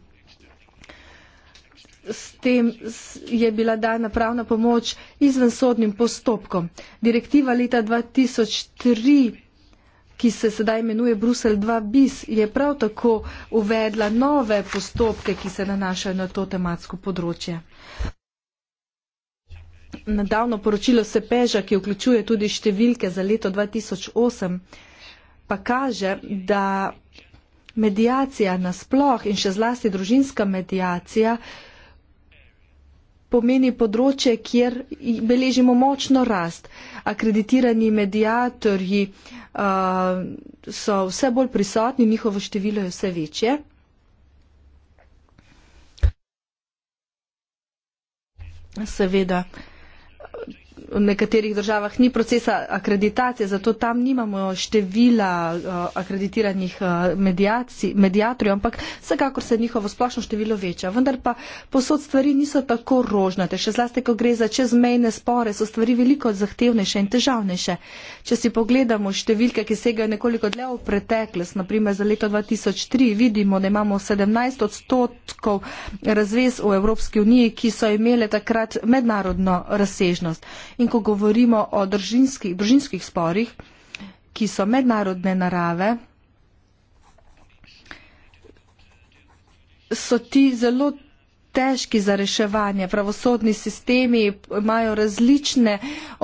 S tem je bila dana pravna pomoč izven sodnim postopkom. Direktiva leta 2003, ki se sedaj imenuje Brusel 2 bis, je prav tako uvedla nove postopke, ki se nanašajo na to tematsko področje nedavno poročilo Sepeža, ki vključuje tudi številke za leto 2008, pa kaže, da medijacija nasploh in še zlasti družinska medijacija pomeni področje, kjer beležimo močno rast. Akreditirani medijatorji uh, so vse bolj prisotni, njihovo število je vse večje. Seveda. Uh, v nekaterih državah ni procesa akreditacije, zato tam nimamo števila eh, akreditiranih eh, medijatorjev, ampak vsekakor se njihovo splošno število veča. Vendar pa posod stvari niso tako rožnate. Še zlasti, ko gre za čezmejne spore, so stvari veliko zahtevnejše in težavnejše. Če si pogledamo številke, ki segajo nekoliko dlje v preteklost, naprimer za leto 2003, vidimo, da imamo 17 odstotkov razvez v Evropski uniji, ki so imele takrat mednarodno razsežnost. In ko govorimo o držinski, držinskih sporih, ki so mednarodne narave, so ti zelo težki za reševanje. Pravosodni sistemi imajo različne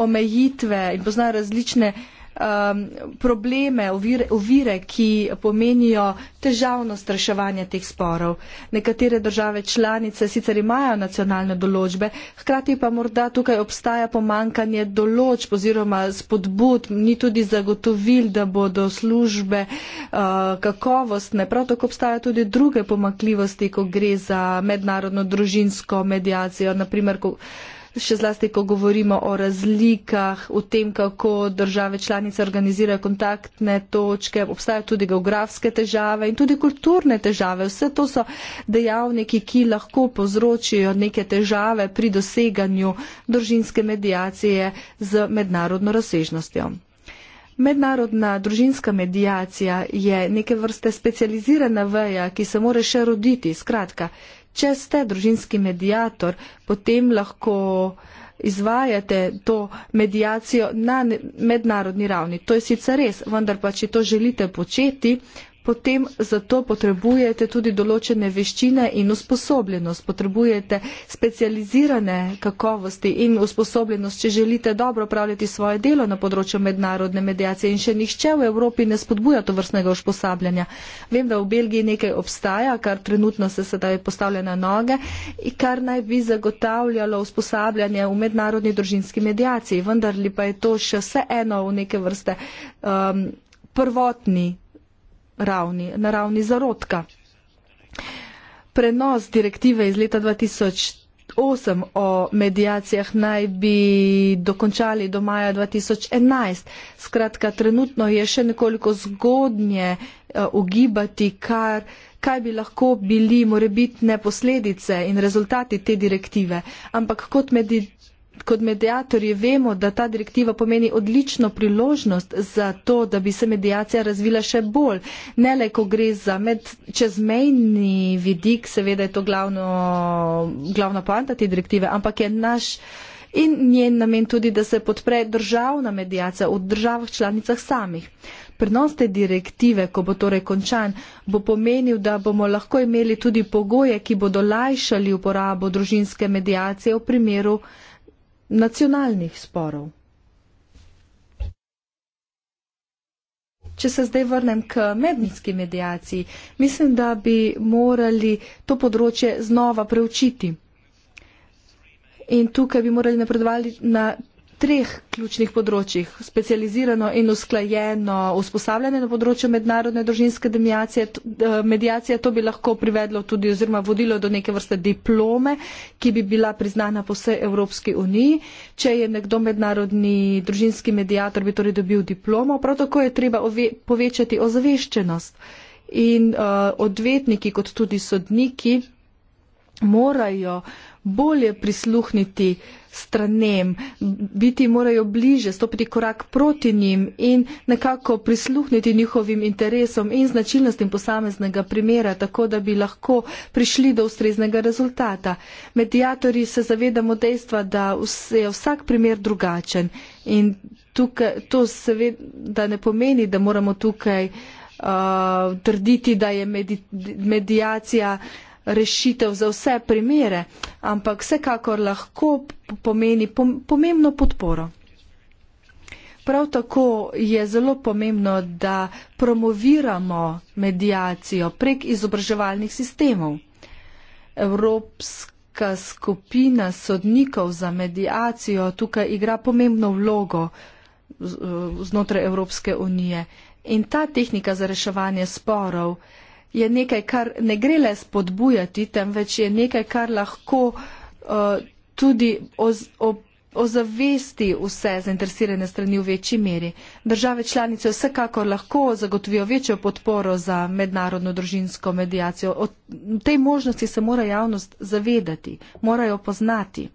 omejitve in poznajo različne uh, um, probleme, ovire, ovire, ki pomenijo težavnost reševanja teh sporov. Nekatere države članice sicer imajo nacionalne določbe, hkrati pa morda tukaj obstaja pomankanje določb oziroma spodbud, ni tudi zagotovil, da bodo službe uh, kakovostne. Prav tako obstaja tudi druge pomakljivosti, ko gre za mednarodno družinsko medijacijo, naprimer, ko, uh, še zlasti, ko govorimo o razlikah, o tem, kako države članice organizirajo kontaktne točke, obstajajo tudi geografske težave in tudi kulturne težave. Vse to so dejavniki, ki lahko povzročijo neke težave pri doseganju družinske medijacije z mednarodno razsežnostjo. Mednarodna družinska medijacija je neke vrste specializirana veja, ki se more še roditi. Skratka, Če ste družinski medijator, potem lahko izvajate to medijacijo na mednarodni ravni. To je sicer res, vendar pa če to želite početi, potem zato potrebujete tudi določene veščine in usposobljenost, potrebujete specializirane kakovosti in usposobljenost, če želite dobro upravljati svoje delo na področju mednarodne medijacije in še nihče v Evropi ne spodbuja to vrstnega usposabljanja. Vem, da v Belgiji nekaj obstaja, kar trenutno se sedaj postavlja na noge in kar naj bi zagotavljalo usposabljanje v mednarodni družinski medijaciji, vendar li pa je to še vse eno v neke vrste. Um, prvotni ravni, na ravni zarodka. Prenos direktive iz leta 2008 o medijacijah naj bi dokončali do maja 2011. Skratka, trenutno je še nekoliko zgodnje eh, ugibati, kar, kaj bi lahko bili morebitne posledice in rezultati te direktive. Ampak kot medij, kot medijatorji vemo, da ta direktiva pomeni odlično priložnost za to, da bi se medijacija razvila še bolj. Ne le, ko gre za med čezmejni vidik, seveda je to glavno, glavna poanta te direktive, ampak je naš. In njen namen tudi, da se podpre državna medijacija v državah članicah samih. Prenos te direktive, ko bo torej končan, bo pomenil, da bomo lahko imeli tudi pogoje, ki bodo lajšali uporabo družinske medijacije v primeru nacionalnih sporov. Če se zdaj vrnem k medijski medijaciji, mislim, da bi morali to področje znova preučiti. In tukaj bi morali napredovati na treh ključnih področjih. Specializirano in usklajeno usposabljanje na področju mednarodne družinske medijacije, eh, to bi lahko privedlo tudi oziroma vodilo do neke vrste diplome, ki bi bila priznana po vsej Evropski uniji. Če je nekdo mednarodni družinski medijator, bi torej dobil diplomo. Prav tako je treba ove, povečati ozaveščenost in uh, odvetniki kot tudi sodniki morajo bolje prisluhniti stranem, biti morajo bliže, stopiti korak proti njim in nekako prisluhniti njihovim interesom in značilnostim posameznega primera, tako da bi lahko prišli do ustreznega rezultata. Medijatori se zavedamo dejstva, da je vsak primer drugačen in tukaj, to seveda ne pomeni, da moramo tukaj uh, trditi, da je medi, medijacija uh, rešitev za vse primere, ampak vsekakor lahko pomeni pomembno podporo. Prav tako je zelo pomembno, da promoviramo medijacijo prek izobraževalnih sistemov. Evropska skupina sodnikov za medijacijo tukaj igra pomembno vlogo znotraj Evropske unije. In ta tehnika za reševanje sporov uh, je nekaj, kar ne gre le spodbujati, temveč je nekaj, kar lahko uh, tudi oz, ob, ozavesti vse zainteresirane strani v večji meri. Države članice vsekakor lahko zagotovijo večjo podporo za mednarodno družinsko medijacijo. O tej možnosti se mora javnost zavedati, morajo poznati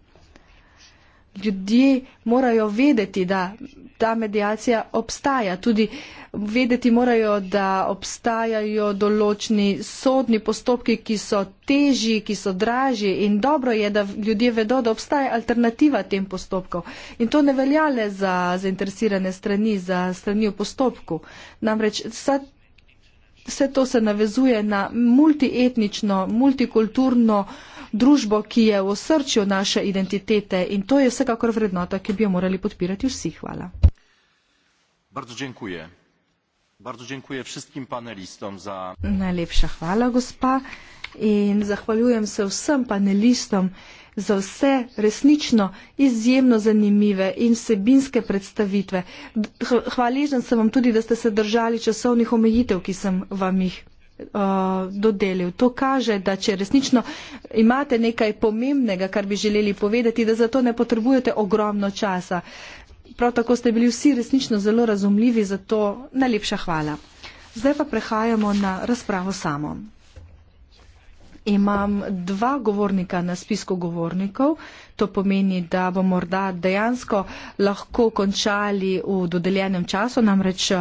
ljudje morajo vedeti, da ta medijacija obstaja. Tudi vedeti morajo, da obstajajo določni sodni postopki, ki so težji, ki so dražji in dobro je, da ljudje vedo, da obstaja alternativa tem postopkom. In to ne velja le za zainteresirane strani, za strani v postopku. Namreč vsa. Vse to se navezuje na multietnično, multikulturno uh, družbo, ki je v srčju naše identitete in to je vsekakor vrednota, ki bi jo morali podpirati vsi. Hvala. Bardzo dziękuję. Bardzo dziękuję wszystkim panelistom za... Najlepsza chwała, gospa. I zachwalujem się wszystkim panelistom za wszystkie resnično, izjemno zanimliwe i sebińskie przedstawitwy. Chwaliżdżam się wam tudi, daście się drżali czasownych omejiteł, ki sam wam ich Uh, dodelil. To kaže, da če resnično imate nekaj pomembnega, kar bi želeli povedati, da zato ne potrebujete ogromno časa. Prav tako ste bili vsi resnično zelo razumljivi, zato najlepša hvala. Zdaj pa prehajamo na razpravo samo. Imam dva govornika na spisku govornikov. To pomeni, da bo morda dejansko lahko končali v dodeljenem času, namreč uh,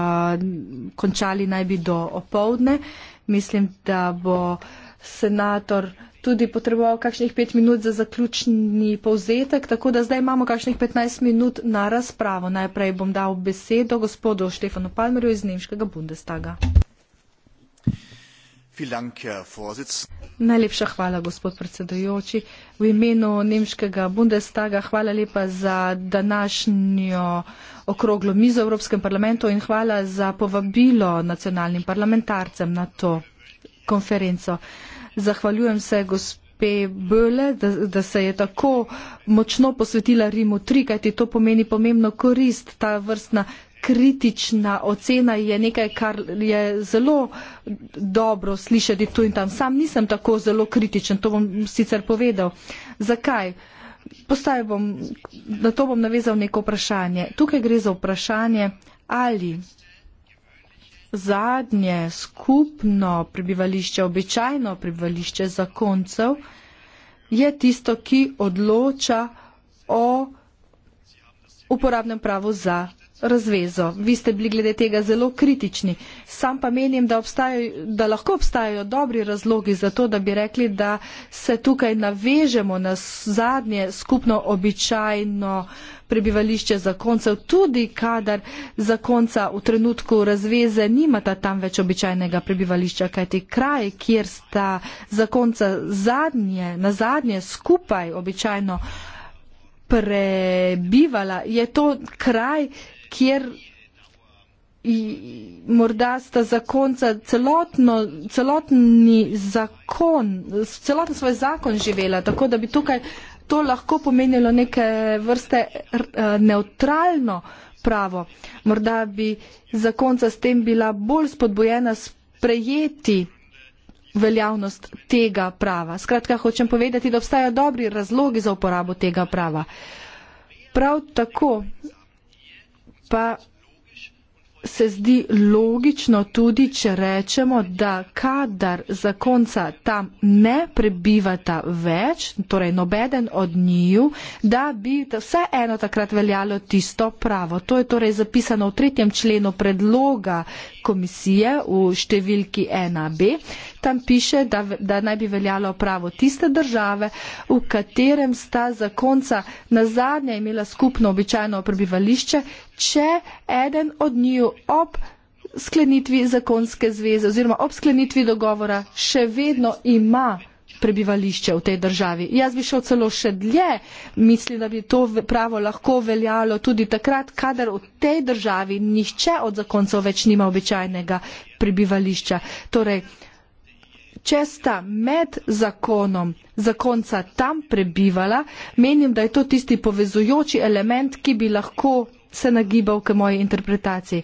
končali naj bi do opovdne. Uh, mislim, da bo senator tudi potreboval kakšnih pet minut za zaključni povzetek, tako da zdaj imamo kakšnih 15 minut na razpravo. Najprej bom dal besedo gospodu Štefanu Palmerju iz Nemškega Bundestaga. Najlepša hvala, gospod predsedujoči. V imenu Nemškega Bundestaga hvala lepa za današnjo okroglo mizo v Evropskem parlamentu in hvala za povabilo nacionalnim parlamentarcem na to konferenco. Zahvaljujem se gospe Böle, da, da se je tako močno posvetila Rimu 3, kajti to pomeni pomembno korist, ta vrstna. Kritična ocena je nekaj, kar je zelo dobro slišati tu in tam. Sam nisem tako zelo kritičen, to bom sicer povedal. Zakaj? postavil bom, na to bom navezal neko vprašanje. Tukaj gre za vprašanje, ali zadnje skupno prebivališče, običajno prebivališče zakoncev, je tisto, ki odloča o uporabnem pravu za razvezo. Vi ste bili glede tega zelo kritični. Sam pa menim, da, da lahko obstajajo dobri razlogi za to, da bi rekli, da se tukaj navežemo na zadnje skupno običajno prebivališče zakoncev, tudi kadar zakonca v trenutku razveze nimata tam več običajnega prebivališča, kajti kraj, kjer sta zakonca zadnje, na zadnje skupaj običajno prebivala, je to kraj, kjer morda sta zakonca celotno, celotni zakon, celoten svoj zakon živela, tako da bi tukaj to lahko pomenilo neke vrste eh, neutralno pravo. Morda bi zakonca s tem bila bolj spodbojena sprejeti veljavnost tega prava. Skratka, hočem povedati, da obstajajo dobri razlogi za uporabo tega prava. Prav tako pa se zdi logično tudi, če rečemo, da kadar zakonca tam ne prebivata več, torej nobeden od njiju, da bi vse eno takrat veljalo tisto pravo. To je torej zapisano v tretjem členu predloga komisije v številki 1b. Tam piše, da, da naj bi veljalo pravo tiste države, v katerem sta zakonca na zadnje imela skupno običajno prebivališče, če eden od njiju ob sklenitvi zakonske zveze oziroma ob sklenitvi dogovora še vedno ima prebivališče v tej državi. Jaz bi šel celo še dlje, mislim, da bi to pravo lahko veljalo tudi takrat, kadar v tej državi nihče od zakoncev več nima običajnega prebivališča. Torej, če sta med zakonom zakonca tam prebivala, menim, da je to tisti povezujoči element, ki bi lahko se nagibal k moji interpretaciji.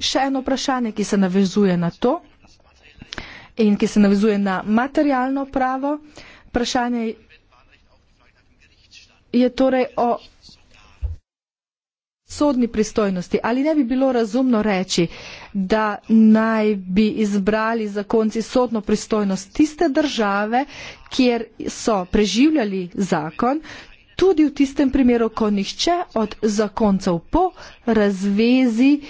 Še eno vprašanje, ki se navezuje na to in ki se navezuje na materialno pravo. Vprašanje je torej o sodni pristojnosti. Ali ne bi bilo razumno reči, da naj bi izbrali zakonci sodno pristojnost tiste države, kjer so preživljali zakon, tudi v tistem primeru, ko nihče od zakoncev po razvezi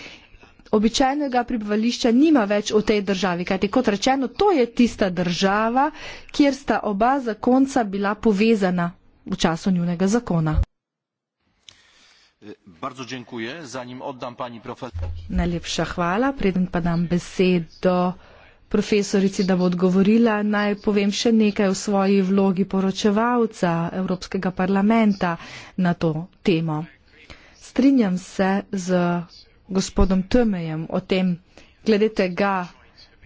običajnega prebivališča nima več v tej državi. Kajti kot rečeno, to je tista država, kjer sta oba zakonca bila povezana v času njunega zakona. Bardzo dziękuję, zanim oddam pani profesor. Najlepša hvala, preden pa dam besedo. Do profesorici, da bo odgovorila. Naj povem še nekaj o svoji vlogi poročevalca Evropskega parlamenta na to temo. Strinjam se z gospodom Tömejem o tem, glede tega,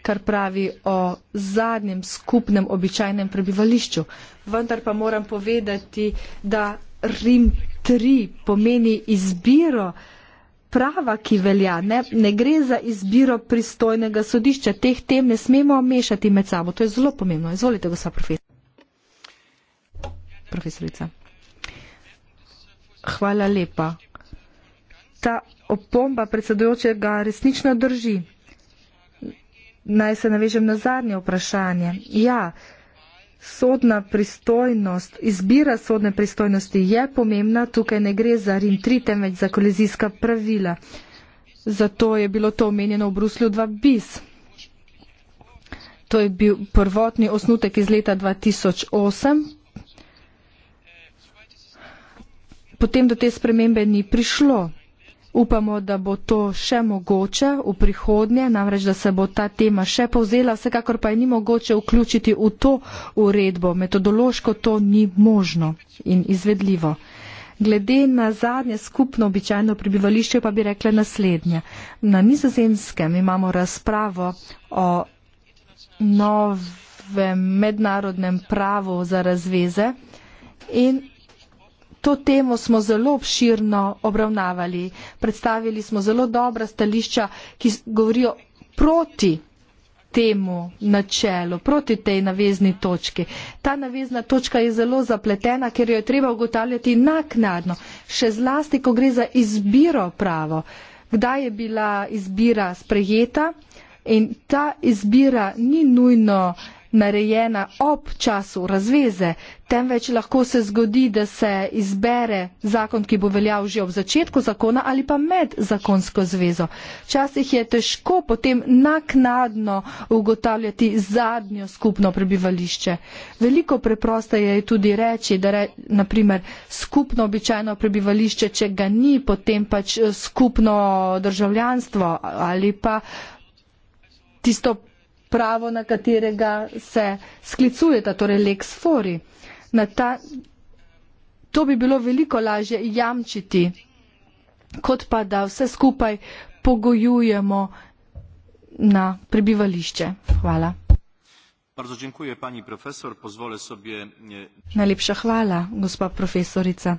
kar pravi o zadnjem skupnem običajnem prebivališču. Vendar pa moram povedati, da Rim 3 pomeni izbiro prava, ki velja, ne, ne gre za izbiro pristojnega sodišča. Teh tem ne smemo mešati med sabo. To je zelo pomembno. Izvolite, gospa profesor. profesorica. Hvala lepa. Ta opomba predsedujočega resnično drži. Naj se navežem na zadnje vprašanje. Ja, sodna pristojnost, izbira sodne pristojnosti je pomembna, tukaj ne gre za RIM3, temveč za kolizijska pravila. Zato je bilo to omenjeno v Bruslju 2 bis. To je bil prvotni osnutek iz leta 2008. Potem do te spremembe ni prišlo. Upamo, da bo to še mogoče v prihodnje, namreč, da se bo ta tema še povzela, vsekakor pa je ni mogoče vključiti v to uredbo. Metodološko to ni možno in izvedljivo. Glede na zadnje skupno običajno prebivališče pa bi rekla naslednje. Na nizozemskem imamo razpravo o novem mednarodnem pravu za razveze in To temo smo zelo obširno obravnavali. Predstavili smo zelo dobra stališča, ki govorijo proti temu načelu, proti tej navezni točki. Ta navezna točka je zelo zapletena, ker jo je treba ugotavljati naknadno, še zlasti, ko gre za izbiro pravo. Kdaj je bila izbira sprejeta in ta izbira ni nujno narejena ob času razveze, temveč lahko se zgodi, da se izbere zakon, ki bo veljal že ob začetku zakona ali pa med zakonsko zvezo. Včasih je težko potem naknadno ugotavljati zadnjo skupno prebivališče. Veliko preprosto je tudi reči, da re, naprimer skupno običajno prebivališče, če ga ni, potem pač eh, skupno državljanstvo ali pa tisto pravo, na katerega se sklicujeta, torej lex fori. Ta, to bi bilo veliko lažje jamčiti, kot pa da vse skupaj pogojujemo na prebivališče. Hvala. Bardzo dziękuję pani profesor. Pozwolę sobie. Nie... Najlepsza chwała, gospa profesorica.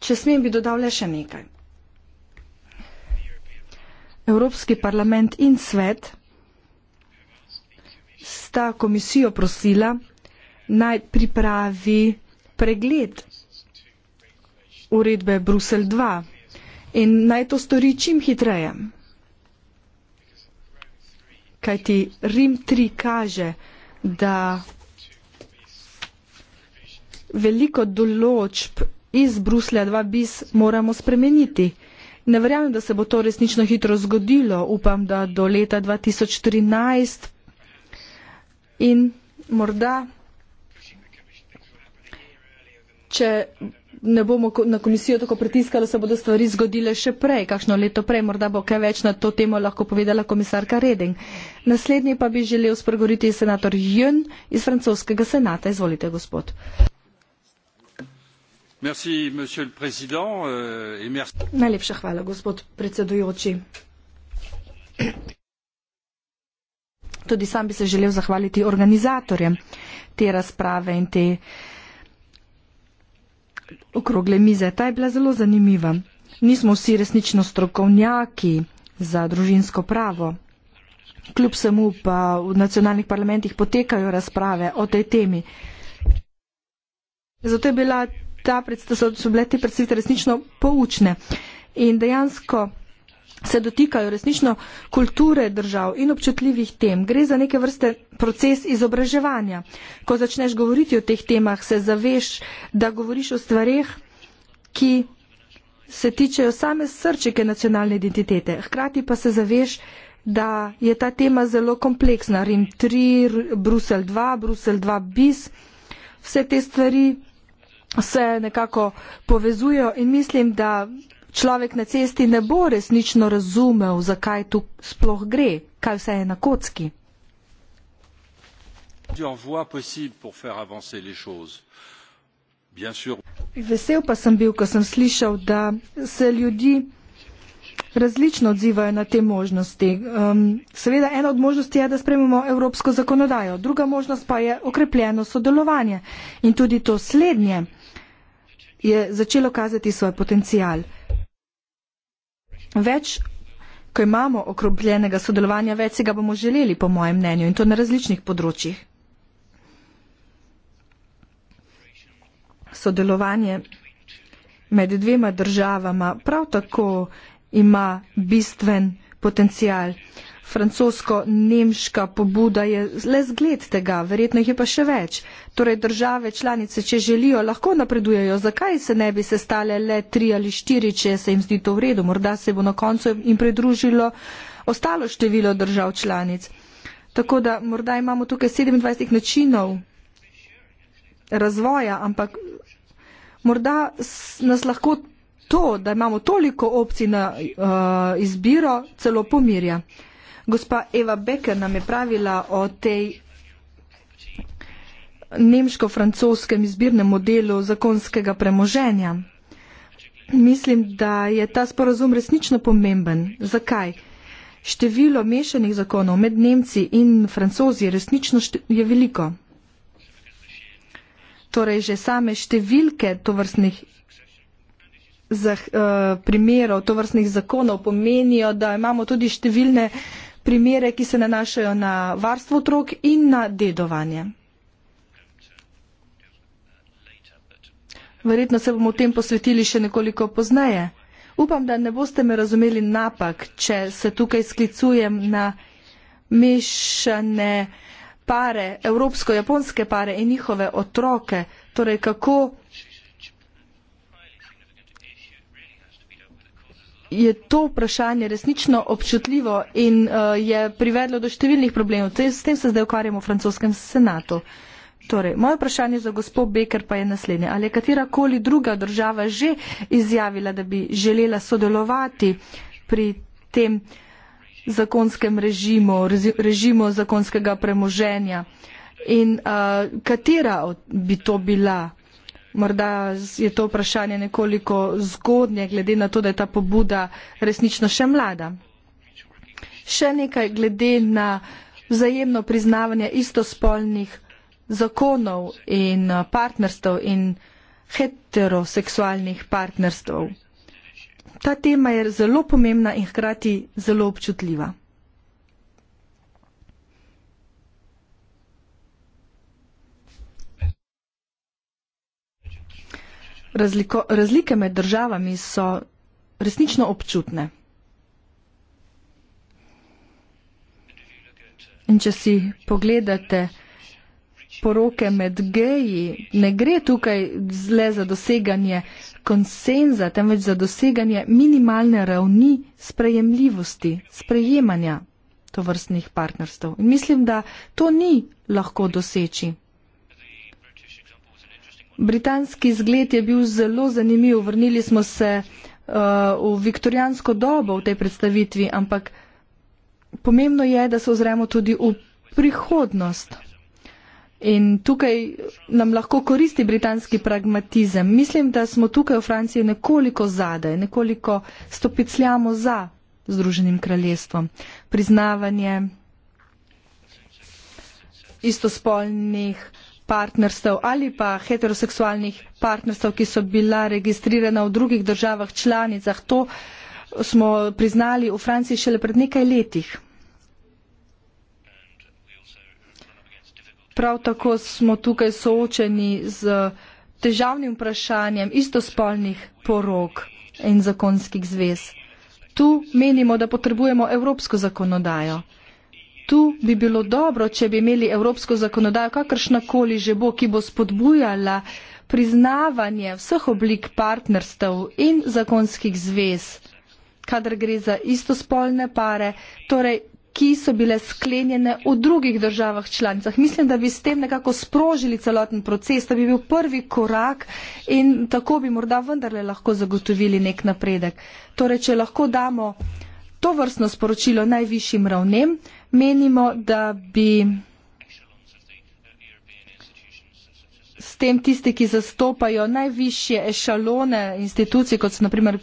Czy smiem by dodał jeszcze nekaj? Europejski parlament i Svet sta komisijo prosila, naj pripravi pregled uredbe Brusel 2 in naj to stori čim hitreje. Kaj ti Rim 3 kaže, da veliko določb iz Bruslja 2 bis moramo spremeniti. Ne verjamem, da se bo to resnično hitro zgodilo. Upam, da do leta 2013 In morda, če ne bomo na komisijo tako pritiskali, se bodo stvari zgodile še prej, kakšno leto prej, morda bo kaj več na to temo lahko povedala komisarka Reding. Naslednji pa bi želel spregovoriti senator Jön iz francoskega senata. Izvolite, gospod. Merci, euh, Najlepša hvala, gospod predsedujoči. Tudi sam bi se želel zahvaliti organizatorjem te razprave in te okrogle mize. Ta je bila zelo zanimiva. Nismo vsi resnično strokovnjaki za družinsko pravo. Kljub samo pa v nacionalnih parlamentih potekajo razprave o tej temi. Zato je bila ta predstavitev, so bile te predstavitve resnično poučne. In dejansko se dotikajo resnično kulture držav in občutljivih tem. Gre za neke vrste proces izobraževanja. Ko začneš govoriti o teh temah, se zaveš, da govoriš o stvareh, ki se tičejo same srčike nacionalne identitete. Hkrati pa se zaveš, da je ta tema zelo kompleksna. Rim 3, Brusel 2, Brusel 2 bis, vse te stvari se nekako povezujo in mislim, da človek na cesti ne bo resnično razumel, zakaj tu sploh gre, kaj vse je na kocki. Vesel pa sem bil, ko sem slišal, da se ljudi različno odzivajo na te možnosti. Um, seveda, ena od možnosti je, da sprememo evropsko zakonodajo, druga možnost pa je okrepljeno sodelovanje. In tudi to slednje je začelo kazati svoj potencial več, ko imamo okrobljenega sodelovanja, več si ga bomo želeli, po mojem mnenju, in to na različnih področjih. Sodelovanje med dvema državama prav tako ima bistven potencial francosko-nemška pobuda je le zgled tega, verjetno jih je pa še več. Torej države članice, če želijo, lahko napredujejo, zakaj se ne bi se stale le tri ali štiri, če se jim zdi to v redu, morda se bo na koncu jim pridružilo ostalo število držav članic. Tako da morda imamo tukaj 27 načinov razvoja, ampak morda nas lahko to, da imamo toliko opcij na uh, izbiro, celo pomirja. Gospa Eva Becker nam je pravila o tej nemško-francoskem izbirnem modelu zakonskega premoženja. Mislim, da je ta sporazum resnično pomemben. Zakaj? Število mešanih zakonov med Nemci in Francozi resnično je veliko. Torej, že same številke tovrstnih eh, primerov, tovrstnih zakonov pomenijo, da imamo tudi številne primere, ki se nanašajo na varstvo otrok in na dedovanje. Verjetno se bomo o tem posvetili še nekoliko pozneje. Upam, da ne boste me razumeli napak, če se tukaj sklicujem na mešane pare, evropsko-japonske pare in njihove otroke. Torej, kako je to vprašanje resnično občutljivo in uh, je privedlo do številnih problemov. Te, s tem se zdaj ukvarjamo v francoskem senatu. Torej, moje vprašanje za gospod Beker pa je naslednje. Ali je katerakoli druga država že izjavila, da bi želela sodelovati pri tem zakonskem režimu, režimu zakonskega premoženja? In uh, katera bi to bila Morda je to vprašanje nekoliko zgodnje, glede na to, da je ta pobuda resnično še mlada. Še nekaj glede na vzajemno priznavanje istospolnih zakonov in eh, partnerstv in heteroseksualnih partnerstv. Ta tema je zelo pomembna in hkrati zelo občutljiva. Razliko, razlike med državami so resnično občutne. In če si pogledate poroke med geji, ne gre tukaj zle za doseganje konsenza, temveč za doseganje minimalne ravni sprejemljivosti, sprejemanja tovrstnih partnerstv. In mislim, da to ni lahko doseči. Britanski zgled je bil zelo zanimiv. Vrnili smo se uh, v viktorijansko dobo v tej predstavitvi, ampak pomembno je, da se ozremo tudi v prihodnost. In tukaj nam lahko koristi britanski pragmatizem. Mislim, da smo tukaj v Franciji nekoliko zadaj, nekoliko stopicljamo za Združenim kraljestvom. Priznavanje istospolnih uh, partnerstev ali pa heteroseksualnih partnerstev, ki so bila registrirana v drugih državah članicah. To smo priznali v Franciji šele pred nekaj letih. Prav tako smo tukaj soočeni z težavnim vprašanjem istospolnih porok in zakonskih zvez. Tu menimo, da potrebujemo evropsko zakonodajo tu bi bilo dobro, če bi imeli evropsko zakonodajo, kakršnakoli že bo, ki bo spodbujala priznavanje vseh oblik partnerstev in zakonskih zvez, kadar gre za istospolne pare, torej, ki so bile sklenjene v drugih državah članicah. Mislim, da bi s tem nekako sprožili celoten proces, da bi bil prvi korak in tako bi morda vendarle lahko zagotovili nek napredek. Torej, če lahko damo to vrstno sporočilo najvišjim ravnem, Menimo, da bi s tem tisti, ki zastopajo najvišje ešalone institucij, kot so naprimer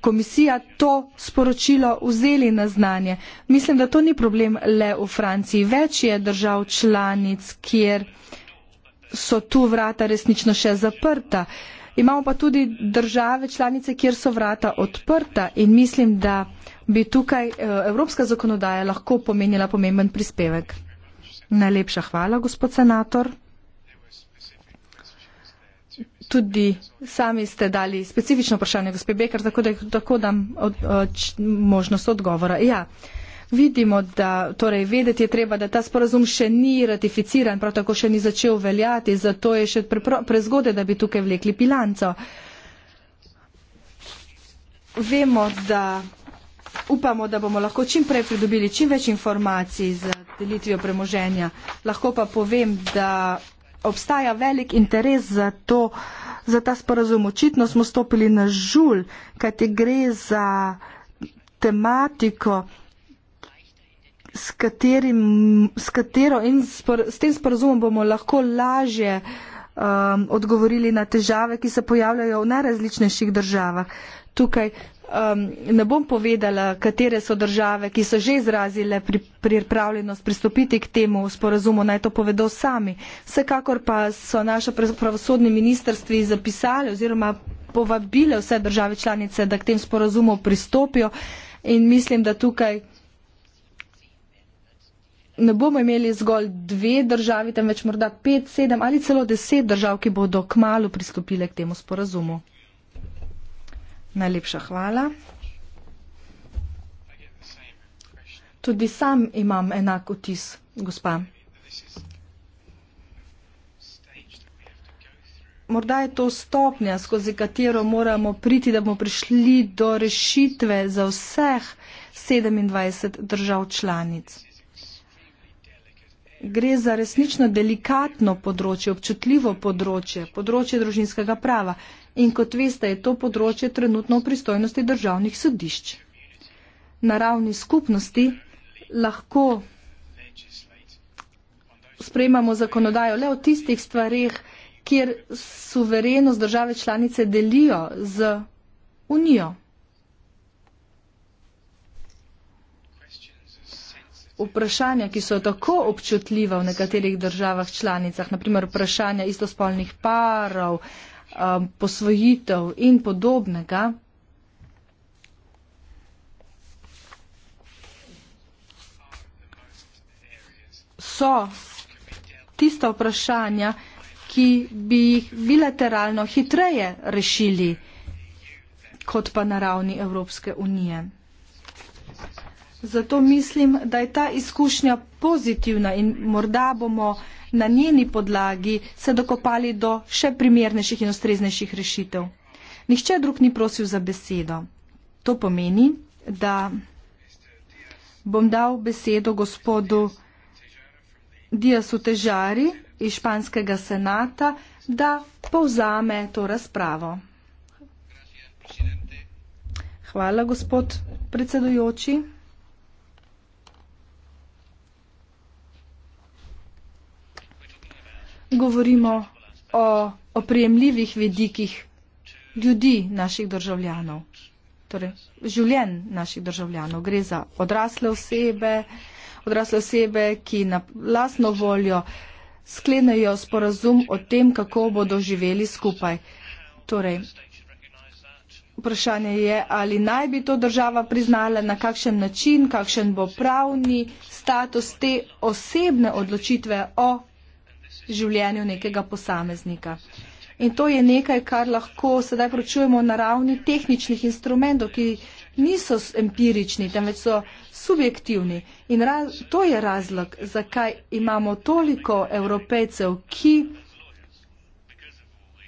komisija, to sporočilo vzeli na znanje. Mislim, da to ni problem le v Franciji. Več je držav članic, kjer so tu vrata resnično še zaprta. Imamo pa tudi države članice, kjer so vrata odprta in mislim, da bi tukaj eh, evropska zakonodaja lahko pomenila pomemben prispevek. Najlepša hvala, gospod senator. Tudi sami ste dali specifično vprašanje, gospod Bekar, tako da tako dam od, od, možnost odgovora. Ja, vidimo, da torej vedeti je treba, da ta sporazum še ni ratificiran, prav tako še ni začel veljati, zato je še prezgode, da bi tukaj vlekli bilanco. Vemo, da upamo, da bomo lahko čim prej pridobili čim več informacij z delitvijo premoženja. Lahko pa povem, da obstaja velik interes za, to, za ta sporazum. Očitno smo stopili na žul, kajti gre za tematiko, s, katerim, s katero in spor, s tem sporazumom bomo lahko lažje um, odgovorili na težave, ki se pojavljajo v najrazličnejših državah. Tukaj Um, ne bom povedala, katere so države, ki so že izrazile pri, pripravljenost pristopiti k temu sporazumu, naj to povedo sami. Vsekakor pa so naše pravosodne ministrstvi zapisali oziroma povabile vse države članice, da k tem sporazumu pristopijo in mislim, da tukaj ne bomo imeli zgolj dve državi, temveč morda pet, sedem ali celo deset držav, ki bodo k malu pristopile k temu sporazumu. Najlepša hvala. Tudi sam imam enak vtis, gospa. Morda je to stopnja, skozi katero moramo priti, da bomo prišli do rešitve za vseh 27 držav članic. Gre za resnično delikatno področje, občutljivo področje, področje družinskega prava in kot veste, je to področje trenutno v pristojnosti državnih sodišč. Na ravni skupnosti lahko sprejmamo zakonodajo le o tistih stvarih, kjer suverenost države članice delijo z Unijo. Vprašanja, ki so tako občutljiva v nekaterih državah članicah, naprimer vprašanja istospolnih parov, um, posvojitev in podobnega. So tista vprašanja, ki bi jih bilateralno hitreje rešili kot pa na ravni Evropske unije. Zato mislim, da je ta izkušnja pozitivna in morda bomo na njeni podlagi se dokopali do še primernejših in ustreznejših rešitev. Nihče drug ni prosil za besedo. To pomeni, da bom dal besedo gospodu Diasu Težari iz Španskega senata, da povzame to razpravo. Hvala, gospod predsedujoči. govorimo o oprijemljivih vidikih ljudi naših državljanov, torej življenj naših državljanov. Gre za odrasle osebe, odrasle osebe, ki na lasno voljo sklenejo sporazum o tem, kako bodo živeli skupaj. Torej, vprašanje je, ali naj bi to država priznala, na kakšen način, kakšen bo pravni status te osebne odločitve o življenju nekega posameznika. In to je nekaj, kar lahko sedaj pročujemo na ravni tehničnih instrumentov, ki niso empirični, temveč so subjektivni. In raz, to je razlog, zakaj imamo toliko evropejcev, ki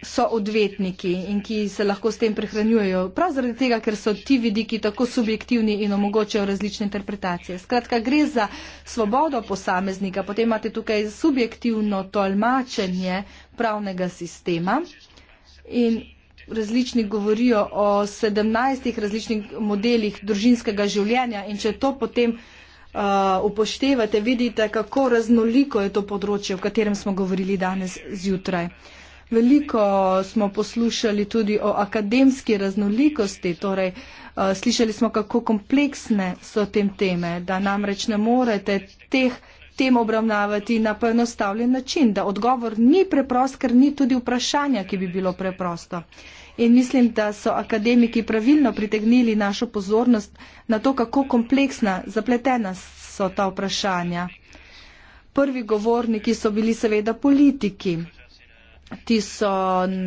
so odvetniki in ki se lahko s tem prehranjujejo. Prav zaradi tega, ker so ti vidiki tako subjektivni in omogočajo različne interpretacije. Skratka, gre za svobodo posameznika, potem imate tukaj subjektivno tolmačenje pravnega sistema in različni govorijo o sedemnajstih različnih modelih družinskega življenja in če to potem uh, upoštevate, vidite, kako raznoliko je to področje, o katerem smo govorili danes zjutraj. Veliko smo poslušali tudi o akademski raznolikosti, torej eh, slišali smo, kako kompleksne so tem teme, da namreč ne morete teh tem obravnavati na poenostavljen način, da odgovor ni preprost, ker ni tudi vprašanja, ki bi bilo preprosto. In mislim, da so akademiki pravilno pritegnili našo pozornost na to, kako kompleksna, zapletena so ta vprašanja. Prvi govorniki so bili seveda politiki. Ti so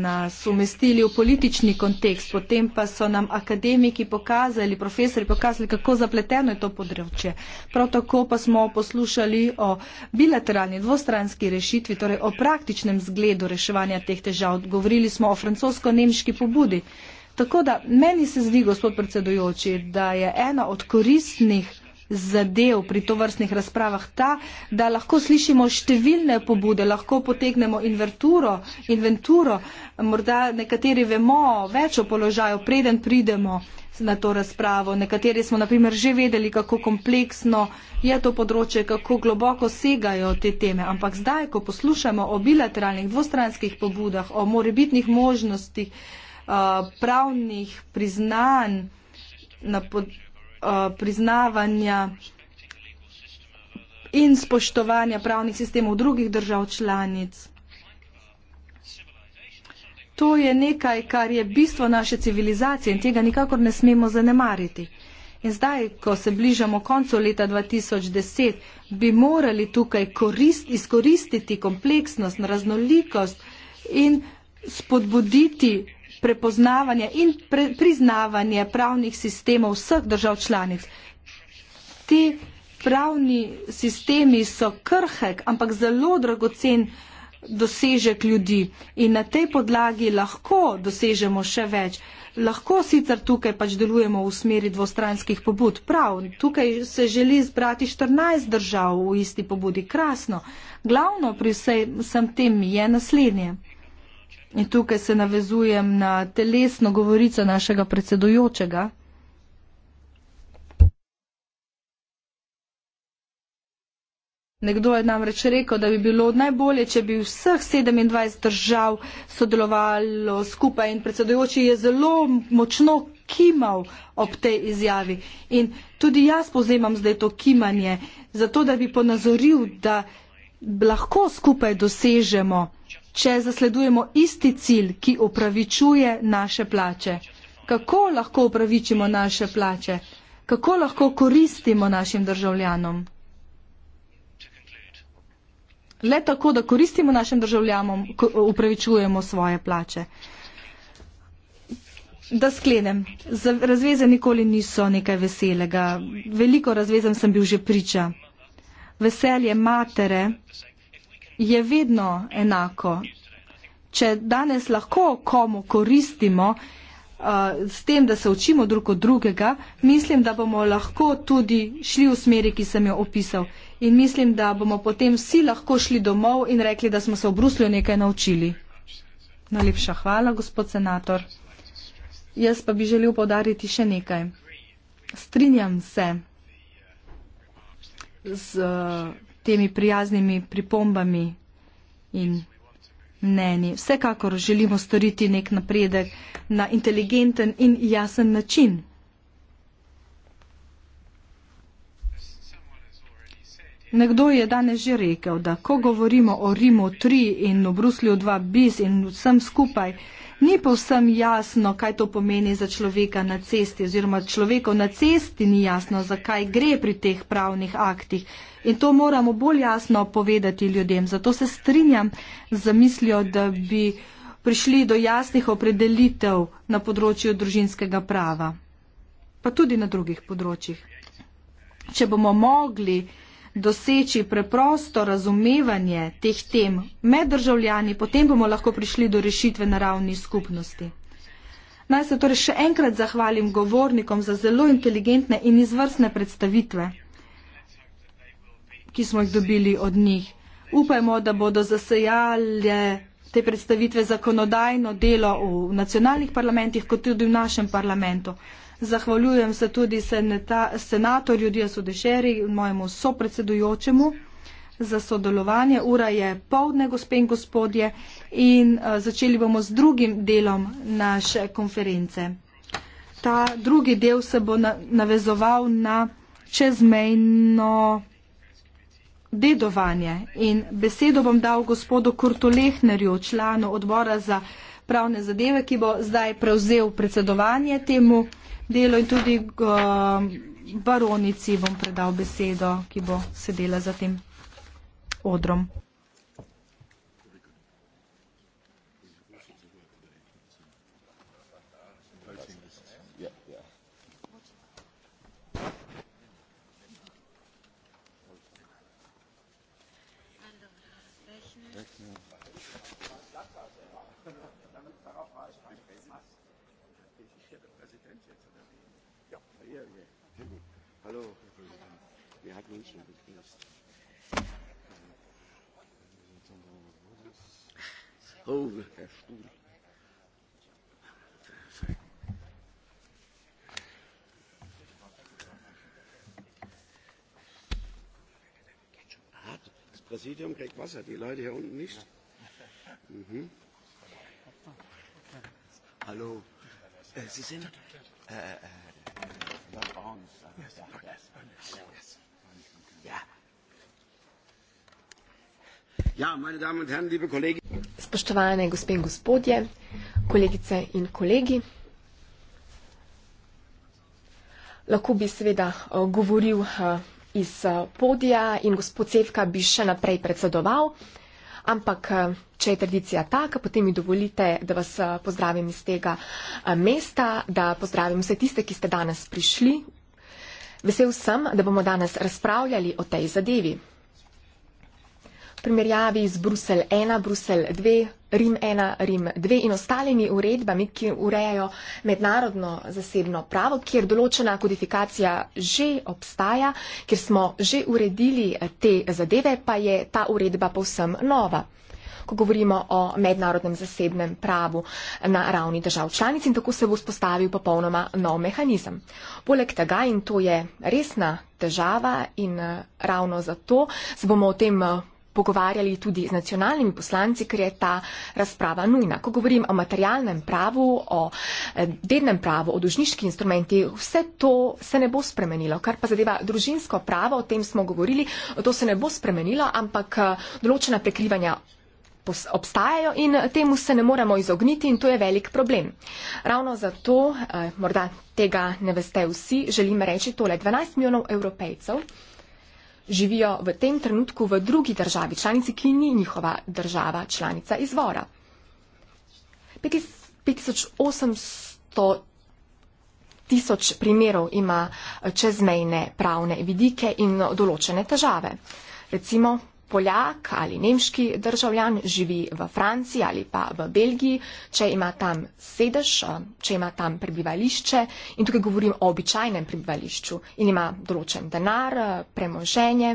nas umestili v politični kontekst, potem pa so nam akademiki pokazali, profesori pokazali, kako zapleteno je to področje. Prav tako pa smo poslušali o bilateralni dvostranski rešitvi, torej o praktičnem zgledu reševanja teh težav. Govorili smo o francosko-nemški pobudi. Tako da meni se zdi, gospod predsedujoči, da je ena od koristnih zadev pri tovrstnih razpravah ta, da lahko slišimo številne pobude, lahko potegnemo inverturo, inventuro, morda nekateri vemo več o položaju, preden pridemo na to razpravo. Nekateri smo, na primer, že vedeli, kako kompleksno je to področje, kako globoko segajo te teme. Ampak zdaj, ko poslušamo o bilateralnih dvostranskih pobudah, o morebitnih možnostih, eh, pravnih priznanj, Eh, priznavanja in spoštovanja pravnih sistemov drugih držav članic. To je nekaj, kar je bistvo naše civilizacije in tega nikakor ne smemo zanemariti. In zdaj, ko se bližamo koncu leta 2010, bi morali tukaj korist, izkoristiti kompleksnost, raznolikost in spodbuditi prepoznavanje in pre, priznavanje pravnih sistemov vseh držav članic. Ti pravni sistemi so krhek, ampak zelo dragocen dosežek ljudi in na tej podlagi lahko dosežemo še več. Lahko sicer tukaj pač delujemo v smeri dvostranskih pobud. Prav, tukaj se želi zbrati 14 držav v isti pobudi. Krasno. Glavno pri vsem tem je naslednje. In tukaj se navezujem na telesno govorico našega predsedujočega. Nekdo je namreč rekel, da bi bilo najbolje, če bi vseh 27 držav sodelovalo skupaj in predsedujoči je zelo močno kimal ob tej izjavi. In tudi jaz povzemam zdaj to kimanje, zato da bi ponazoril, da lahko skupaj dosežemo če zasledujemo isti cilj, ki upravičuje naše plače. Kako lahko upravičimo naše plače? Kako lahko koristimo našim državljanom? Le tako, da koristimo našim državljanom, upravičujemo svoje plače. Da sklenem, razveze nikoli niso nekaj veselega. Veliko razvezem sem bil že priča. Veselje matere je vedno enako. Če danes lahko komu koristimo uh, s tem, da se učimo drug od drugega, mislim, da bomo lahko tudi šli v smeri, ki sem jo opisal. In mislim, da bomo potem vsi lahko šli domov in rekli, da smo se v Bruslju nekaj naučili. Najlepša hvala, gospod senator. Jaz pa bi želel podariti še nekaj. Strinjam se z. Uh, temi prijaznimi pripombami in mneni. Vsekakor želimo storiti nek napredek na inteligenten in jasen način. Nekdo je danes že rekel, da ko govorimo o Rimu 3 in o Bruslju 2 bis in vsem skupaj, ni povsem jasno, kaj to pomeni za človeka na cesti oziroma človeku na cesti ni jasno, zakaj gre pri teh pravnih aktih. In to moramo bolj jasno povedati ljudem. Zato se strinjam z mislijo, da bi prišli do jasnih opredelitev na področju družinskega prava, pa tudi na drugih področjih. Če bomo mogli doseči preprosto razumevanje teh tem med državljani, potem bomo lahko prišli do rešitve na ravni skupnosti. Naj se torej še enkrat zahvalim govornikom za zelo inteligentne in izvrstne predstavitve ki smo jih dobili od njih. Upajmo, da bodo zasejale te predstavitve zakonodajno delo v nacionalnih parlamentih, kot tudi v našem parlamentu. Zahvaljujem se tudi seneta, senatorju Dijasu Dešeri, mojemu sopredsedujočemu, za sodelovanje. Ura je povdne, gospe in gospodje, in eh, začeli bomo z drugim delom naše konference. Ta drugi del se bo navezoval na čezmejno dedovanje. In besedo bom dal gospodu Kurtu Lehnerju, članu odbora za pravne zadeve, ki bo zdaj prevzel predsedovanje temu delu in tudi uh, baronici bom predal besedo, ki bo sedela za tem odrom. Präsidium kriegt Wasser, die Leute hier unten nicht. Mhm. Hallo, äh, Sie sind. Äh, äh, äh ah, ja, ja. ja, meine Damen und Herren, liebe Kollegen. Spoštovane gospe in gospodje, kolegice in kolegi. Lahko bi seveda eh, govoril eh, iz eh, podija in gospod Cevka bi še naprej predsedoval. Ampak, eh, če je tradicija taka, potem mi dovolite, da vas eh, pozdravim iz tega mesta, da pozdravim vse tiste, ki ste danes prišli. Vesel sem, da bomo danes razpravljali o tej zadevi primerjavi z Bruselj 1, Bruselj 2, Rim 1, Rim 2 in ostalimi uredbami, ki urejajo mednarodno zasebno pravo, kjer določena kodifikacija že obstaja, kjer smo že uredili eh, te zadeve, pa je ta uredba povsem nova ko govorimo o mednarodnem zasebnem pravu eh, na ravni držav članic in tako se bo spostavil popolnoma nov mehanizem. Poleg tega, in to je resna težava in eh, ravno zato se bomo o tem pogovarjali tudi z nacionalnimi poslanci, ker je ta razprava nujna. Ko govorim o materialnem pravu, o eh, dednem pravu, o dožniški instrumenti, vse to se ne bo spremenilo. Kar pa zadeva družinsko pravo, o tem smo govorili, to se ne bo spremenilo, ampak eh, določena prekrivanja obstajajo in temu se ne moremo izogniti in to je velik problem. Ravno zato, eh, morda tega ne veste vsi, želim reči tole, 12 milijonov evropejcev živijo v tem trenutku v drugi državi, članici, ki ni njihova država, članica izvora. 5800 tisoč primerov ima eh, čezmejne pravne vidike in eh, določene težave. Recimo, Poljak ali nemški državljan živi v Franciji ali pa v Belgiji, če ima tam sedež, eh, če ima tam prebivališče in tukaj govorim o običajnem prebivališču in ima določen denar, eh, premoženje,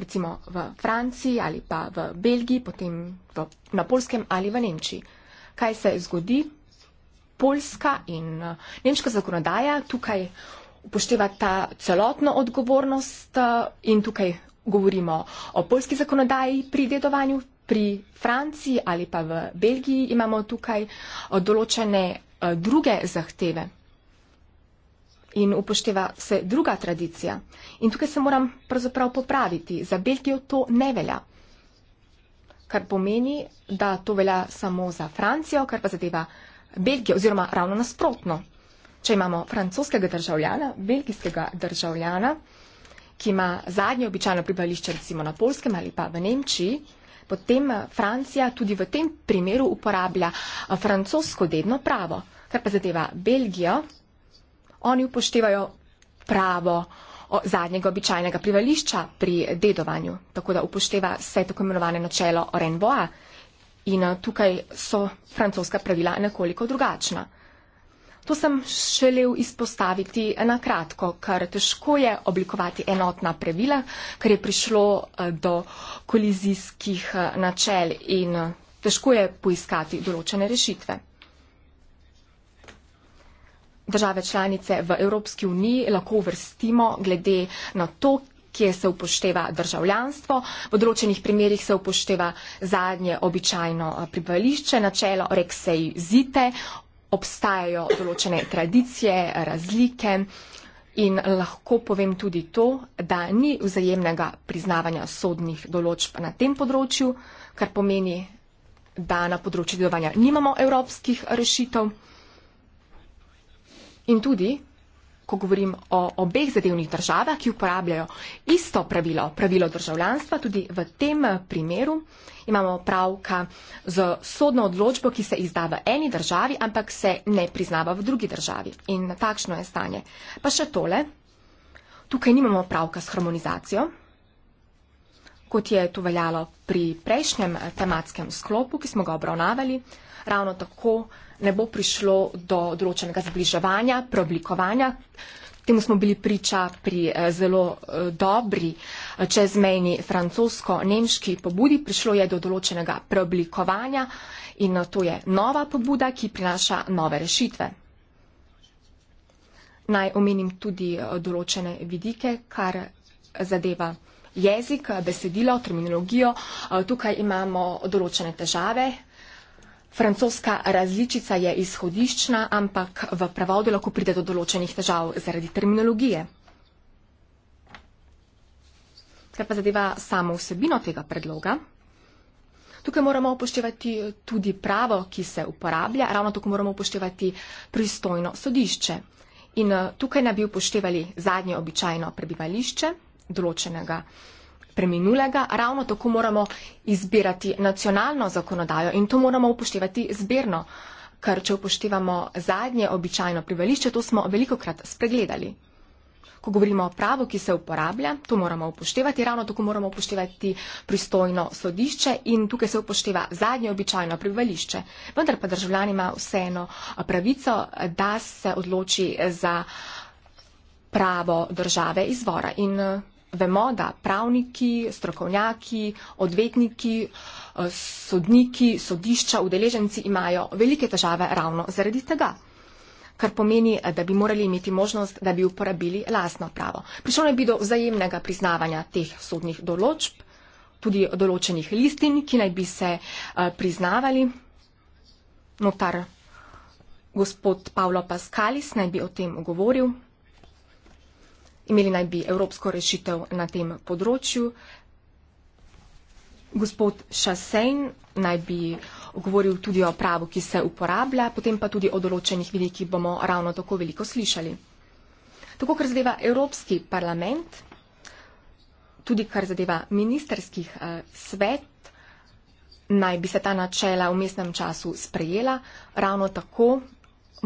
recimo v Franciji ali pa v Belgiji, potem v, na Polskem ali v Nemčiji. Kaj se zgodi? Polska in eh, nemška zakonodaja tukaj upošteva ta celotno odgovornost in tukaj govorimo o polski zakonodaji pri dedovanju, pri Franciji ali pa v Belgiji imamo tukaj eh, določene eh, druge zahteve in upošteva se druga tradicija. In tukaj se moram pravzaprav popraviti. Za Belgijo to ne velja. Kar pomeni, da to velja samo za Francijo, kar pa zadeva Belgijo oziroma ravno nasprotno. Če imamo francoskega državljana, belgijskega državljana, ki ima zadnje običajno pribališče recimo na Polskem ali pa v Nemčiji, potem eh, Francija tudi v tem primeru uporablja eh, francosko dedno pravo. Kar pa zadeva Belgijo, oni upoštevajo pravo zadnjega običajnega privališča pri dedovanju, tako da upošteva vse tako imenovane načelo Renvoa. In eh, tukaj so francoska pravila nekoliko drugačna. To sem želel izpostaviti na kratko, ker težko je oblikovati enotna pravila, ker je prišlo eh, do kolizijskih eh, načel in eh, težko je poiskati določene rešitve. Države članice v Evropski uniji lahko uvrstimo glede na to, kje se upošteva državljanstvo, v določenih primerjih se upošteva zadnje običajno pribavališče, načelo rekse izite, obstajajo določene tradicije, razlike. In lahko povem tudi to, da ni vzajemnega priznavanja sodnih določb na tem področju, kar pomeni, da na področju delovanja nimamo evropskih rešitev. In tudi, ko govorim o obeh zadevnih državah, ki uporabljajo isto pravilo, pravilo državljanstva, tudi v tem eh, primeru imamo pravka z sodno odločbo, ki se izda v eni državi, ampak se ne priznava v drugi državi. In takšno je stanje. Pa še tole, tukaj nimamo pravka s harmonizacijo kot je to veljalo pri prejšnjem eh, tematskem sklopu, ki smo ga obravnavali, ravno tako ne bo prišlo do določenega zbliževanja, preoblikovanja. Temu smo bili priča pri eh, zelo eh, dobri eh, čezmejni francosko-nemški pobudi. Prišlo je do določenega preoblikovanja in to je nova pobuda, ki prinaša nove rešitve. Naj omenim tudi določene vidike, kar zadeva jezik, besedilo, terminologijo. Tukaj imamo določene težave, Francoska različica je izhodiščna, ampak v prevodu lahko pride do določenih težav zaradi terminologije. Kar pa zadeva samo vsebino tega predloga, tukaj moramo upoštevati tudi pravo, ki se uporablja, ravno tako moramo upoštevati pristojno sodišče. In eh, tukaj naj bi upoštevali zadnje običajno prebivališče določenega preminulega, ravno tako moramo izbirati nacionalno zakonodajo in to moramo upoštevati zbirno, ker če upoštevamo zadnje običajno privališče, to smo veliko krat spregledali. Ko govorimo o pravu, ki se uporablja, to moramo upoštevati, ravno tako moramo upoštevati pristojno sodišče in tukaj se upošteva zadnje običajno privališče. Vendar pa državljan ima vseeno pravico, da se odloči za pravo države izvora. In Vemo, da pravniki, strokovnjaki, odvetniki, eh, sodniki, sodišča, udeleženci imajo velike težave ravno zaradi tega kar pomeni, eh, da bi morali imeti možnost, da bi uporabili lastno pravo. Prišlo ne bi do vzajemnega priznavanja teh sodnih določb, tudi določenih listin, ki naj bi se eh, priznavali. Notar gospod Pavlo Paskalis naj bi o tem govoril. Imeli naj bi evropsko rešitev na tem področju. Gospod Šasejn naj bi govoril tudi o pravu, ki se uporablja, potem pa tudi o določenih vidikih bomo ravno tako veliko slišali. Tako, kar zadeva Evropski parlament, tudi kar zadeva ministerskih eh, svet, naj bi se ta načela v mestnem času sprejela, ravno tako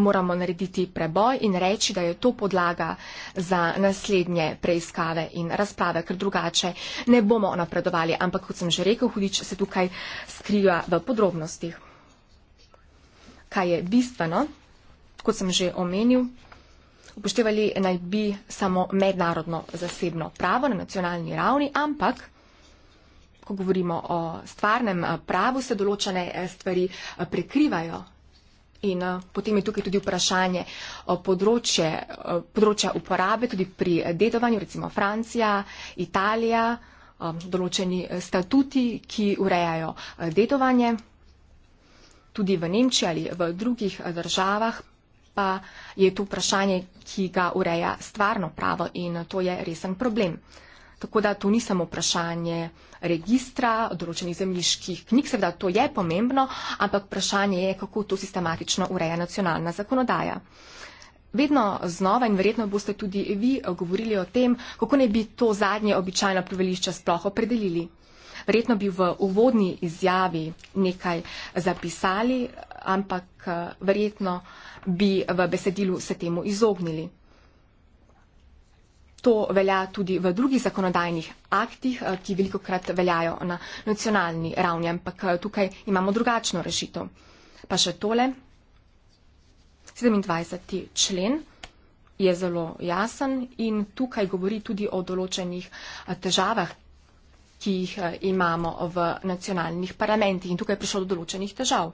moramo narediti preboj in reči, da je to podlaga za naslednje preiskave in razprave, ker drugače ne bomo napredovali. Ampak, kot sem že rekel, hudič se tukaj skriva v podrobnostih. Kaj je bistveno, kot sem že omenil, upoštevali naj bi samo mednarodno zasebno pravo na nacionalni ravni, ampak, ko govorimo o stvarnem pravu, se določene stvari prekrivajo In eh, potem je tukaj tudi vprašanje eh, področje, eh, področja uporabe, tudi pri dedovanju, recimo Francija, Italija, določeni statuti, ki urejajo dedovanje. Tudi v Nemčiji ali v drugih državah pa je to vprašanje, ki ga ureja stvarno pravo in to je resen problem. Tako da to ni samo vprašanje registra, določenih zemljiških knjig, seveda to je pomembno, ampak vprašanje je, kako to sistematično ureja nacionalna zakonodaja. Vedno znova in verjetno boste tudi vi govorili o tem, kako ne bi to zadnje običajno prevelišče sploh opredelili. Verjetno bi v uvodni izjavi nekaj zapisali, ampak eh, verjetno bi v besedilu se temu izognili. To velja tudi v drugih zakonodajnih aktih, eh, ki veliko krat veljajo na nacionalni ravni, ampak eh, tukaj imamo drugačno rešitev. Pa še tole, 27. člen je zelo jasen in tukaj govori tudi o določenih eh, težavah, ki jih imamo v nacionalnih parlamentih in tukaj je prišlo do določenih težav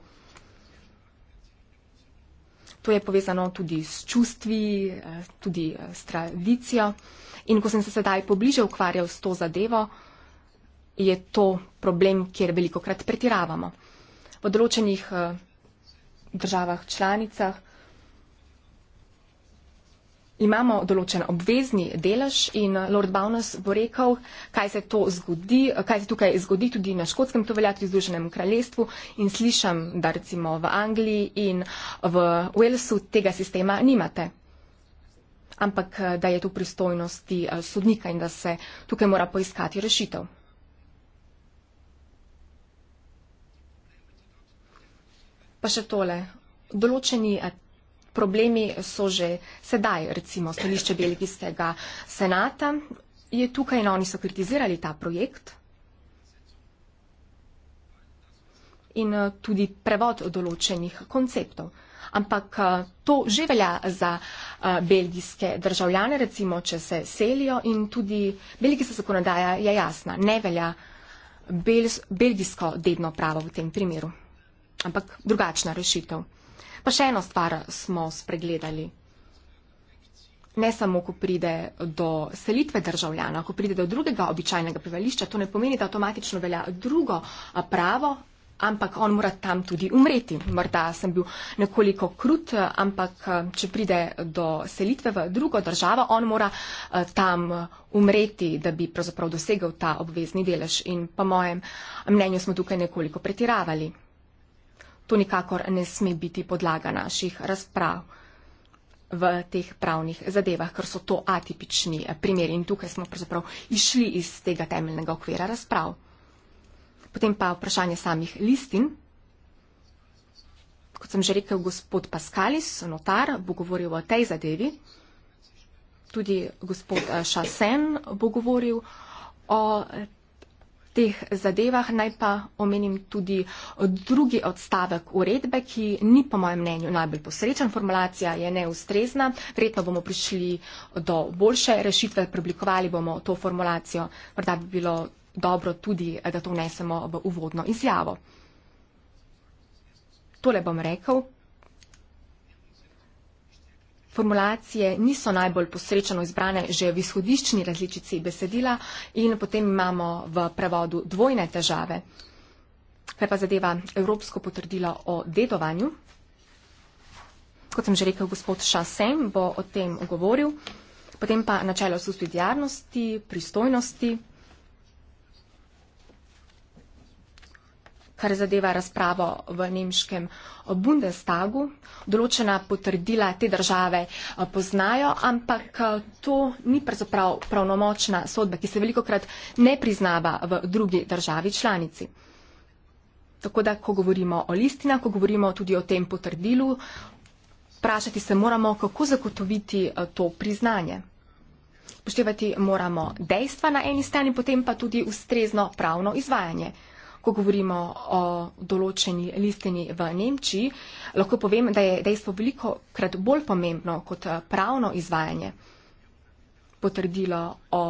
to je povezano tudi s čustvi, eh, tudi eh, s tradicijo. In ko sem se sedaj pobliže ukvarjal s to zadevo, je to problem, kjer veliko krat pretiravamo. V določenih eh, državah članicah imamo določen obvezni delež in eh, Lord Bowness bo rekel, kaj se, zgodi, kaj se tukaj zgodi, tudi na škotskem to velja, tudi v Združenem kraljestvu in slišim, da recimo v Angliji in v Walesu tega sistema nimate. Ampak eh, da je to pristojnosti eh, sodnika in da se tukaj mora poiskati rešitev. Pa še tole. Določeni problemi so že sedaj, recimo stališče Belgijskega senata je tukaj in oni so kritizirali ta projekt in eh, tudi prevod določenih konceptov. Ampak eh, to že velja za eh, belgijske državljane, recimo, če se selijo in tudi belgijska zakonodaja je jasna, ne velja belgijsko dedno pravo v tem primeru. Ampak drugačna rešitev. Pa še eno stvar smo spregledali. Ne samo, ko pride do selitve državljana, ko pride do drugega običajnega prebivališča, to ne pomeni, da avtomatično velja drugo pravo, ampak on mora tam tudi umreti. Morda sem bil nekoliko krut, ampak če pride do selitve v drugo državo, on mora eh, tam umreti, da bi pravzaprav dosegel ta obvezni delež. In po mojem mnenju smo tukaj nekoliko pretiravali to nikakor ne sme biti podlaga naših razprav v teh pravnih zadevah, ker so to atipični eh, primeri in tukaj smo pravzaprav išli iz tega temeljnega okvira razprav. Potem pa vprašanje samih listin. Kot sem že rekel, gospod Paskalis, notar, bo govoril o tej zadevi. Tudi gospod Šasen eh, bo govoril o teh zadevah. Naj pa omenim tudi drugi odstavek uredbe, ki ni po mojem mnenju najbolj posrečen. Formulacija je neustrezna. Verjetno bomo prišli do boljše rešitve, preoblikovali bomo to formulacijo. Morda bi bilo dobro tudi, da to vnesemo v uvodno izjavo. Tole bom rekel formulacije niso najbolj posrečeno izbrane že v izhodiščni različici besedila in potem imamo v prevodu dvojne težave. Kaj pa zadeva Evropsko potrdilo o dedovanju? Kot sem že rekel, gospod Šasem bo o tem govoril. Potem pa načelo subsidijarnosti, pristojnosti. kar zadeva razpravo v nemškem Bundestagu. Določena potrdila te države eh, poznajo, ampak eh, to ni pravzaprav pravnomočna sodba, ki se veliko krat ne priznava v drugi državi članici. Tako da, ko govorimo o listina, ko govorimo tudi o tem potrdilu, vprašati se moramo, kako zagotoviti eh, to priznanje. Poštevati moramo dejstva na eni strani, potem pa tudi ustrezno pravno izvajanje ko govorimo o določeni listini v Nemčiji, lahko povem, da je dejstvo veliko krat bolj pomembno kot eh, pravno izvajanje. Potrdilo o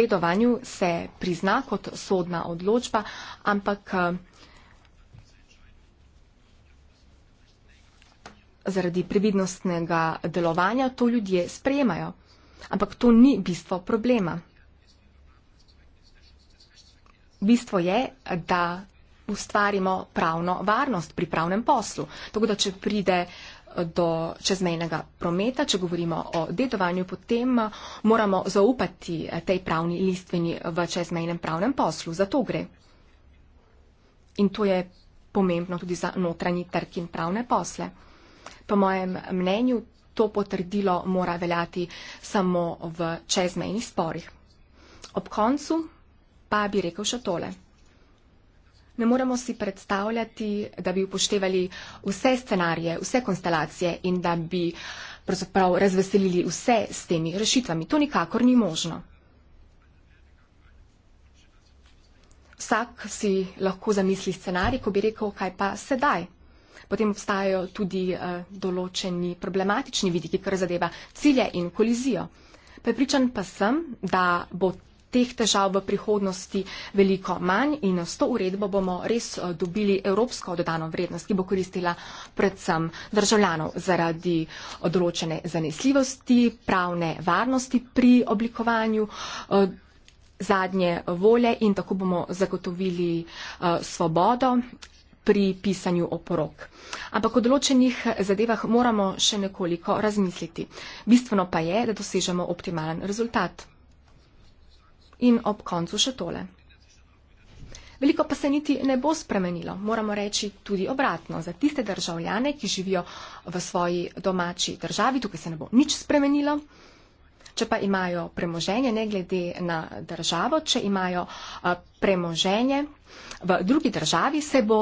dedovanju se prizna kot sodna odločba, ampak eh, zaradi previdnostnega delovanja to ljudje sprejemajo. Ampak to ni bistvo problema bistvo je, da ustvarimo pravno varnost pri pravnem poslu. Tako da, če pride eh, do čezmejnega prometa, če govorimo o dedovanju, potem eh, moramo zaupati eh, tej pravni listveni v čezmejnem pravnem poslu. Za to gre. In to je pomembno tudi za notranji trg in pravne posle. Po mojem mnenju, to potrdilo mora veljati samo v čezmejnih sporih. Ob koncu pa bi rekel še tole. Ne moremo si predstavljati, da bi upoštevali vse scenarije, vse konstelacije in da bi pravzaprav razveselili vse s temi rešitvami. To nikakor ni možno. Vsak si lahko zamisli scenarij, ko bi rekel, kaj pa sedaj. Potem obstajajo tudi eh, določeni problematični vidiki, kar zadeva cilje in kolizijo. Prepričan pa sem, da bo teh težav v prihodnosti veliko manj in s to uredbo bomo res eh, dobili evropsko dodano vrednost, ki bo koristila predvsem državljanov zaradi eh, določene zanesljivosti, pravne varnosti pri oblikovanju eh, zadnje volje in tako bomo zagotovili svobodo pri pisanju oporok. Ampak o določenih zadevah moramo še nekoliko razmisliti. Bistveno pa je, da dosežemo optimalen rezultat. In ob koncu še tole. Veliko pa se niti ne bo spremenilo, moramo reči tudi obratno. Za tiste državljane, ki živijo v svoji domači državi, tukaj se ne bo nič spremenilo. Če pa imajo premoženje, ne glede na državo, če imajo premoženje v drugi državi, se bo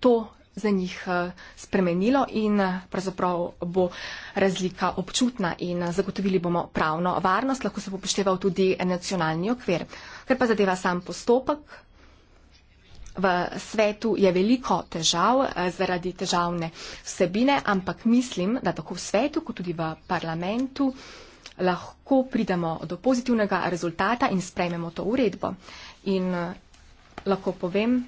to za njih eh, spremenilo in eh, pravzaprav bo razlika občutna in eh, zagotovili bomo pravno varnost, lahko se bo pošteval tudi nacionalni okvir. Ker pa zadeva sam postopek. V svetu je veliko težav zaradi težavne vsebine, ampak mislim, da tako v svetu, kot tudi v parlamentu lahko pridemo do pozitivnega rezultata in sprejmemo to uredbo. In lahko povem,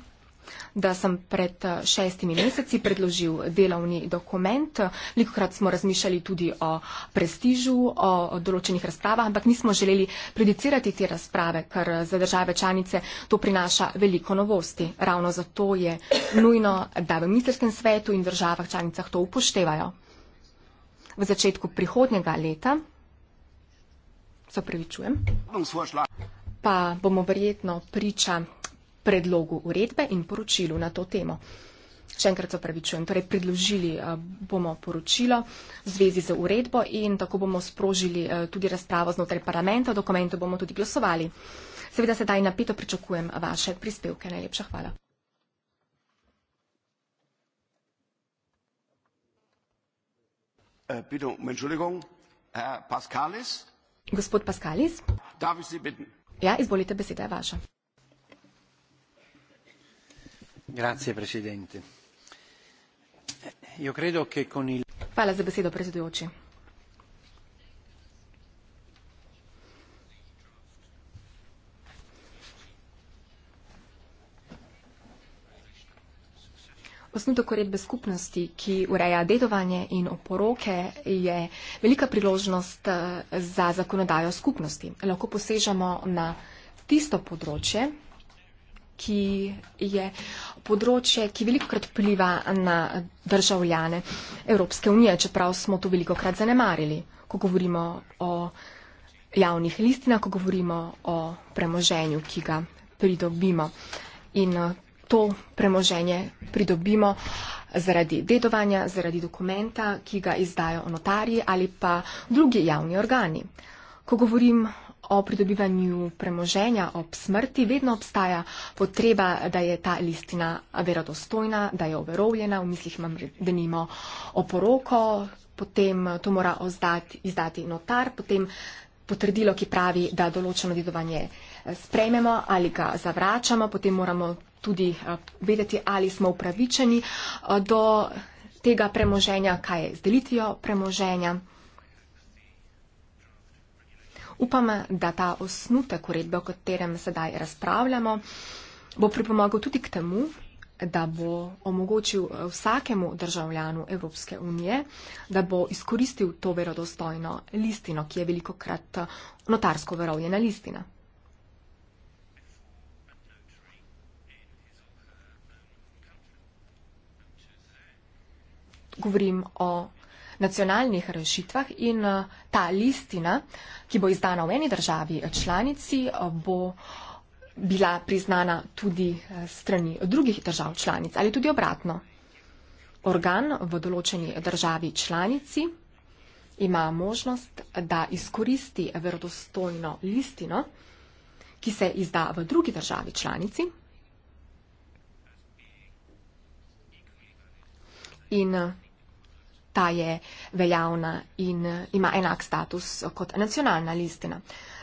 da sem pred eh, šestimi meseci predložil delovni dokument. Velikokrat smo razmišljali tudi o prestižu, o določenih razpravah, ampak nismo želeli predicirati te razprave, ker eh, za države članice to prinaša veliko novosti. Ravno zato je nujno, da v ministerskem svetu in državah članicah to upoštevajo. V začetku prihodnjega leta, se pravičujem, pa bomo verjetno priča predlogu uredbe in poročilu na to temo. Še enkrat se opravičujem. Torej, predložili eh, bomo poročilo v zvezi z uredbo in tako bomo sprožili eh, tudi razpravo znotraj parlamenta, dokumentu bomo tudi glasovali. Seveda sedaj napeto pričakujem vaše prispevke. Najlepša hvala. Eh, um Gospod Paskalis. Ja, izvolite, beseda je vaša hvala za besedo predsedujoči osnutek uredbe skupnosti ki ureja dedovanje in oporoke je velika priložnost eh, za zakonodajo skupnosti lahko posežemo na tisto področje ki je področje, ki veliko krat pliva na državljane Evropske unije, čeprav smo to veliko krat zanemarili, ko govorimo o javnih listinah, ko govorimo o premoženju, ki ga pridobimo. In eh, to premoženje pridobimo zaradi dedovanja, zaradi dokumenta, ki ga izdajo notarji ali pa drugi javni organi. Ko govorim o pridobivanju premoženja ob smrti vedno obstaja potreba, da je ta listina verodostojna, da je overovljena, v mislih imam, da nimo oporoko, potem to mora ozdati, izdati notar, potem potrdilo, ki pravi, da določeno dedovanje eh, sprejmemo ali ga zavračamo, potem moramo tudi eh, vedeti, ali smo upravičeni eh, do tega premoženja, kaj je z delitvijo premoženja. Upam, da ta osnutek uredbe, o katerem sedaj razpravljamo, bo pripomogel tudi k temu, da bo omogočil eh, vsakemu državljanu Evropske unije, da bo izkoristil to verodostojno listino, ki je veliko krat eh, notarsko verovljena listina. Govorim o nacionalnih rešitvah in eh, ta listina, ki bo izdana v eni državi eh, članici, eh, bo bila priznana tudi strani drugih držav članic ali tudi obratno. Organ v določeni državi članici ima možnost, da izkoristi verodostojno listino, ki se izda v drugi državi članici in ta je veljavna in ima enak status kot nacionalna listina.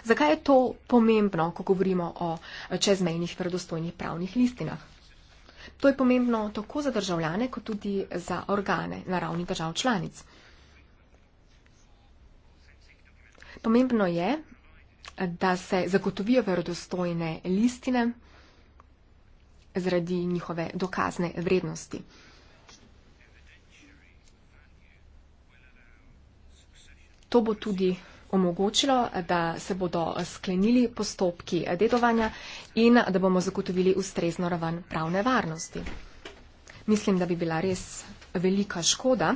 Zakaj je to pomembno, ko govorimo o čezmejnih verodostojnih pravnih listinah? To je pomembno tako za državljane, kot tudi za organe na ravni držav članic. Pomembno je, da se zagotovijo verodostojne listine zaradi njihove dokazne vrednosti. To bo tudi omogočilo, da se bodo sklenili postopki dedovanja in da bomo zagotovili ustrezno raven pravne varnosti. Mislim, da bi bila res velika škoda,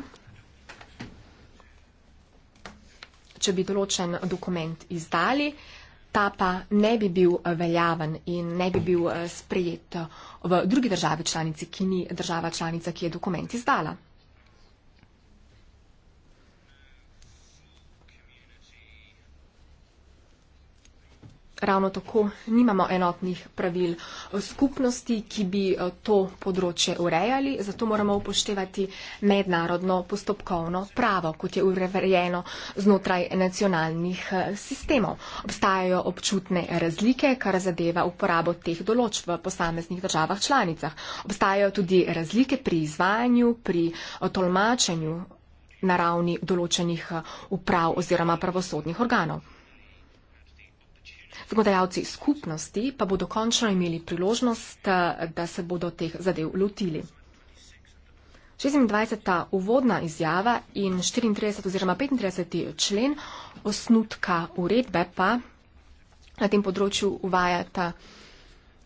če bi določen dokument izdali, ta pa ne bi bil veljaven in ne bi bil eh, sprejet eh, v drugi državi članici, ki ni država članica, ki je dokument izdala. ravno tako nimamo enotnih pravil skupnosti, ki bi eh, to področje urejali, zato moramo upoštevati mednarodno postopkovno pravo, kot je urejeno znotraj nacionalnih eh, sistemov. Obstajajo občutne razlike, kar zadeva uporabo teh določb v posameznih državah članicah. Obstajajo tudi razlike pri izvajanju, pri eh, tolmačenju na ravni določenih uprav oziroma pravosodnih organov. Zagodajalci skupnosti pa bodo končno imeli priložnost, eh, da se bodo teh zadev lotili. 26. uvodna izjava in 34 oziroma 35. člen osnutka uredbe pa na tem področju uvajata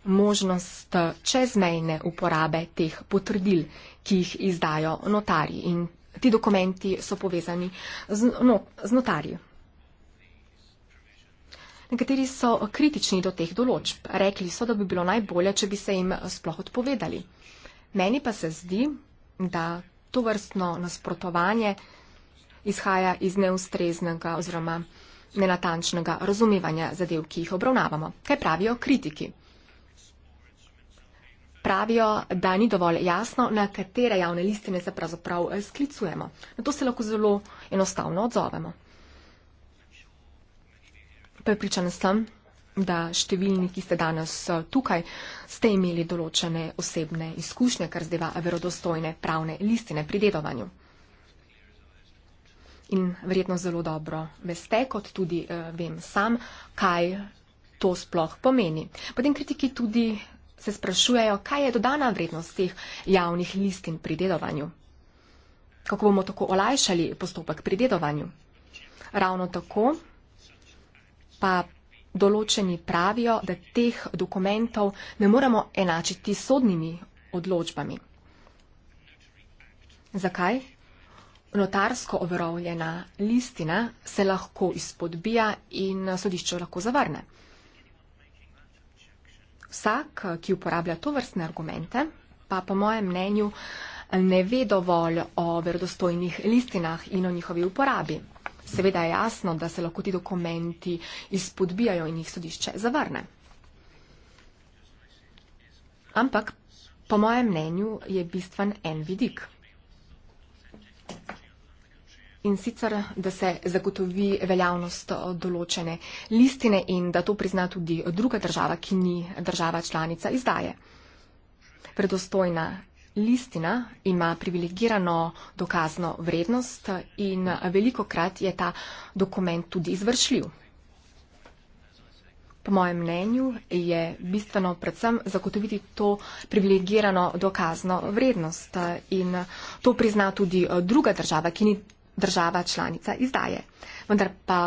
možnost eh, čezmejne uporabe teh potrdil, ki jih izdajo notarji. In ti dokumenti so povezani z, no, z notarji. Nekateri so kritični do teh določb. Rekli so, da bi bilo najbolje, če bi se jim sploh odpovedali. Meni pa se zdi, da to vrstno nasprotovanje izhaja iz neustreznega oziroma nenatančnega razumevanja zadev, ki jih obravnavamo. Kaj pravijo kritiki? Pravijo, da ni dovolj jasno, na katere javne listine se pravzaprav sklicujemo. Na to se lahko zelo enostavno odzovemo. Prepričana sem, da številni, ki ste danes eh, tukaj, ste imeli določene osebne izkušnje, kar zdeva verodostojne pravne listine pri dedovanju. In verjetno zelo dobro veste, kot tudi uh, vem sam, kaj to sploh pomeni. Potem kritiki tudi se sprašujejo, kaj je dodana vrednost teh javnih listin pri dedovanju. Kako bomo tako olajšali postopek pri dedovanju? Ravno tako pa določeni pravijo, da teh dokumentov ne moramo enačiti s sodnimi odločbami. Zakaj? Notarsko overovljena listina se lahko izpodbija in sodišče lahko zavrne. Vsak, ki uporablja to vrstne argumente, pa po mojem mnenju ne ve dovolj o verodostojnih listinah in o njihovi uporabi. Seveda je jasno, da se lahko ti dokumenti izpodbijajo in jih sodišče zavrne. Ampak po mojem mnenju je bistven en vidik. In sicer, da se zagotovi veljavnost določene listine in da to prizna tudi druga država, ki ni država članica izdaje. Predostojna listina ima privilegirano dokazno vrednost in veliko krat je ta dokument tudi izvršljiv. Po mojem mnenju je bistveno predvsem zagotoviti to privilegirano dokazno vrednost in to prizna tudi druga država, ki ni država članica izdaje. Vendar pa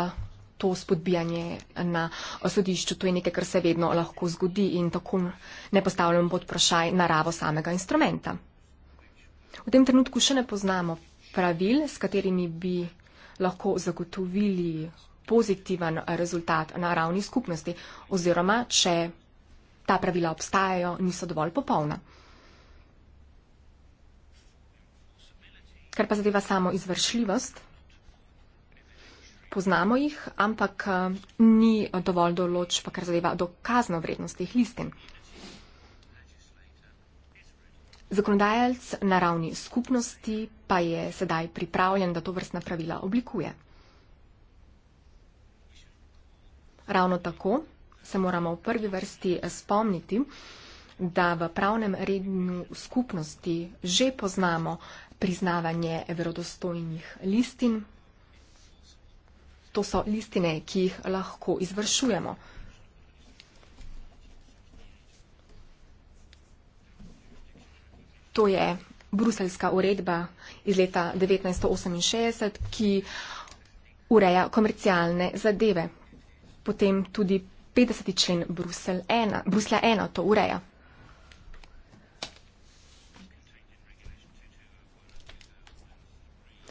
to spodbijanje na sodišču. To je nekaj, kar se vedno lahko zgodi in tako ne postavljamo pod vprašaj naravo samega instrumenta. V tem trenutku še ne poznamo pravil, s katerimi bi lahko zagotovili pozitiven rezultat na ravni skupnosti oziroma, če ta pravila obstajajo, niso dovolj popolna. Kar pa zadeva samo izvršljivost, poznamo jih, ampak eh, ni dovolj določb, kar zadeva dokazno vrednost teh listin. Zakonodajalec na ravni skupnosti pa je sedaj pripravljen, da to vrstna pravila oblikuje. Ravno tako se moramo v prvi vrsti eh, spomniti, da v pravnem redu skupnosti že poznamo priznavanje verodostojnih listin, To so listine, ki jih lahko izvršujemo. To je bruselska uredba iz leta 1968, ki ureja komercialne zadeve. Potem tudi 50. člen Brusel 1, Brusla 1 to ureja.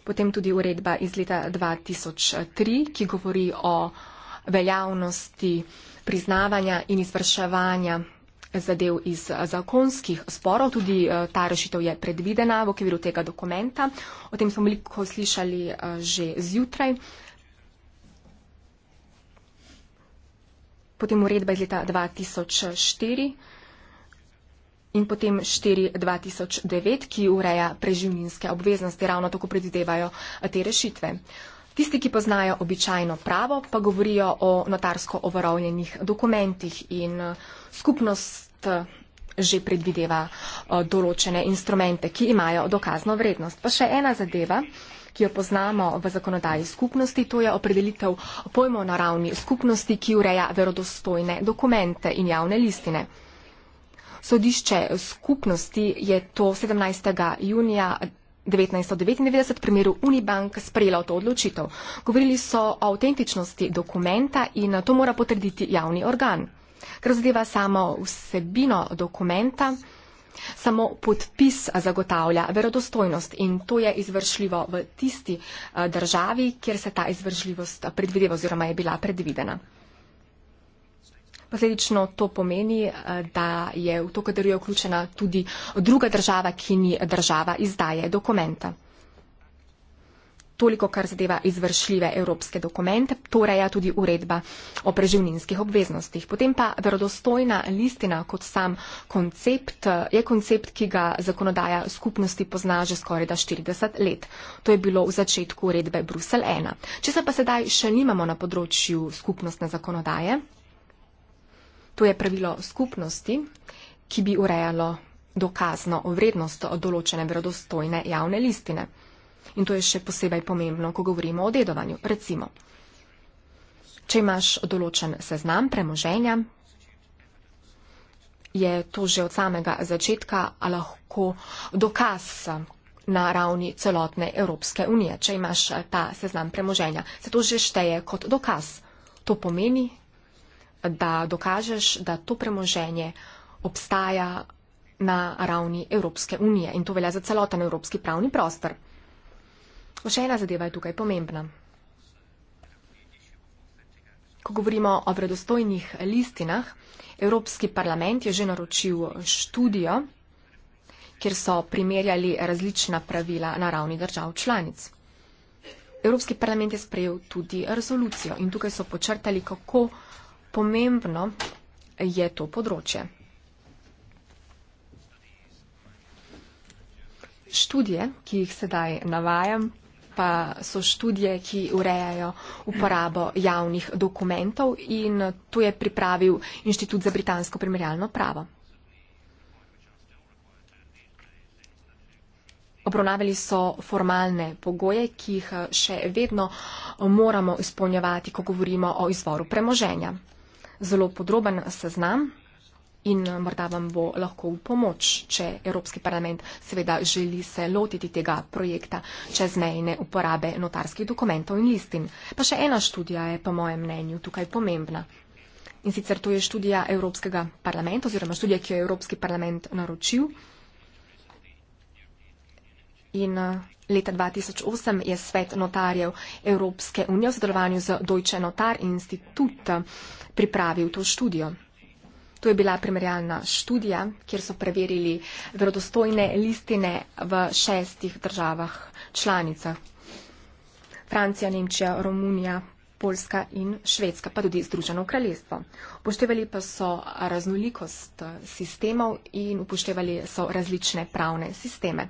potem tudi uredba iz leta 2003, ki govori o veljavnosti priznavanja in izvrševanja zadev iz zakonskih sporov. Tudi eh, ta rešitev je predvidena v okviru tega dokumenta. O tem smo veliko slišali eh, že zjutraj. Potem uredba iz leta 2004 in potem 4.2009, ki ureja preživninske obveznosti, ravno tako predvidevajo eh, te rešitve. Tisti, ki poznajo običajno pravo, pa govorijo o notarsko ovarovljenih dokumentih in eh, skupnost eh, že predvideva določene instrumente, ki imajo dokazno vrednost. Pa še ena zadeva ki jo poznamo v zakonodaji skupnosti, to je opredelitev pojmov na ravni skupnosti, ki ureja verodostojne dokumente in javne listine. Sodišče skupnosti je to 17. junija 1999 v primeru Unibank sprejela to odločitev. Govorili so o autentičnosti dokumenta in to mora potrditi javni organ. Ker zadeva samo vsebino dokumenta, samo podpis zagotavlja verodostojnost in to je izvršljivo v tisti eh, državi, kjer se ta izvršljivost predvideva oziroma je bila predvidena. Posledično to pomeni, eh, da je v to kadrijo vključena tudi druga država, ki ni država izdaje dokumenta. Toliko, kar zadeva izvršljive evropske dokumente, torej je tudi uredba o preživninskih obveznostih. Potem pa verodostojna listina kot sam koncept eh, je koncept, ki ga zakonodaja skupnosti pozna že skoraj da 40 let. To je bilo v začetku uredbe Brusel 1. Če se pa sedaj še nimamo na področju skupnostne zakonodaje, To je pravilo skupnosti, ki bi urejalo dokazno vrednost določene verodostojne javne listine. In to je še posebej pomembno, ko govorimo o dedovanju. Recimo, če imaš določen seznam premoženja, je to že od samega začetka lahko dokaz na ravni celotne Evropske unije. Če imaš ta seznam premoženja, se to že šteje kot dokaz. To pomeni, da dokažeš, da to premoženje obstaja na ravni Evropske unije in to velja za celoten evropski pravni prostor. Še ena zadeva je tukaj pomembna. Ko govorimo o vredostojnih listinah, Evropski parlament je že naročil študijo, kjer so primerjali različna pravila na ravni držav članic. Evropski parlament je sprejel tudi rezolucijo in tukaj so počrtali, kako pomembno je to področje. Študije, ki jih sedaj navajam, pa so študije, ki urejajo uporabo javnih dokumentov in to je pripravil Inštitut za britansko primerjalno pravo. Obravnavali so formalne pogoje, ki jih še vedno moramo izpolnjevati, ko govorimo o izvoru premoženja zelo podroben seznam in eh, morda vam bo lahko v pomoč, če Evropski parlament seveda želi se lotiti tega projekta čezmejne uporabe notarskih dokumentov in listin. Pa še ena študija je po mojem mnenju tukaj pomembna. In sicer to je študija Evropskega parlamenta oziroma študija, ki jo je Evropski parlament naročil in eh, leta 2008 je svet notarjev Evropske unije v sodelovanju z Deutsche Notar Institut eh, pripravil to študijo. To je bila primerjalna študija, kjer so preverili verodostojne listine v šestih državah članicah. Francija, Nemčija, Romunija, Poljska in Švedska, pa tudi Združeno kraljestvo. Upoštevali pa so raznolikost eh, sistemov in upoštevali so različne pravne sisteme.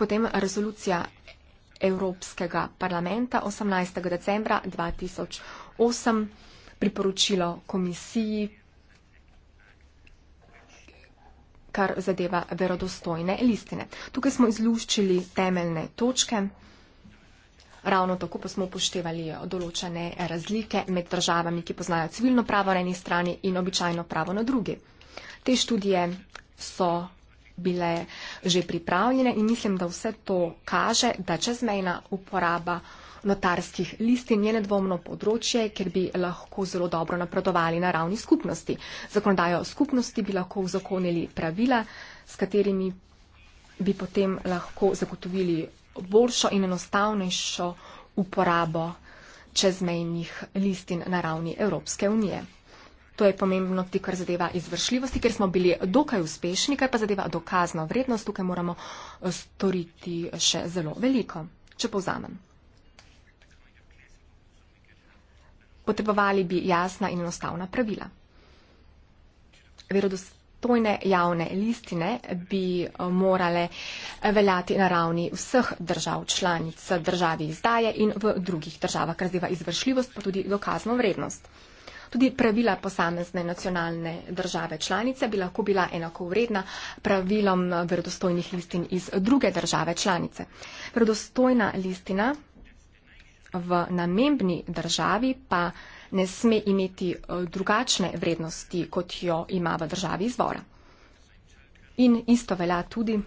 potem rezolucija Evropskega parlamenta 18. decembra 2008, priporočilo komisiji, kar zadeva verodostojne listine. Tukaj smo izluščili temeljne točke. Ravno tako pa smo upoštevali določene razlike med državami, ki poznajo civilno pravo na eni strani in običajno pravo na drugi. Te študije so bile že pripravljene in mislim, da vse to kaže, da čezmejna uporaba notarskih listin je nedvomno področje, ker bi lahko zelo dobro napredovali na ravni skupnosti. Zakonodajo skupnosti bi lahko vzakonili pravila, s katerimi bi potem lahko zagotovili boljšo in enostavnejšo uporabo čezmejnih listin na ravni Evropske unije. To je pomembno tudi, kar zadeva izvršljivosti, ker smo bili dokaj uspešni, kar pa zadeva dokazno vrednost. Tukaj moramo eh, storiti še zelo veliko. Če povzamem. Potrebovali bi jasna in enostavna pravila. Verodostojne javne listine bi eh, morale eh, veljati na ravni vseh držav članic, državi izdaje in v drugih državah, kar zadeva izvršljivost, pa tudi dokazno vrednost. Tudi pravila posamezne nacionalne države članice bi lahko bila enakovredna pravilom verodostojnih listin iz druge države članice. Verodostojna listina v namembni državi pa ne sme imeti eh, drugačne vrednosti, kot jo ima v državi izvora. In isto velja tudi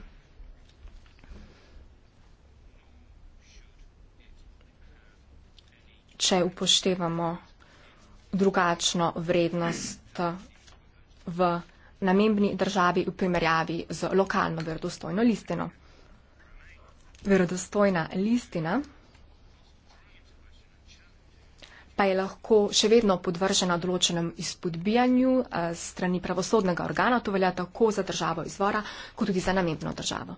če upoštevamo drugačno vrednost v namembni državi v primerjavi z lokalno verodostojno listino. Verodostojna listina pa je lahko še vedno podvržena določenem izpodbijanju eh, strani pravosodnega organa, to velja tako za državo izvora, kot tudi za namembno državo.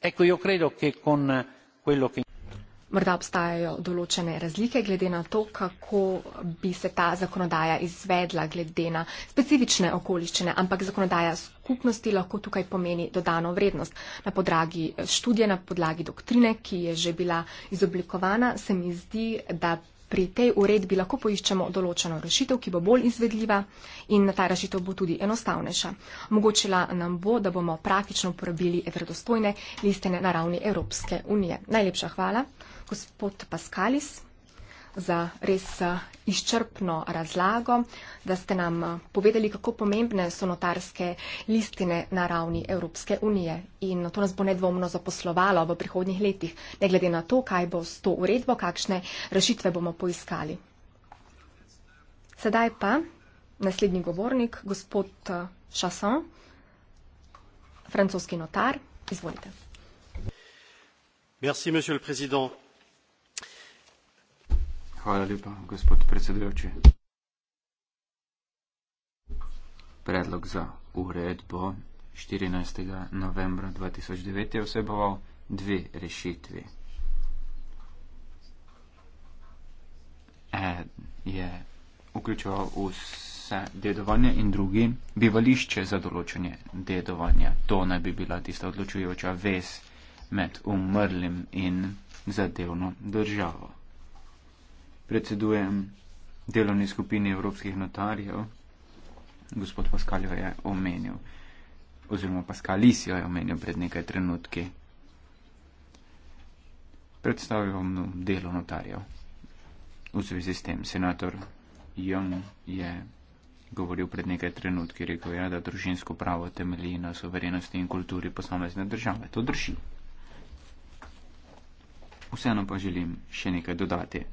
Ecco, io credo che con eh, quello che... Morda obstajajo določene razlike glede na to, kako bi se ta zakonodaja izvedla glede na specifične okoliščine, ampak zakonodaja skupnosti lahko tukaj pomeni dodano vrednost. Na podlagi študije, na podlagi doktrine, ki je že bila izoblikovana, se mi zdi, da pri tej uredbi lahko poiščemo določeno rešitev, ki bo bolj izvedljiva in na ta rešitev bo tudi enostavnejša. Mogočila nam bo, da bomo praktično uporabili verodostojne listine na ravni Evropske unije. Najlepša hvala gospod Paskalis za res eh, izčrpno razlago, da ste nam eh, povedali, kako pomembne so notarske listine na ravni Evropske unije in to nas bo nedvomno zaposlovalo v prihodnjih letih, ne glede na to, kaj bo s to uredbo, kakšne rešitve bomo poiskali. Sedaj pa naslednji govornik, gospod eh, Chasson, francoski notar, izvolite. Merci, monsieur le président. Hvala lepa, gospod predsedujoči. Predlog za uredbo 14. novembra 2009 je vseboval dve rešitvi. En je vključeval vse dedovanje in drugi bivališče za določanje dedovanja. To naj bi bila tista odločujoča vez med umrlim in zadevno državo predsedujem delovni skupini evropskih notarjev. Gospod Paskal jo je omenil, oziroma Paskal Isijo je omenil pred nekaj trenutki. Predstavljam vam delo notarjev v zvezi s tem. Senator Jon je govoril pred nekaj trenutki, rekel je, da družinsko pravo temelji na soverenosti in kulturi posamezne države. To drži. Vseeno pa želim še nekaj dodati.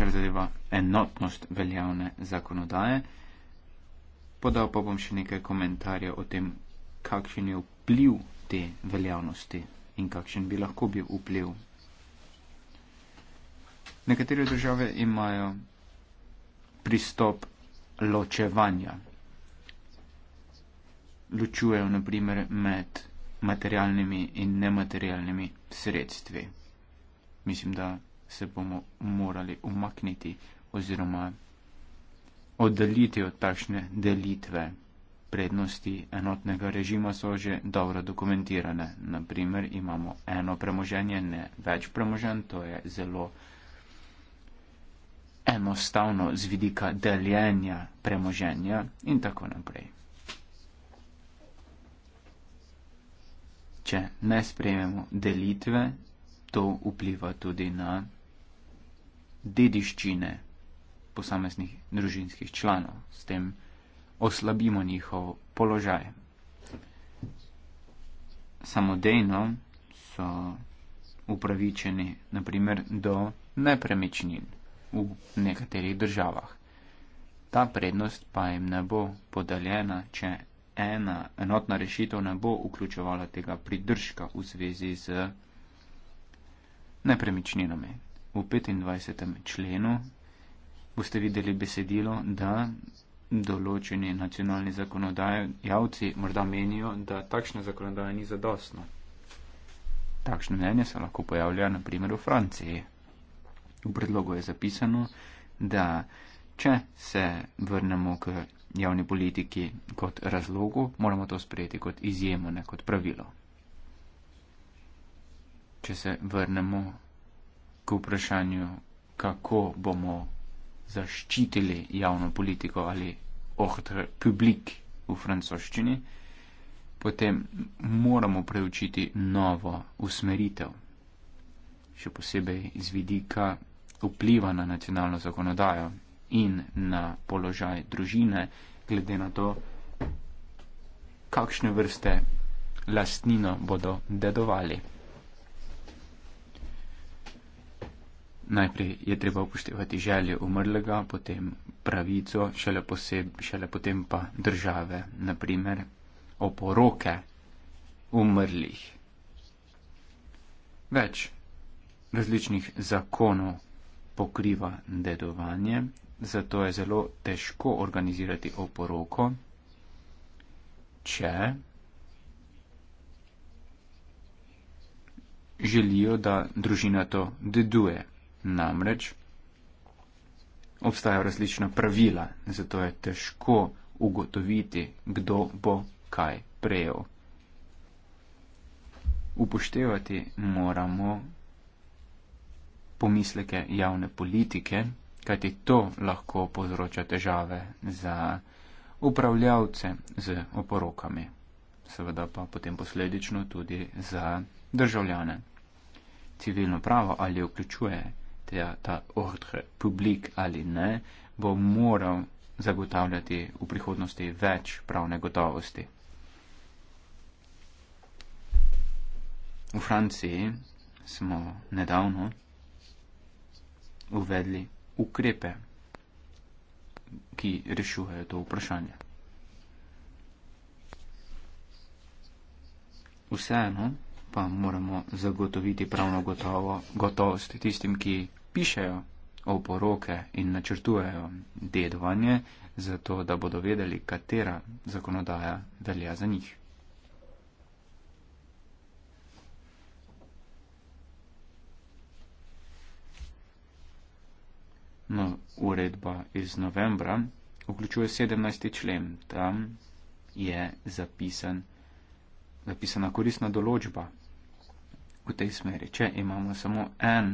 kar zadeva enotnost veljavne zakonodaje. Podal pa bom še nekaj komentarjev o tem, kakšen je vpliv te veljavnosti in kakšen bi lahko bil vpliv. Nekatere države imajo pristop ločevanja. Ločujejo naprimer med materialnimi in nematerialnimi sredstvi. Mislim, da se bomo morali umakniti oziroma oddaliti od takšne delitve. Prednosti enotnega režima so že dobro dokumentirane. Naprimer, imamo eno premoženje, ne več premožen, to je zelo enostavno z vidika deljenja premoženja in tako naprej. Če ne sprejmemo delitve, to vpliva tudi na dediščine posameznih družinskih članov. S tem oslabimo njihov položaj. Samodejno so upravičeni naprimer do nepremičnin v nekaterih državah. Ta prednost pa jim ne bo podaljena, če ena enotna rešitev ne bo vključevala tega pridržka v zvezi z nepremičninami v 25. členu boste videli besedilo, da določeni nacionalni zakonodajalci morda menijo, da takšna zakonodaja ni zadostna. Takšno mnenje se lahko pojavlja naprimer v Franciji. V predlogu je zapisano, da če se vrnemo k javni politiki kot razlogu, moramo to sprejeti kot izjemo, ne kot pravilo. Če se vrnemo k vprašanju, kako bomo zaščitili javno politiko ali ohtre publik v francoščini, potem moramo preučiti novo usmeritev, še posebej iz vidika vpliva na nacionalno zakonodajo in na položaj družine, glede na to, kakšne vrste lastnino bodo dedovali. najprej je treba upoštevati želje umrlega, potem pravico, šele, poseb, šele potem pa države, naprimer oporoke umrlih. Več različnih zakonov pokriva dedovanje, zato je zelo težko organizirati oporoko, če želijo, da družina to deduje. Namreč obstajajo različna pravila, zato je težko ugotoviti, kdo bo kaj prejel. Upoštevati moramo pomisleke javne politike, kajti to lahko povzroča težave za upravljavce z oporokami, seveda pa potem posledično tudi za državljane. Civilno pravo ali vključuje ta, ta ordre publik ali ne, bo moral zagotavljati v prihodnosti več pravne gotovosti. V Franciji smo nedavno uvedli ukrepe, ki rešujejo to vprašanje. Vseeno pa moramo zagotoviti pravno gotovo, gotovost tistim, ki pišejo o poroke in načrtujejo dedovanje, zato da bodo vedeli, katera zakonodaja velja za njih. No, uredba iz novembra vključuje 17. člen. Tam je zapisan, zapisana koristna določba v tej smeri. Če imamo samo en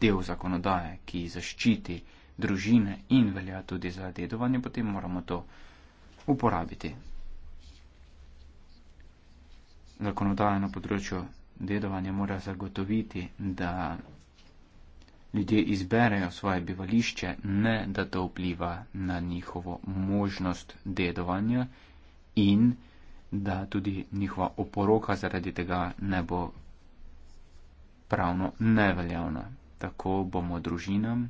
del zakonodaje, ki zaščiti družine in velja tudi za dedovanje, potem moramo to uporabiti. Zakonodaja na področju dedovanja mora zagotoviti, da ljudje izberejo svoje bivališče, ne da to vpliva na njihovo možnost dedovanja in da tudi njihova oporoka zaradi tega ne bo pravno neveljavna. Tako bomo družinam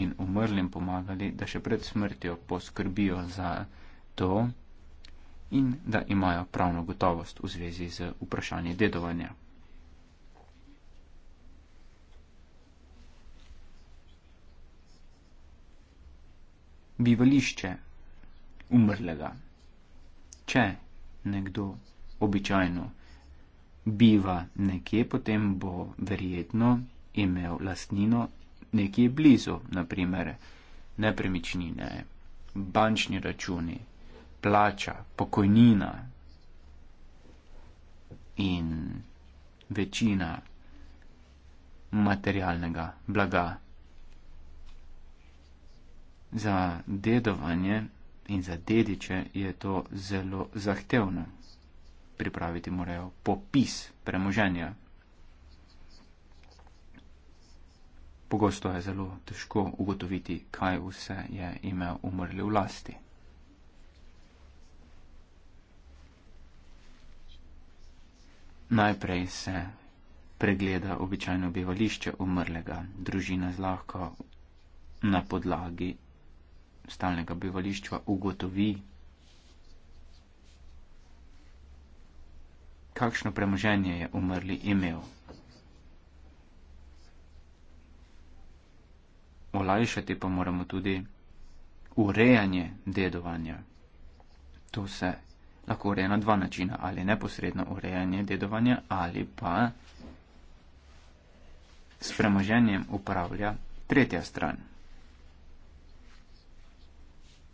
in umrlim pomagali, da še pred smrtjo poskrbijo za to in da imajo pravno gotovost v zvezi z vprašanjem dedovanja. Bivališče umrlega. Če nekdo običajno biva nekje, potem bo verjetno imel lastnino nekje blizu, naprimer nepremičnine, bančni računi, plača, pokojnina. In večina materialnega blaga. Za dedovanje in za dediče je to zelo zahtevno. Pripraviti morajo popis premoženja. Pogosto je zelo težko ugotoviti, kaj vse je imel umrli v lasti. Najprej se pregleda običajno bivališče umrlega. Družina zlahka na podlagi stalnega bivališča ugotovi, kakšno premoženje je umrli imel. olajšati pa moramo tudi urejanje dedovanja. To se lahko ureja na dva načina, ali neposredno urejanje dedovanja ali pa s premoženjem upravlja tretja stran.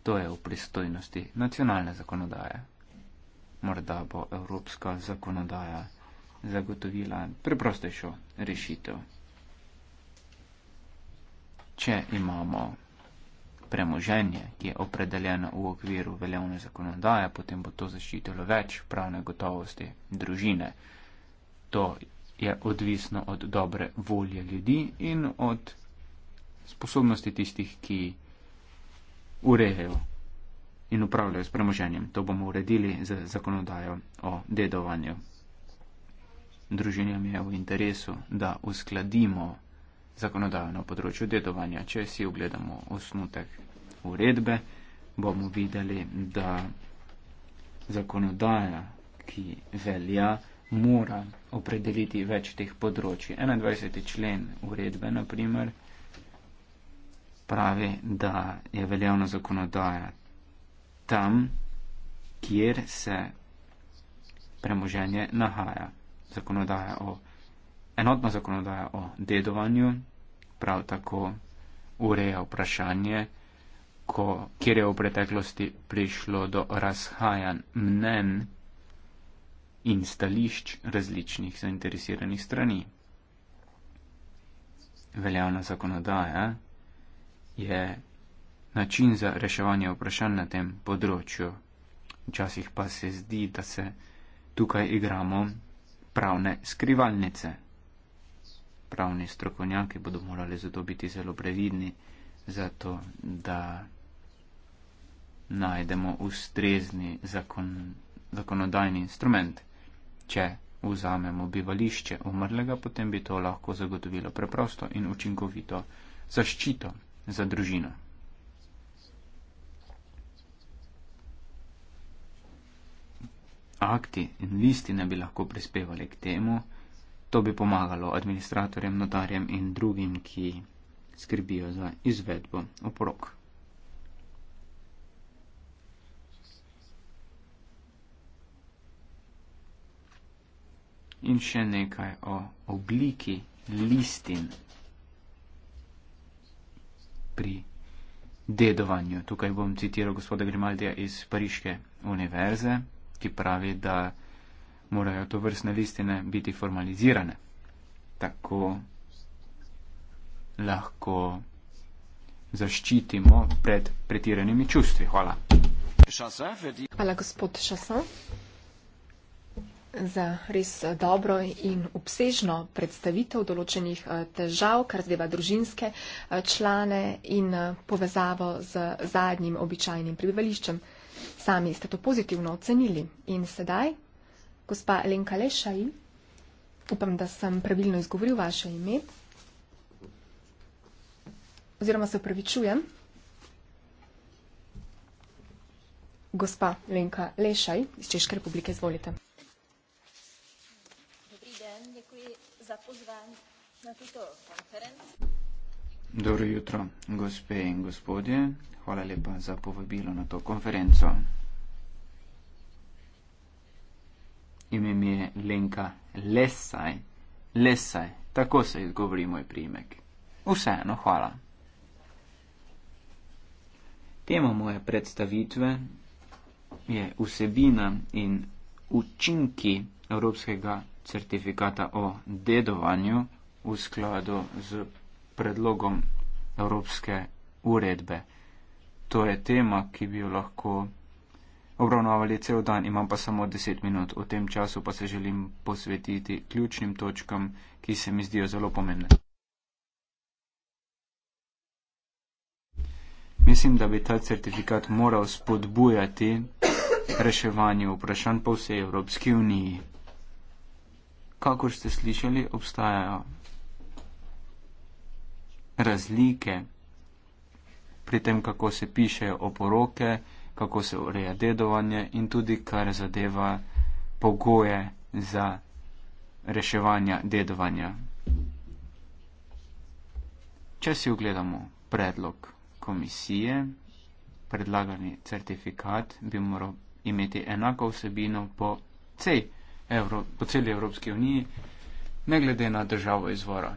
To je v pristojnosti nacionalne zakonodaje. Morda bo evropska zakonodaja zagotovila preprostejšo rešitev če imamo premoženje, ki je opredeljeno v okviru veljavne zakonodaje, potem bo to zaščitilo več pravne gotovosti družine. To je odvisno od dobre volje ljudi in od sposobnosti tistih, ki urejejo in upravljajo s premoženjem. To bomo uredili z zakonodajo o dedovanju. Družinjam je v interesu, da uskladimo zakonodajo na področju dedovanja. Če si ogledamo osnutek uredbe, bomo videli, da zakonodaja, ki velja, mora opredeliti več teh področji. 21. člen uredbe, naprimer, pravi, da je veljavna zakonodaja tam, kjer se premoženje nahaja. Zakonodaja o enotna zakonodaja o dedovanju, prav tako ureja vprašanje, ko, kjer je v preteklosti prišlo do razhajanj mnen in stališč različnih zainteresiranih strani. Veljavna zakonodaja je način za reševanje vprašanj na tem področju. Včasih pa se zdi, da se tukaj igramo pravne skrivalnice pravni strokovnjaki bodo morali zato biti zelo previdni, zato da najdemo ustrezni zakon, zakonodajni instrument. Če vzamemo bivališče umrlega, potem bi to lahko zagotovilo preprosto in učinkovito zaščito za družino. Akti in listine bi lahko prispevali k temu, To bi pomagalo administratorjem, notarjem in drugim, ki skrbijo za izvedbo oporok. In še nekaj o obliki listin pri dedovanju. Tukaj bom citiral gospoda Grimaldija iz Pariške univerze, ki pravi, da morajo to vrstne listine biti formalizirane. Tako lahko zaščitimo pred pretiranimi čustvi. Hvala. Hvala, gospod Šasa, za res eh, dobro in obsežno predstavitev določenih eh, težav, kar zdeva družinske eh, člane in povezavo z zadnjim običajnim prebivališčem. Sami ste to pozitivno ocenili. In sedaj Gospa Lenka Lešaj, upam, da sem pravilno izgovoril vaše ime. Oziroma se upravičujem. Gospa Lenka Lešaj iz Češke republike, izvolite. Dobri dan, neki za pozvan na to konferenco. Dobro jutro, gospe in gospodje. Hvala lepa za povabilo na to konferenco. ime mi je Lenka Lesaj. Lesaj, tako se izgovori moj primek. Vseeno, hvala. Tema moje predstavitve je vsebina in učinki Evropskega certifikata o dedovanju v skladu z predlogom Evropske uredbe. To je tema, ki bi jo lahko obravnavali cel dan, imam pa samo 10 minut, v tem času pa se želim posvetiti ključnim točkam, ki se mi zdijo zelo pomembne. Mislim, da bi ta certifikat moral spodbujati reševanje vprašanj po vsej Evropski uniji. Kakor ste slišali, obstajajo razlike pri tem, kako se pišejo oporoke, kako se ureja dedovanje in tudi kar zadeva pogoje za reševanje dedovanja. Če si ogledamo predlog komisije, predlagani certifikat bi moral imeti enako vsebino po, cej, evro, po celi Evropski uniji, ne glede na državo izvora.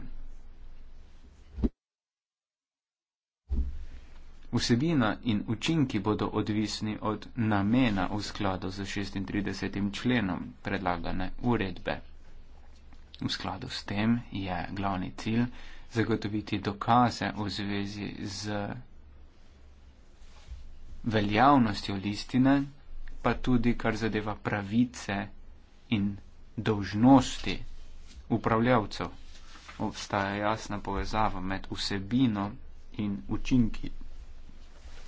Vsebina in učinki bodo odvisni od namena v skladu z 36. členom predlagane uredbe. V skladu s tem je glavni cilj zagotoviti dokaze v zvezi z veljavnostjo listine, pa tudi kar zadeva pravice in dožnosti upravljavcev. Obstaja jasna povezava med vsebino in učinki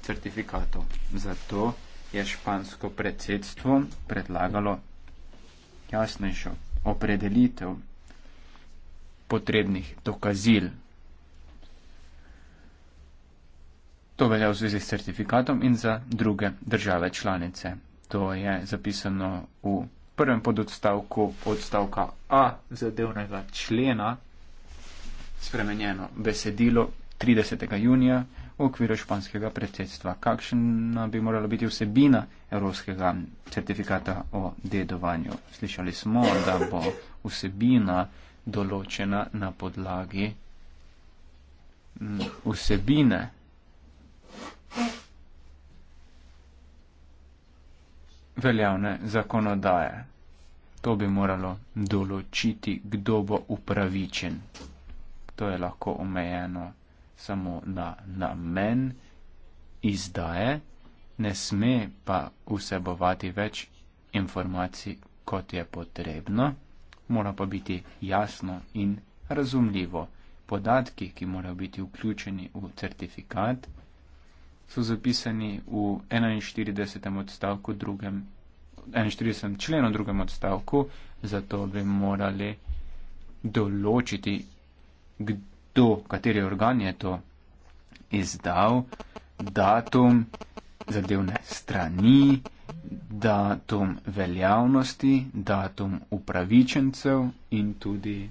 certifikatov. Zato je špansko predsedstvo predlagalo jasnejšo opredelitev potrebnih dokazil. To velja v zvezi s certifikatom in za druge države članice. To je zapisano v prvem pododstavku odstavka A zadevnega člena, spremenjeno besedilo 30. junija v okviru španskega predsedstva. Kakšna bi morala biti vsebina evropskega certifikata o dedovanju? Slišali smo, da bo vsebina določena na podlagi mm, vsebine. Veljavne zakonodaje. To bi moralo določiti, kdo bo upravičen. To je lahko omejeno samo na namen izdaje, ne sme pa vsebovati več informacij, kot je potrebno, mora pa biti jasno in razumljivo. Podatki, ki morajo biti vključeni v certifikat, so zapisani v 41. odstavku 2. 41. členu drugem odstavku, zato bi morali določiti, kdo to, kateri organ je to izdal, datum zadevne strani, datum veljavnosti, datum upravičencev in tudi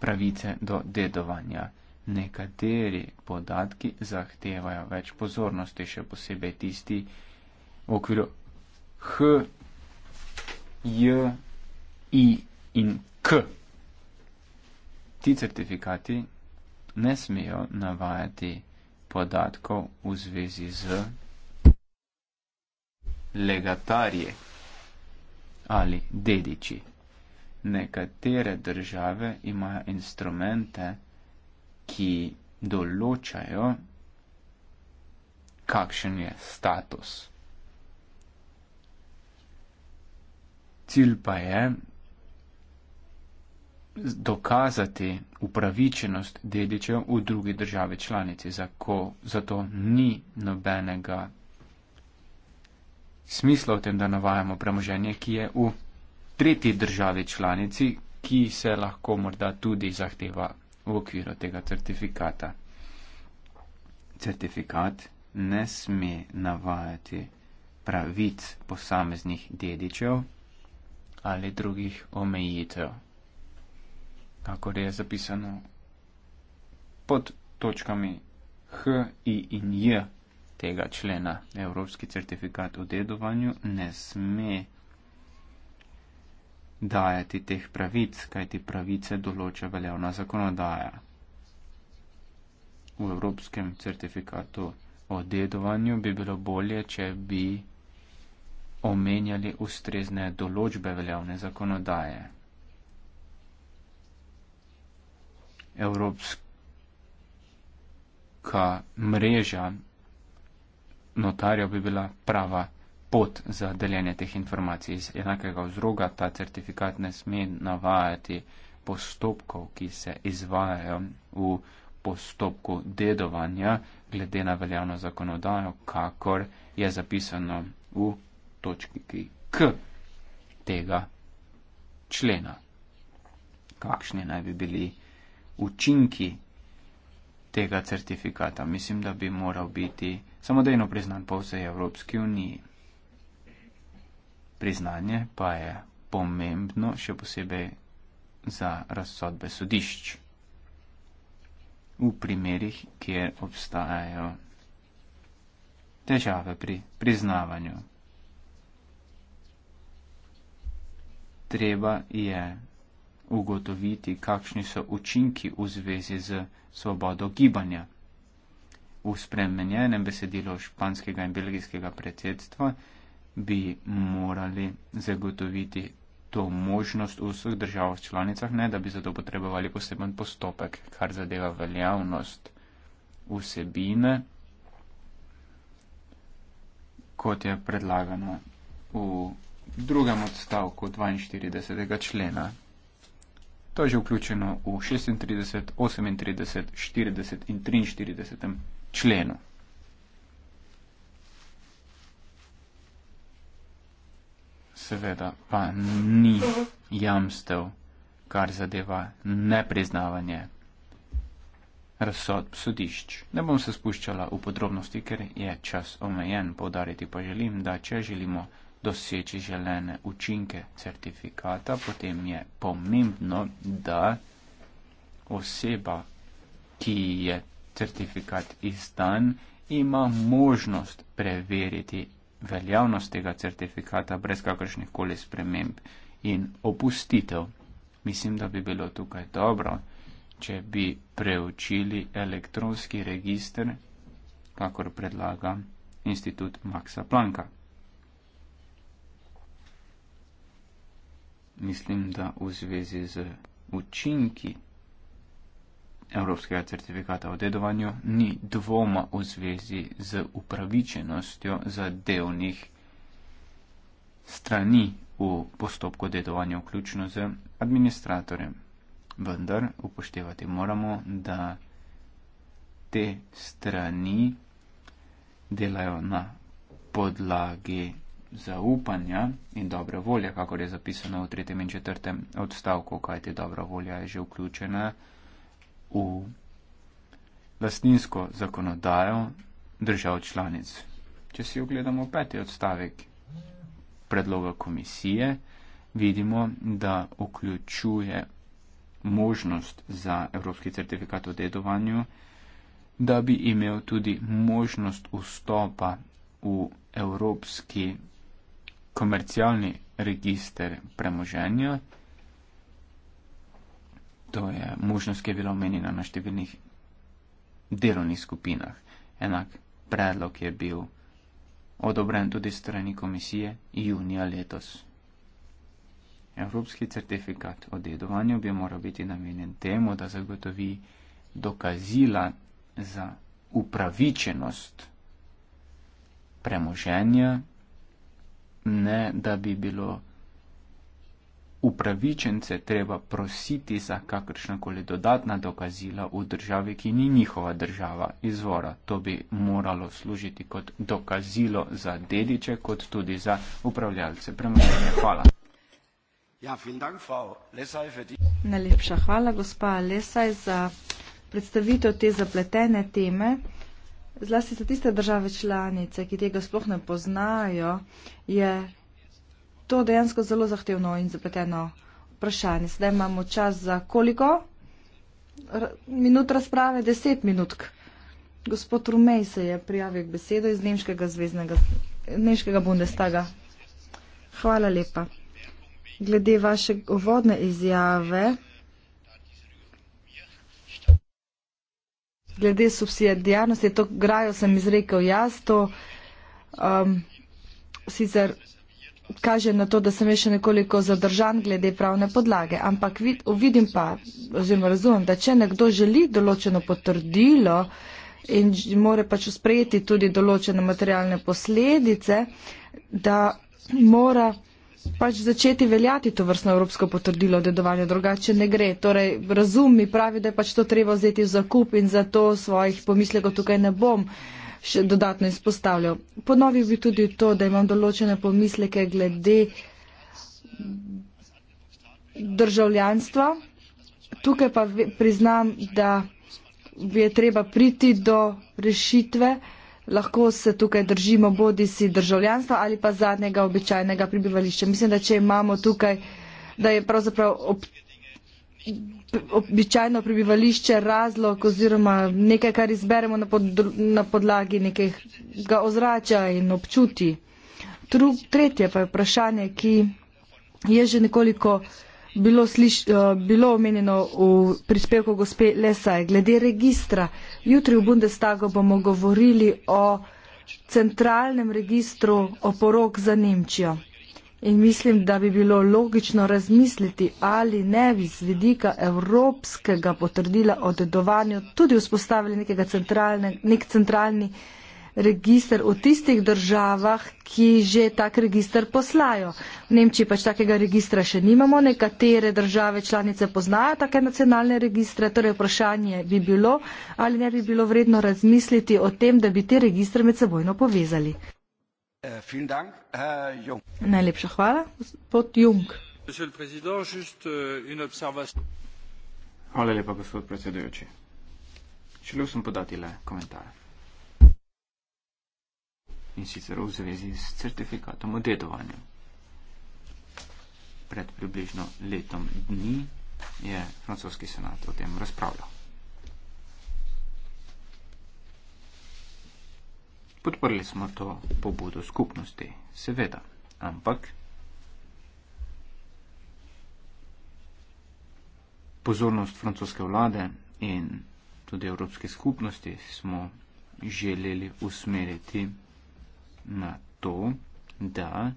pravice do dedovanja. Nekateri podatki zahtevajo več pozornosti, še posebej tisti v okviru H, J, I in K ti certifikati ne smejo navajati podatkov v zvezi z legatarje ali dediči. Nekatere države imajo instrumente, ki določajo, kakšen je status. Cilj pa je, dokazati upravičenost dedičev v drugi državi članici, zato ni nobenega smisla v tem, da navajamo premoženje, ki je v tretji državi članici, ki se lahko morda tudi zahteva v okviru tega certifikata. Certifikat ne sme navajati pravic posameznih dedičev ali drugih omejitev kakor je zapisano pod točkami H, I in J tega člena. Evropski certifikat o dedovanju ne sme dajati teh pravic, kajti pravice določa veljavna zakonodaja. V Evropskem certifikatu o dedovanju bi bilo bolje, če bi omenjali ustrezne določbe veljavne zakonodaje. evropska mreža notarjev bi bila prava pot za deljenje teh informacij. Iz enakega vzroga ta certifikat ne sme navajati postopkov, ki se izvajajo v postopku dedovanja glede na veljavno zakonodajo, kakor je zapisano v točki k tega člena. Kakšni naj bi bili učinki tega certifikata. Mislim, da bi moral biti samodejno priznan po vsej Evropski uniji. Priznanje pa je pomembno, še posebej za razsodbe sodišč. V primerih, kjer obstajajo težave pri priznavanju. Treba je ugotoviti, kakšni so učinki v zvezi z svobodo gibanja. V spremenjenem besedilu španskega in belgijskega predsedstva bi morali zagotoviti to možnost v vseh državah članicah, ne da bi zato potrebovali poseben postopek, kar zadeva veljavnost vsebine, kot je predlagano v drugem odstavku 42. člena to je že vključeno v 36, 38, 40 in 43 členu. Seveda pa ni jamstev, kar zadeva nepriznavanje razsodb sodišč. Ne bom se spuščala v podrobnosti, ker je čas omejen, povdariti pa želim, da če želimo doseči želene učinke certifikata, potem je pomembno, da oseba, ki je certifikat izdan, ima možnost preveriti veljavnost tega certifikata brez kakršnih koli sprememb in opustitev. Mislim, da bi bilo tukaj dobro, če bi preučili elektronski register, kakor predlaga Institut Maxa Plancka. mislim, da v zvezi z učinki evropskega certifikata o dedovanju ni dvoma v zvezi z upravičenostjo zadevnih strani v postopku dedovanja, vključno z administratorjem. Vendar upoštevati moramo, da te strani delajo na podlagi zaupanja in dobre volje, kakor je zapisano v tretjem in četrtem odstavku, kajti dobra volja je že vključena v lastninsko zakonodajo držav članic. Če si ogledamo peti odstavek predloga komisije, vidimo, da vključuje možnost za evropski certifikat o dedovanju, da bi imel tudi možnost vstopa v evropski komercialni register premoženja. To je možnost, ki je bila omenjena na številnih delovnih skupinah. Enak predlog je bil odobren tudi strani komisije junija letos. Evropski certifikat o dedovanju bi moral biti namenjen temu, da zagotovi dokazila za upravičenost premoženja ne da bi bilo upravičence treba prositi za kakršnakoli dodatna dokazila v državi, ki ni njihova država izvora. To bi moralo služiti kot dokazilo za dediče, kot tudi za upravljalce. Premoženje. Hvala. Ja, dank, Lesaj, di... Najlepša hvala, gospa Lesaj, za predstavitev te zapletene teme zlasti za tiste države članice, ki tega sploh ne poznajo, je to dejansko zelo zahtevno in zapleteno vprašanje. Sedaj imamo čas za koliko minut razprave? Deset minut. Gospod Rumej se je prijavil k besedo iz Nemškega zvezdnega, Nemškega bundestaga. Hvala lepa. Glede vaše uvodne izjave. glede subsidijarnosti, to grajo sem izrekel jaz, to um, sicer kaže na to, da sem še nekoliko zadržan glede pravne podlage, ampak vidim pa, oziroma razumem, da če nekdo želi določeno potrdilo in more pač sprejeti tudi določene materialne posledice, da mora pač začeti veljati to vrstno evropsko potrdilo o dedovanju, drugače ne gre. Torej, razum mi pravi, da je pač to treba vzeti v zakup in zato svojih pomislekov tukaj ne bom še dodatno izpostavljal. Ponovil bi tudi to, da imam določene pomisleke glede državljanstva. Tukaj pa priznam, da bi je treba priti do rešitve lahko se tukaj držimo bodi si državljanstva ali pa zadnjega običajnega prebivališča. Mislim, da če imamo tukaj, da je pravzaprav ob, običajno prebivališče razlog oziroma nekaj, kar izberemo na, pod, na podlagi nekega ozračja in občuti. Tru, tretje pa je vprašanje, ki je že nekoliko bilo, sliš, uh, bilo omenjeno v prispevku gospe Lesaj. Glede registra, jutri v Bundestagu bomo govorili o centralnem registru oporok za Nemčijo. In mislim, da bi bilo logično razmisliti, ali ne bi z vidika evropskega potrdila o dedovanju tudi vzpostavili nek centralni registr v tistih državah, ki že tak registr poslajo. V Nemčiji pač takega registra še nimamo, nekatere države članice poznajo take nacionalne registre, torej vprašanje bi bilo, ali ne bi bilo vredno razmisliti o tem, da bi te registre med sebojno povezali. Eh, Najlepša hvala, gospod Jung. Euh, hvala lepa, gospod predsedujoči. Želel sem podati le komentar in sicer v zvezi s certifikatom o dedovanju. Pred približno letom dni je francoski senat o tem razpravljal. Podprli smo to pobudo skupnosti, seveda, ampak pozornost francoske vlade in tudi Evropske skupnosti smo želeli usmeriti na to, da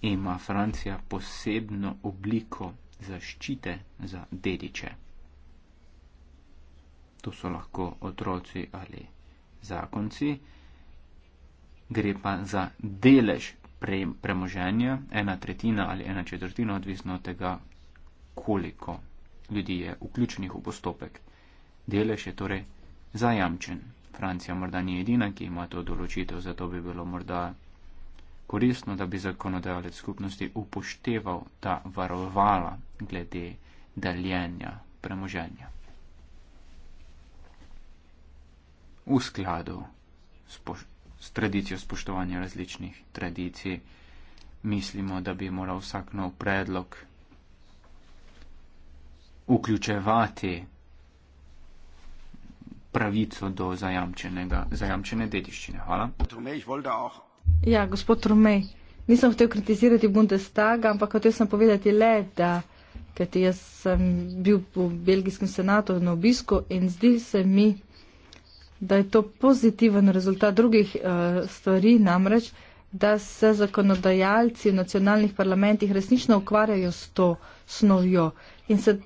ima Francija posebno obliko zaščite za dediče. To so lahko otroci ali zakonci. Gre pa za delež pre, premoženja, ena tretjina ali ena četrtina, odvisno od tega, koliko ljudi je vključenih v postopek. Delež je torej zajamčen. Francija morda ni edina, ki ima to določitev, zato bi bilo morda koristno, da bi zakonodajalec skupnosti upošteval ta varovala glede deljenja premoženja. V skladu s, s tradicijo spoštovanja različnih tradicij mislimo, da bi moral vsak nov predlog vključevati pravico do zajamčene dediščine. Hvala. Ja, gospod Trumej, nisem hotel kritizirati Bundestaga, ampak hotel sem povedati le, da kajti jaz sem bil v Belgijskem senatu na obisku in zdi se mi, da je to pozitiven rezultat drugih uh, stvari, namreč, da se zakonodajalci v nacionalnih parlamentih resnično ukvarjajo s to snovjo in se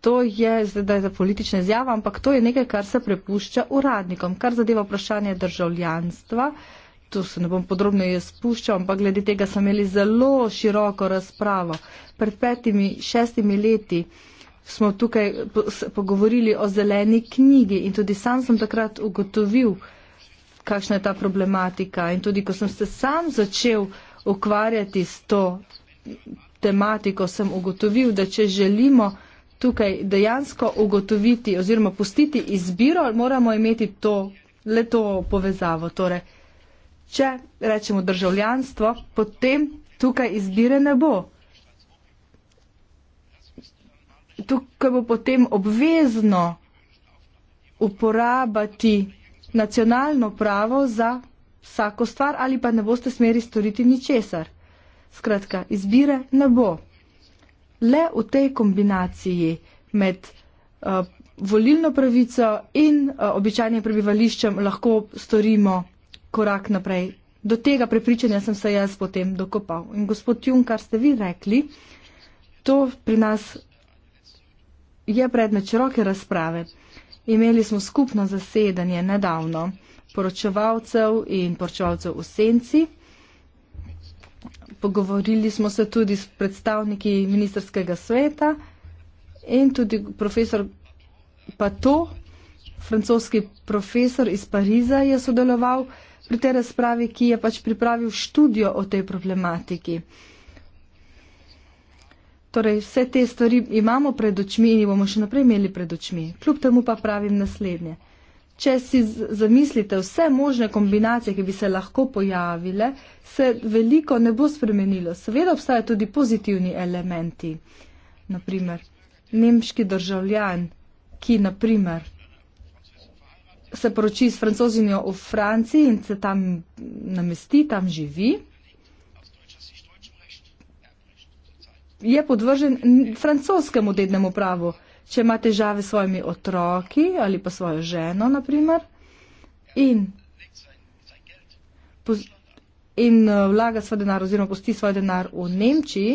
to je zdaj za politične izjave, ampak to je nekaj, kar se prepušča uradnikom. Kar zadeva vprašanje državljanstva, tu se ne bom podrobno jaz spuščal, ampak glede tega smo imeli zelo široko razpravo. Pred petimi, šestimi leti smo tukaj pogovorili o zeleni knjigi in tudi sam sem takrat ugotovil, kakšna je ta problematika in tudi ko sem se sam začel ukvarjati s to tematiko, sem ugotovil, da če želimo, tukaj dejansko ugotoviti oziroma pustiti izbiro, moramo imeti to, le to povezavo. Torej, če rečemo državljanstvo, potem tukaj izbire ne bo. Tukaj bo potem obvezno uporabati nacionalno pravo za vsako stvar ali pa ne boste smeri storiti ničesar. Skratka, izbire ne bo le v tej kombinaciji med uh, volilno pravico in uh, običajnim prebivališčem lahko storimo korak naprej. Do tega prepričanja sem se jaz potem dokopal. In gospod Jun, kar ste vi rekli, to pri nas je predmet široke razprave. Imeli smo skupno zasedanje nedavno poročevalcev in poročevalcev v senci pogovorili smo se tudi s predstavniki ministerskega sveta in tudi profesor Pato, francoski profesor iz Pariza, je sodeloval pri tej razpravi, ki je pač pripravil študijo o tej problematiki. Torej, vse te stvari imamo pred očmi in jih bomo še naprej imeli pred očmi. Kljub temu pa pravim naslednje če si zamislite vse možne kombinacije, ki bi se lahko pojavile, se veliko ne bo spremenilo. Seveda obstajajo tudi pozitivni elementi. Naprimer, nemški državljan, ki naprimer se poroči s francozinjo v Franciji in se tam namesti, tam živi, je podvržen francoskemu dednemu pravu če ima težave s svojimi otroki ali pa svojo ženo, naprimer, in, in eh, vlaga svoj denar oziroma posti svoj denar v Nemčiji,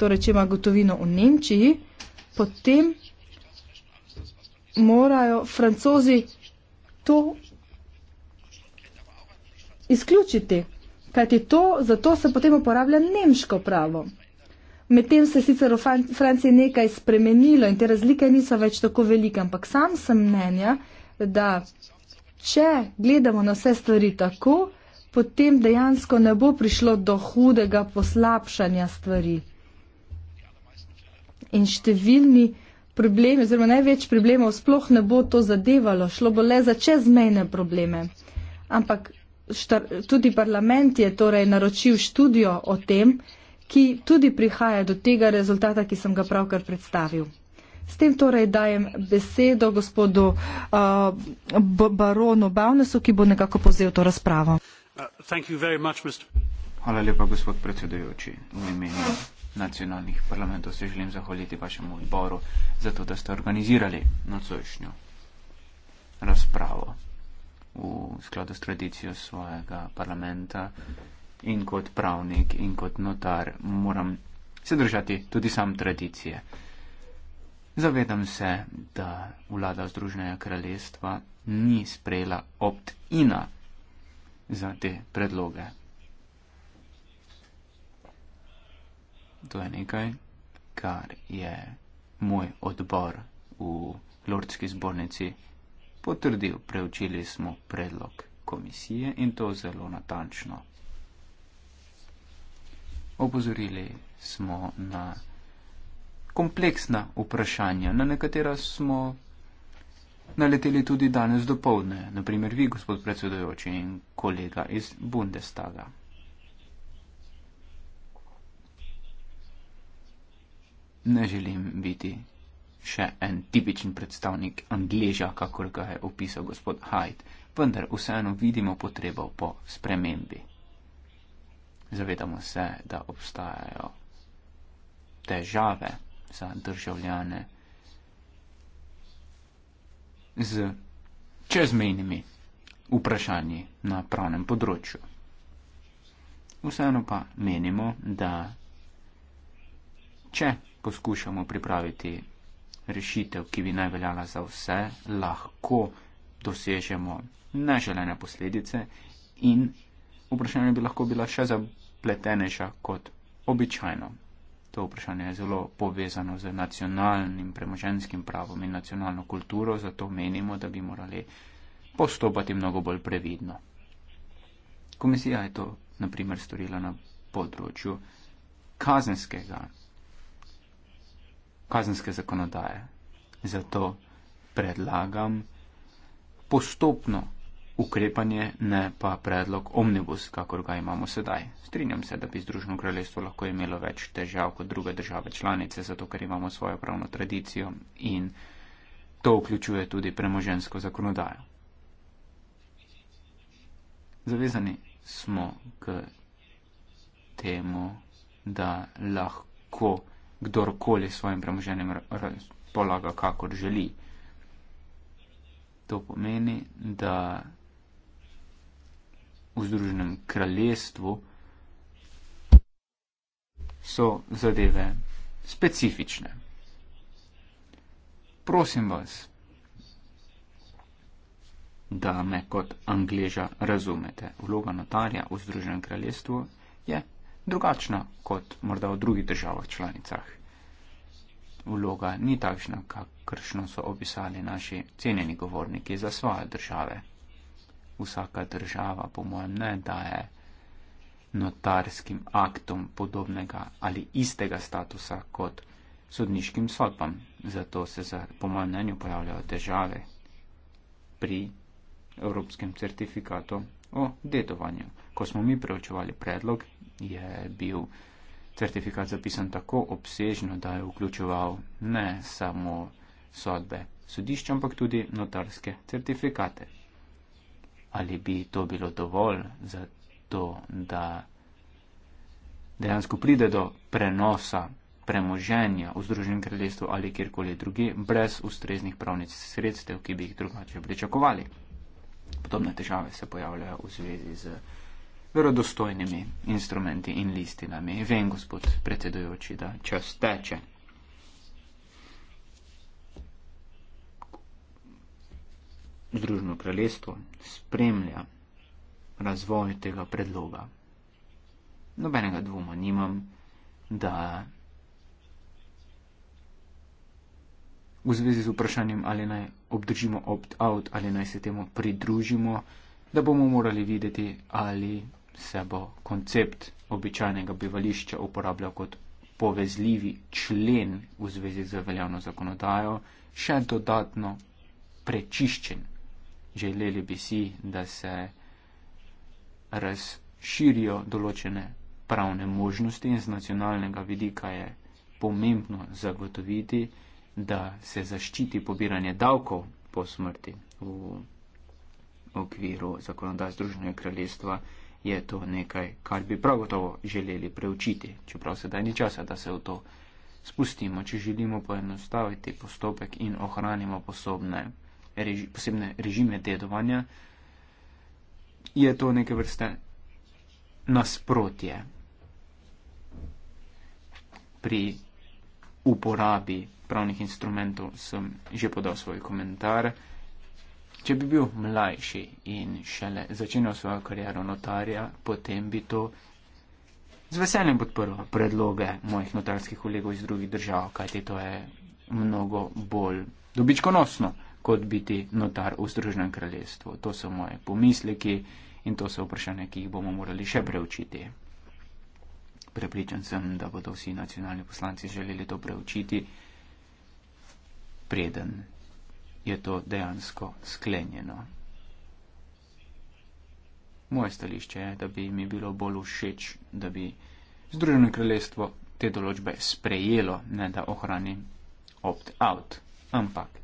torej, če ima gotovino v Nemčiji, potem morajo francozi to izključiti. Kajti to, zato se potem uporablja nemško pravo. Medtem se je sicer v Franciji nekaj spremenilo in te razlike niso več tako velike, ampak sam sem mnenja, da če gledamo na vse stvari tako, potem dejansko ne bo prišlo do hudega poslabšanja stvari. In številni problemi, oziroma največ problemov, sploh ne bo to zadevalo, šlo bo le za čezmejne probleme. Ampak štar, tudi parlament je torej naročil študijo o tem, ki tudi prihaja do tega rezultata, ki sem ga pravkar predstavil. S tem torej dajem besedo gospodu uh, baronu Baunesu, ki bo nekako povzel to razpravo. Uh, much, Mr... Hvala lepa, gospod predsedujoči. V imenu nacionalnih parlamentov se želim zahvaliti vašemu odboru za to, da ste organizirali nocojšnjo razpravo v skladu s tradicijo svojega parlamenta. Mm -hmm in kot pravnik in kot notar moram se držati tudi sam tradicije. Zavedam se, da vlada Združenega kraljestva ni sprejela opt-ina za te predloge. To je nekaj, kar je moj odbor v Lordski zbornici potrdil. Preučili smo predlog komisije in to zelo natančno. Opozorili smo na kompleksna vprašanja, na nekatera smo naleteli tudi danes do povdne, naprimer vi, gospod predsedojoči in kolega iz Bundestaga. Ne želim biti še en tipičen predstavnik Angleža, kakor ga je opisal gospod Hyde, vendar vseeno vidimo potrebo po spremembi zavedamo se, da obstajajo težave za državljane z čezmejnimi vprašanji na pravnem področju. Vseeno pa menimo, da če poskušamo pripraviti rešitev, ki bi naj veljala za vse, lahko dosežemo neželene posledice in vprašanje bi lahko bila še za pletenejša kot običajno. To vprašanje je zelo povezano z nacionalnim premoženskim pravom in nacionalno kulturo, zato menimo, da bi morali postopati mnogo bolj previdno. Komisija je to naprimer storila na področju kazenskega, kazenske zakonodaje. Zato predlagam postopno ukrepanje, ne pa predlog omnibus, kakor ga imamo sedaj. Strinjam se, da bi Združeno kraljestvo lahko imelo več težav kot druge države članice, zato ker imamo svojo pravno tradicijo in to vključuje tudi premožensko zakonodajo. Zavezani smo k temu, da lahko kdorkoli s svojim premoženjem razpolaga, kakor želi. To pomeni, da v Združenem kraljestvu, so zadeve specifične. Prosim vas, da me kot angleža razumete. Vloga notarja v Združenem kraljestvu je drugačna kot morda v drugih državah članicah. Vloga ni takšna, kakršno so opisali naši cenjeni govorniki za svoje države vsaka država, po mojem, ne daje notarskim aktom podobnega ali istega statusa kot sodniškim sodbam. Zato se, za, po mojem mnenju, pojavljajo težave pri evropskem certifikatu o dedovanju. Ko smo mi preučevali predlog, je bil certifikat zapisan tako obsežno, da je vključeval ne samo sodbe sodišča, ampak tudi notarske certifikate ali bi to bilo dovolj za to, da dejansko pride do prenosa premoženja v Združenem kraljestvu ali kjerkoli drugi, brez ustreznih pravnic sredstev, ki bi jih drugače pričakovali. Podobne težave se pojavljajo v zvezi z verodostojnimi instrumenti in listinami. Vem, gospod predsedujoči, da čas teče. Združeno kraljestvo spremlja razvoj tega predloga. Nobenega dvoma nimam, da v zvezi z vprašanjem, ali naj obdržimo opt-out ali naj se temu pridružimo, da bomo morali videti, ali se bo koncept običajnega bivališča uporabljal kot povezljivi člen v zvezi z veljavno zakonodajo, še dodatno prečiščen. Želeli bi si, da se razširijo določene pravne možnosti in z nacionalnega vidika je pomembno zagotoviti, da se zaščiti pobiranje davkov po smrti. V okviru zakonodaj Združenega kraljestva je to nekaj, kar bi prav gotovo želeli preučiti, čeprav sedaj ni časa, da se v to spustimo, če želimo poenostaviti postopek in ohranimo posobne reži, posebne režime dedovanja, je to neke vrste nasprotje pri uporabi pravnih instrumentov. Sem že podal svoj komentar. Če bi bil mlajši in šele začenjal svojo kariero notarja, potem bi to z veseljem podprl predloge mojih notarskih kolegov iz drugih držav, kajti to je mnogo bolj dobičkonosno kot biti notar v Združenem kraljestvu. To so moje pomisleki in to so vprašanja, ki jih bomo morali še preučiti. Prepričan sem, da bodo vsi nacionalni poslanci želeli to preučiti, preden je to dejansko sklenjeno. Moje stališče je, da bi mi bilo bolj všeč, da bi Združeno kraljestvo te določbe sprejelo, ne da ohrani opt-out. Ampak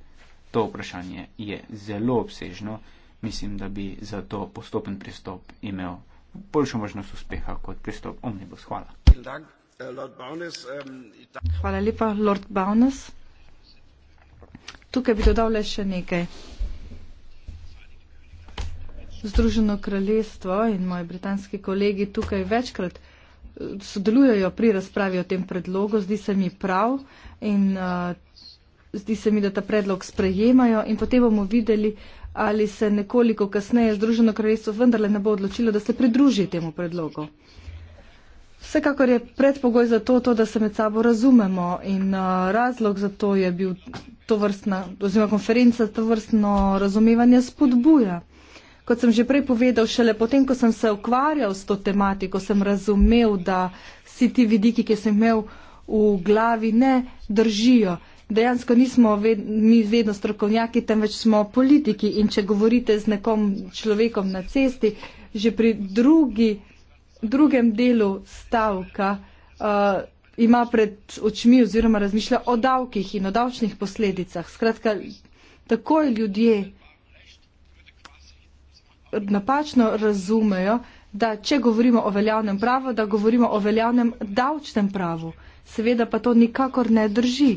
to vprašanje je zelo obsežno. Mislim, da bi za to postopen pristop imel boljšo možnost uspeha kot pristop omnibus. Hvala. Hvala lepa, Lord Bowness. Tukaj bi dodal le še nekaj. Združeno kraljestvo in moji britanski kolegi tukaj večkrat eh, sodelujejo pri razpravi o tem predlogu, zdi se mi prav in uh, zdi se mi, da ta predlog sprejemajo in potem bomo videli, ali se nekoliko kasneje Združeno kraljestvo vendarle ne bo odločilo, da se pridruži temu predlogu. Vsekakor je predpogoj za to, to da se med sabo razumemo in uh, razlog za to je bil to vrstna, oziroma konferenca to vrstno razumevanje spodbuja. Kot sem že prej povedal, šele potem, ko sem se ukvarjal s to tematiko, sem razumel, da si ti vidiki, ki sem imel v glavi, ne držijo dejansko nismo ved, mi vedno strokovnjaki, temveč smo politiki in če govorite z nekom človekom na cesti, že pri drugi, drugem delu stavka uh, ima pred očmi oziroma razmišlja o davkih in o davčnih posledicah. Skratka, takoj ljudje napačno razumejo, da če govorimo o veljavnem pravu, da govorimo o veljavnem davčnem pravu. Seveda pa to nikakor ne drži.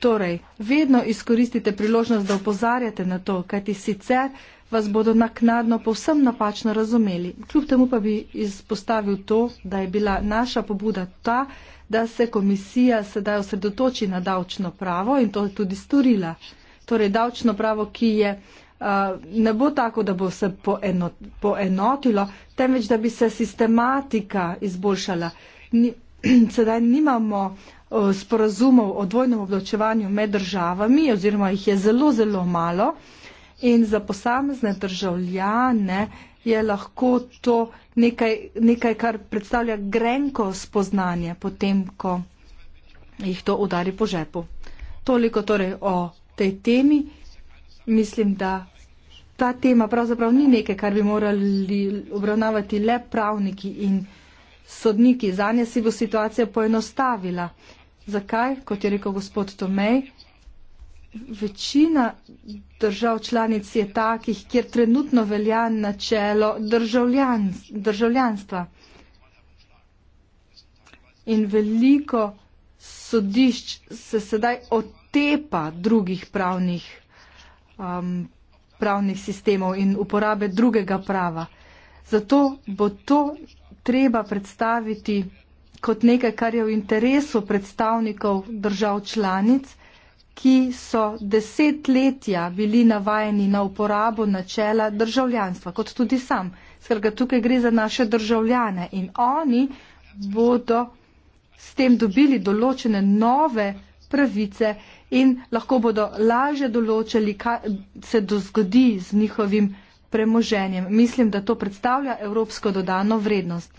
Torej, vedno izkoristite priložnost, da upozarjate na to, kajti sicer vas bodo naknadno povsem napačno razumeli. Kljub temu pa bi izpostavil to, da je bila naša pobuda ta, da se komisija sedaj osredotoči na davčno pravo in to je tudi storila. Torej, davčno pravo, ki je ne bo tako, da bo se poenotilo, temveč da bi se sistematika izboljšala. Ni, *clears throat* sedaj nimamo sporazumov o dvojnem obdavčevanju med državami, oziroma jih je zelo, zelo malo. In za posamezne državljane je lahko to nekaj, nekaj kar predstavlja grenko spoznanje, potem, ko jih to udari po žepu. Toliko torej o tej temi. Mislim, da ta tema pravzaprav ni nekaj, kar bi morali obravnavati le pravniki in sodniki. Zanje si bo situacija poenostavila. Zakaj, kot je rekel gospod Tomej, večina držav članic je takih, kjer trenutno velja načelo državljanstva. In veliko sodišč se sedaj otepa drugih pravnih, um, pravnih sistemov in uporabe drugega prava. Zato bo to treba predstaviti kot nekaj, kar je v interesu predstavnikov držav članic, ki so desetletja bili navajeni na uporabo načela državljanstva, kot tudi sam. Skratka, tukaj gre za naše državljane in oni bodo s tem dobili določene nove pravice in lahko bodo lažje določili, kaj se dozgodi z njihovim premoženjem. Mislim, da to predstavlja evropsko dodano vrednost.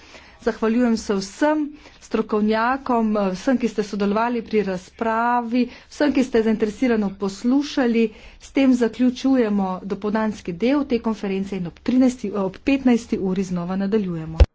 Zahvaljujem se vsem strokovnjakom, vsem, ki ste sodelovali pri razpravi, vsem, ki ste zainteresirano poslušali. S tem zaključujemo dopodanski del te konference in ob, 13, ob 15. uri znova nadaljujemo.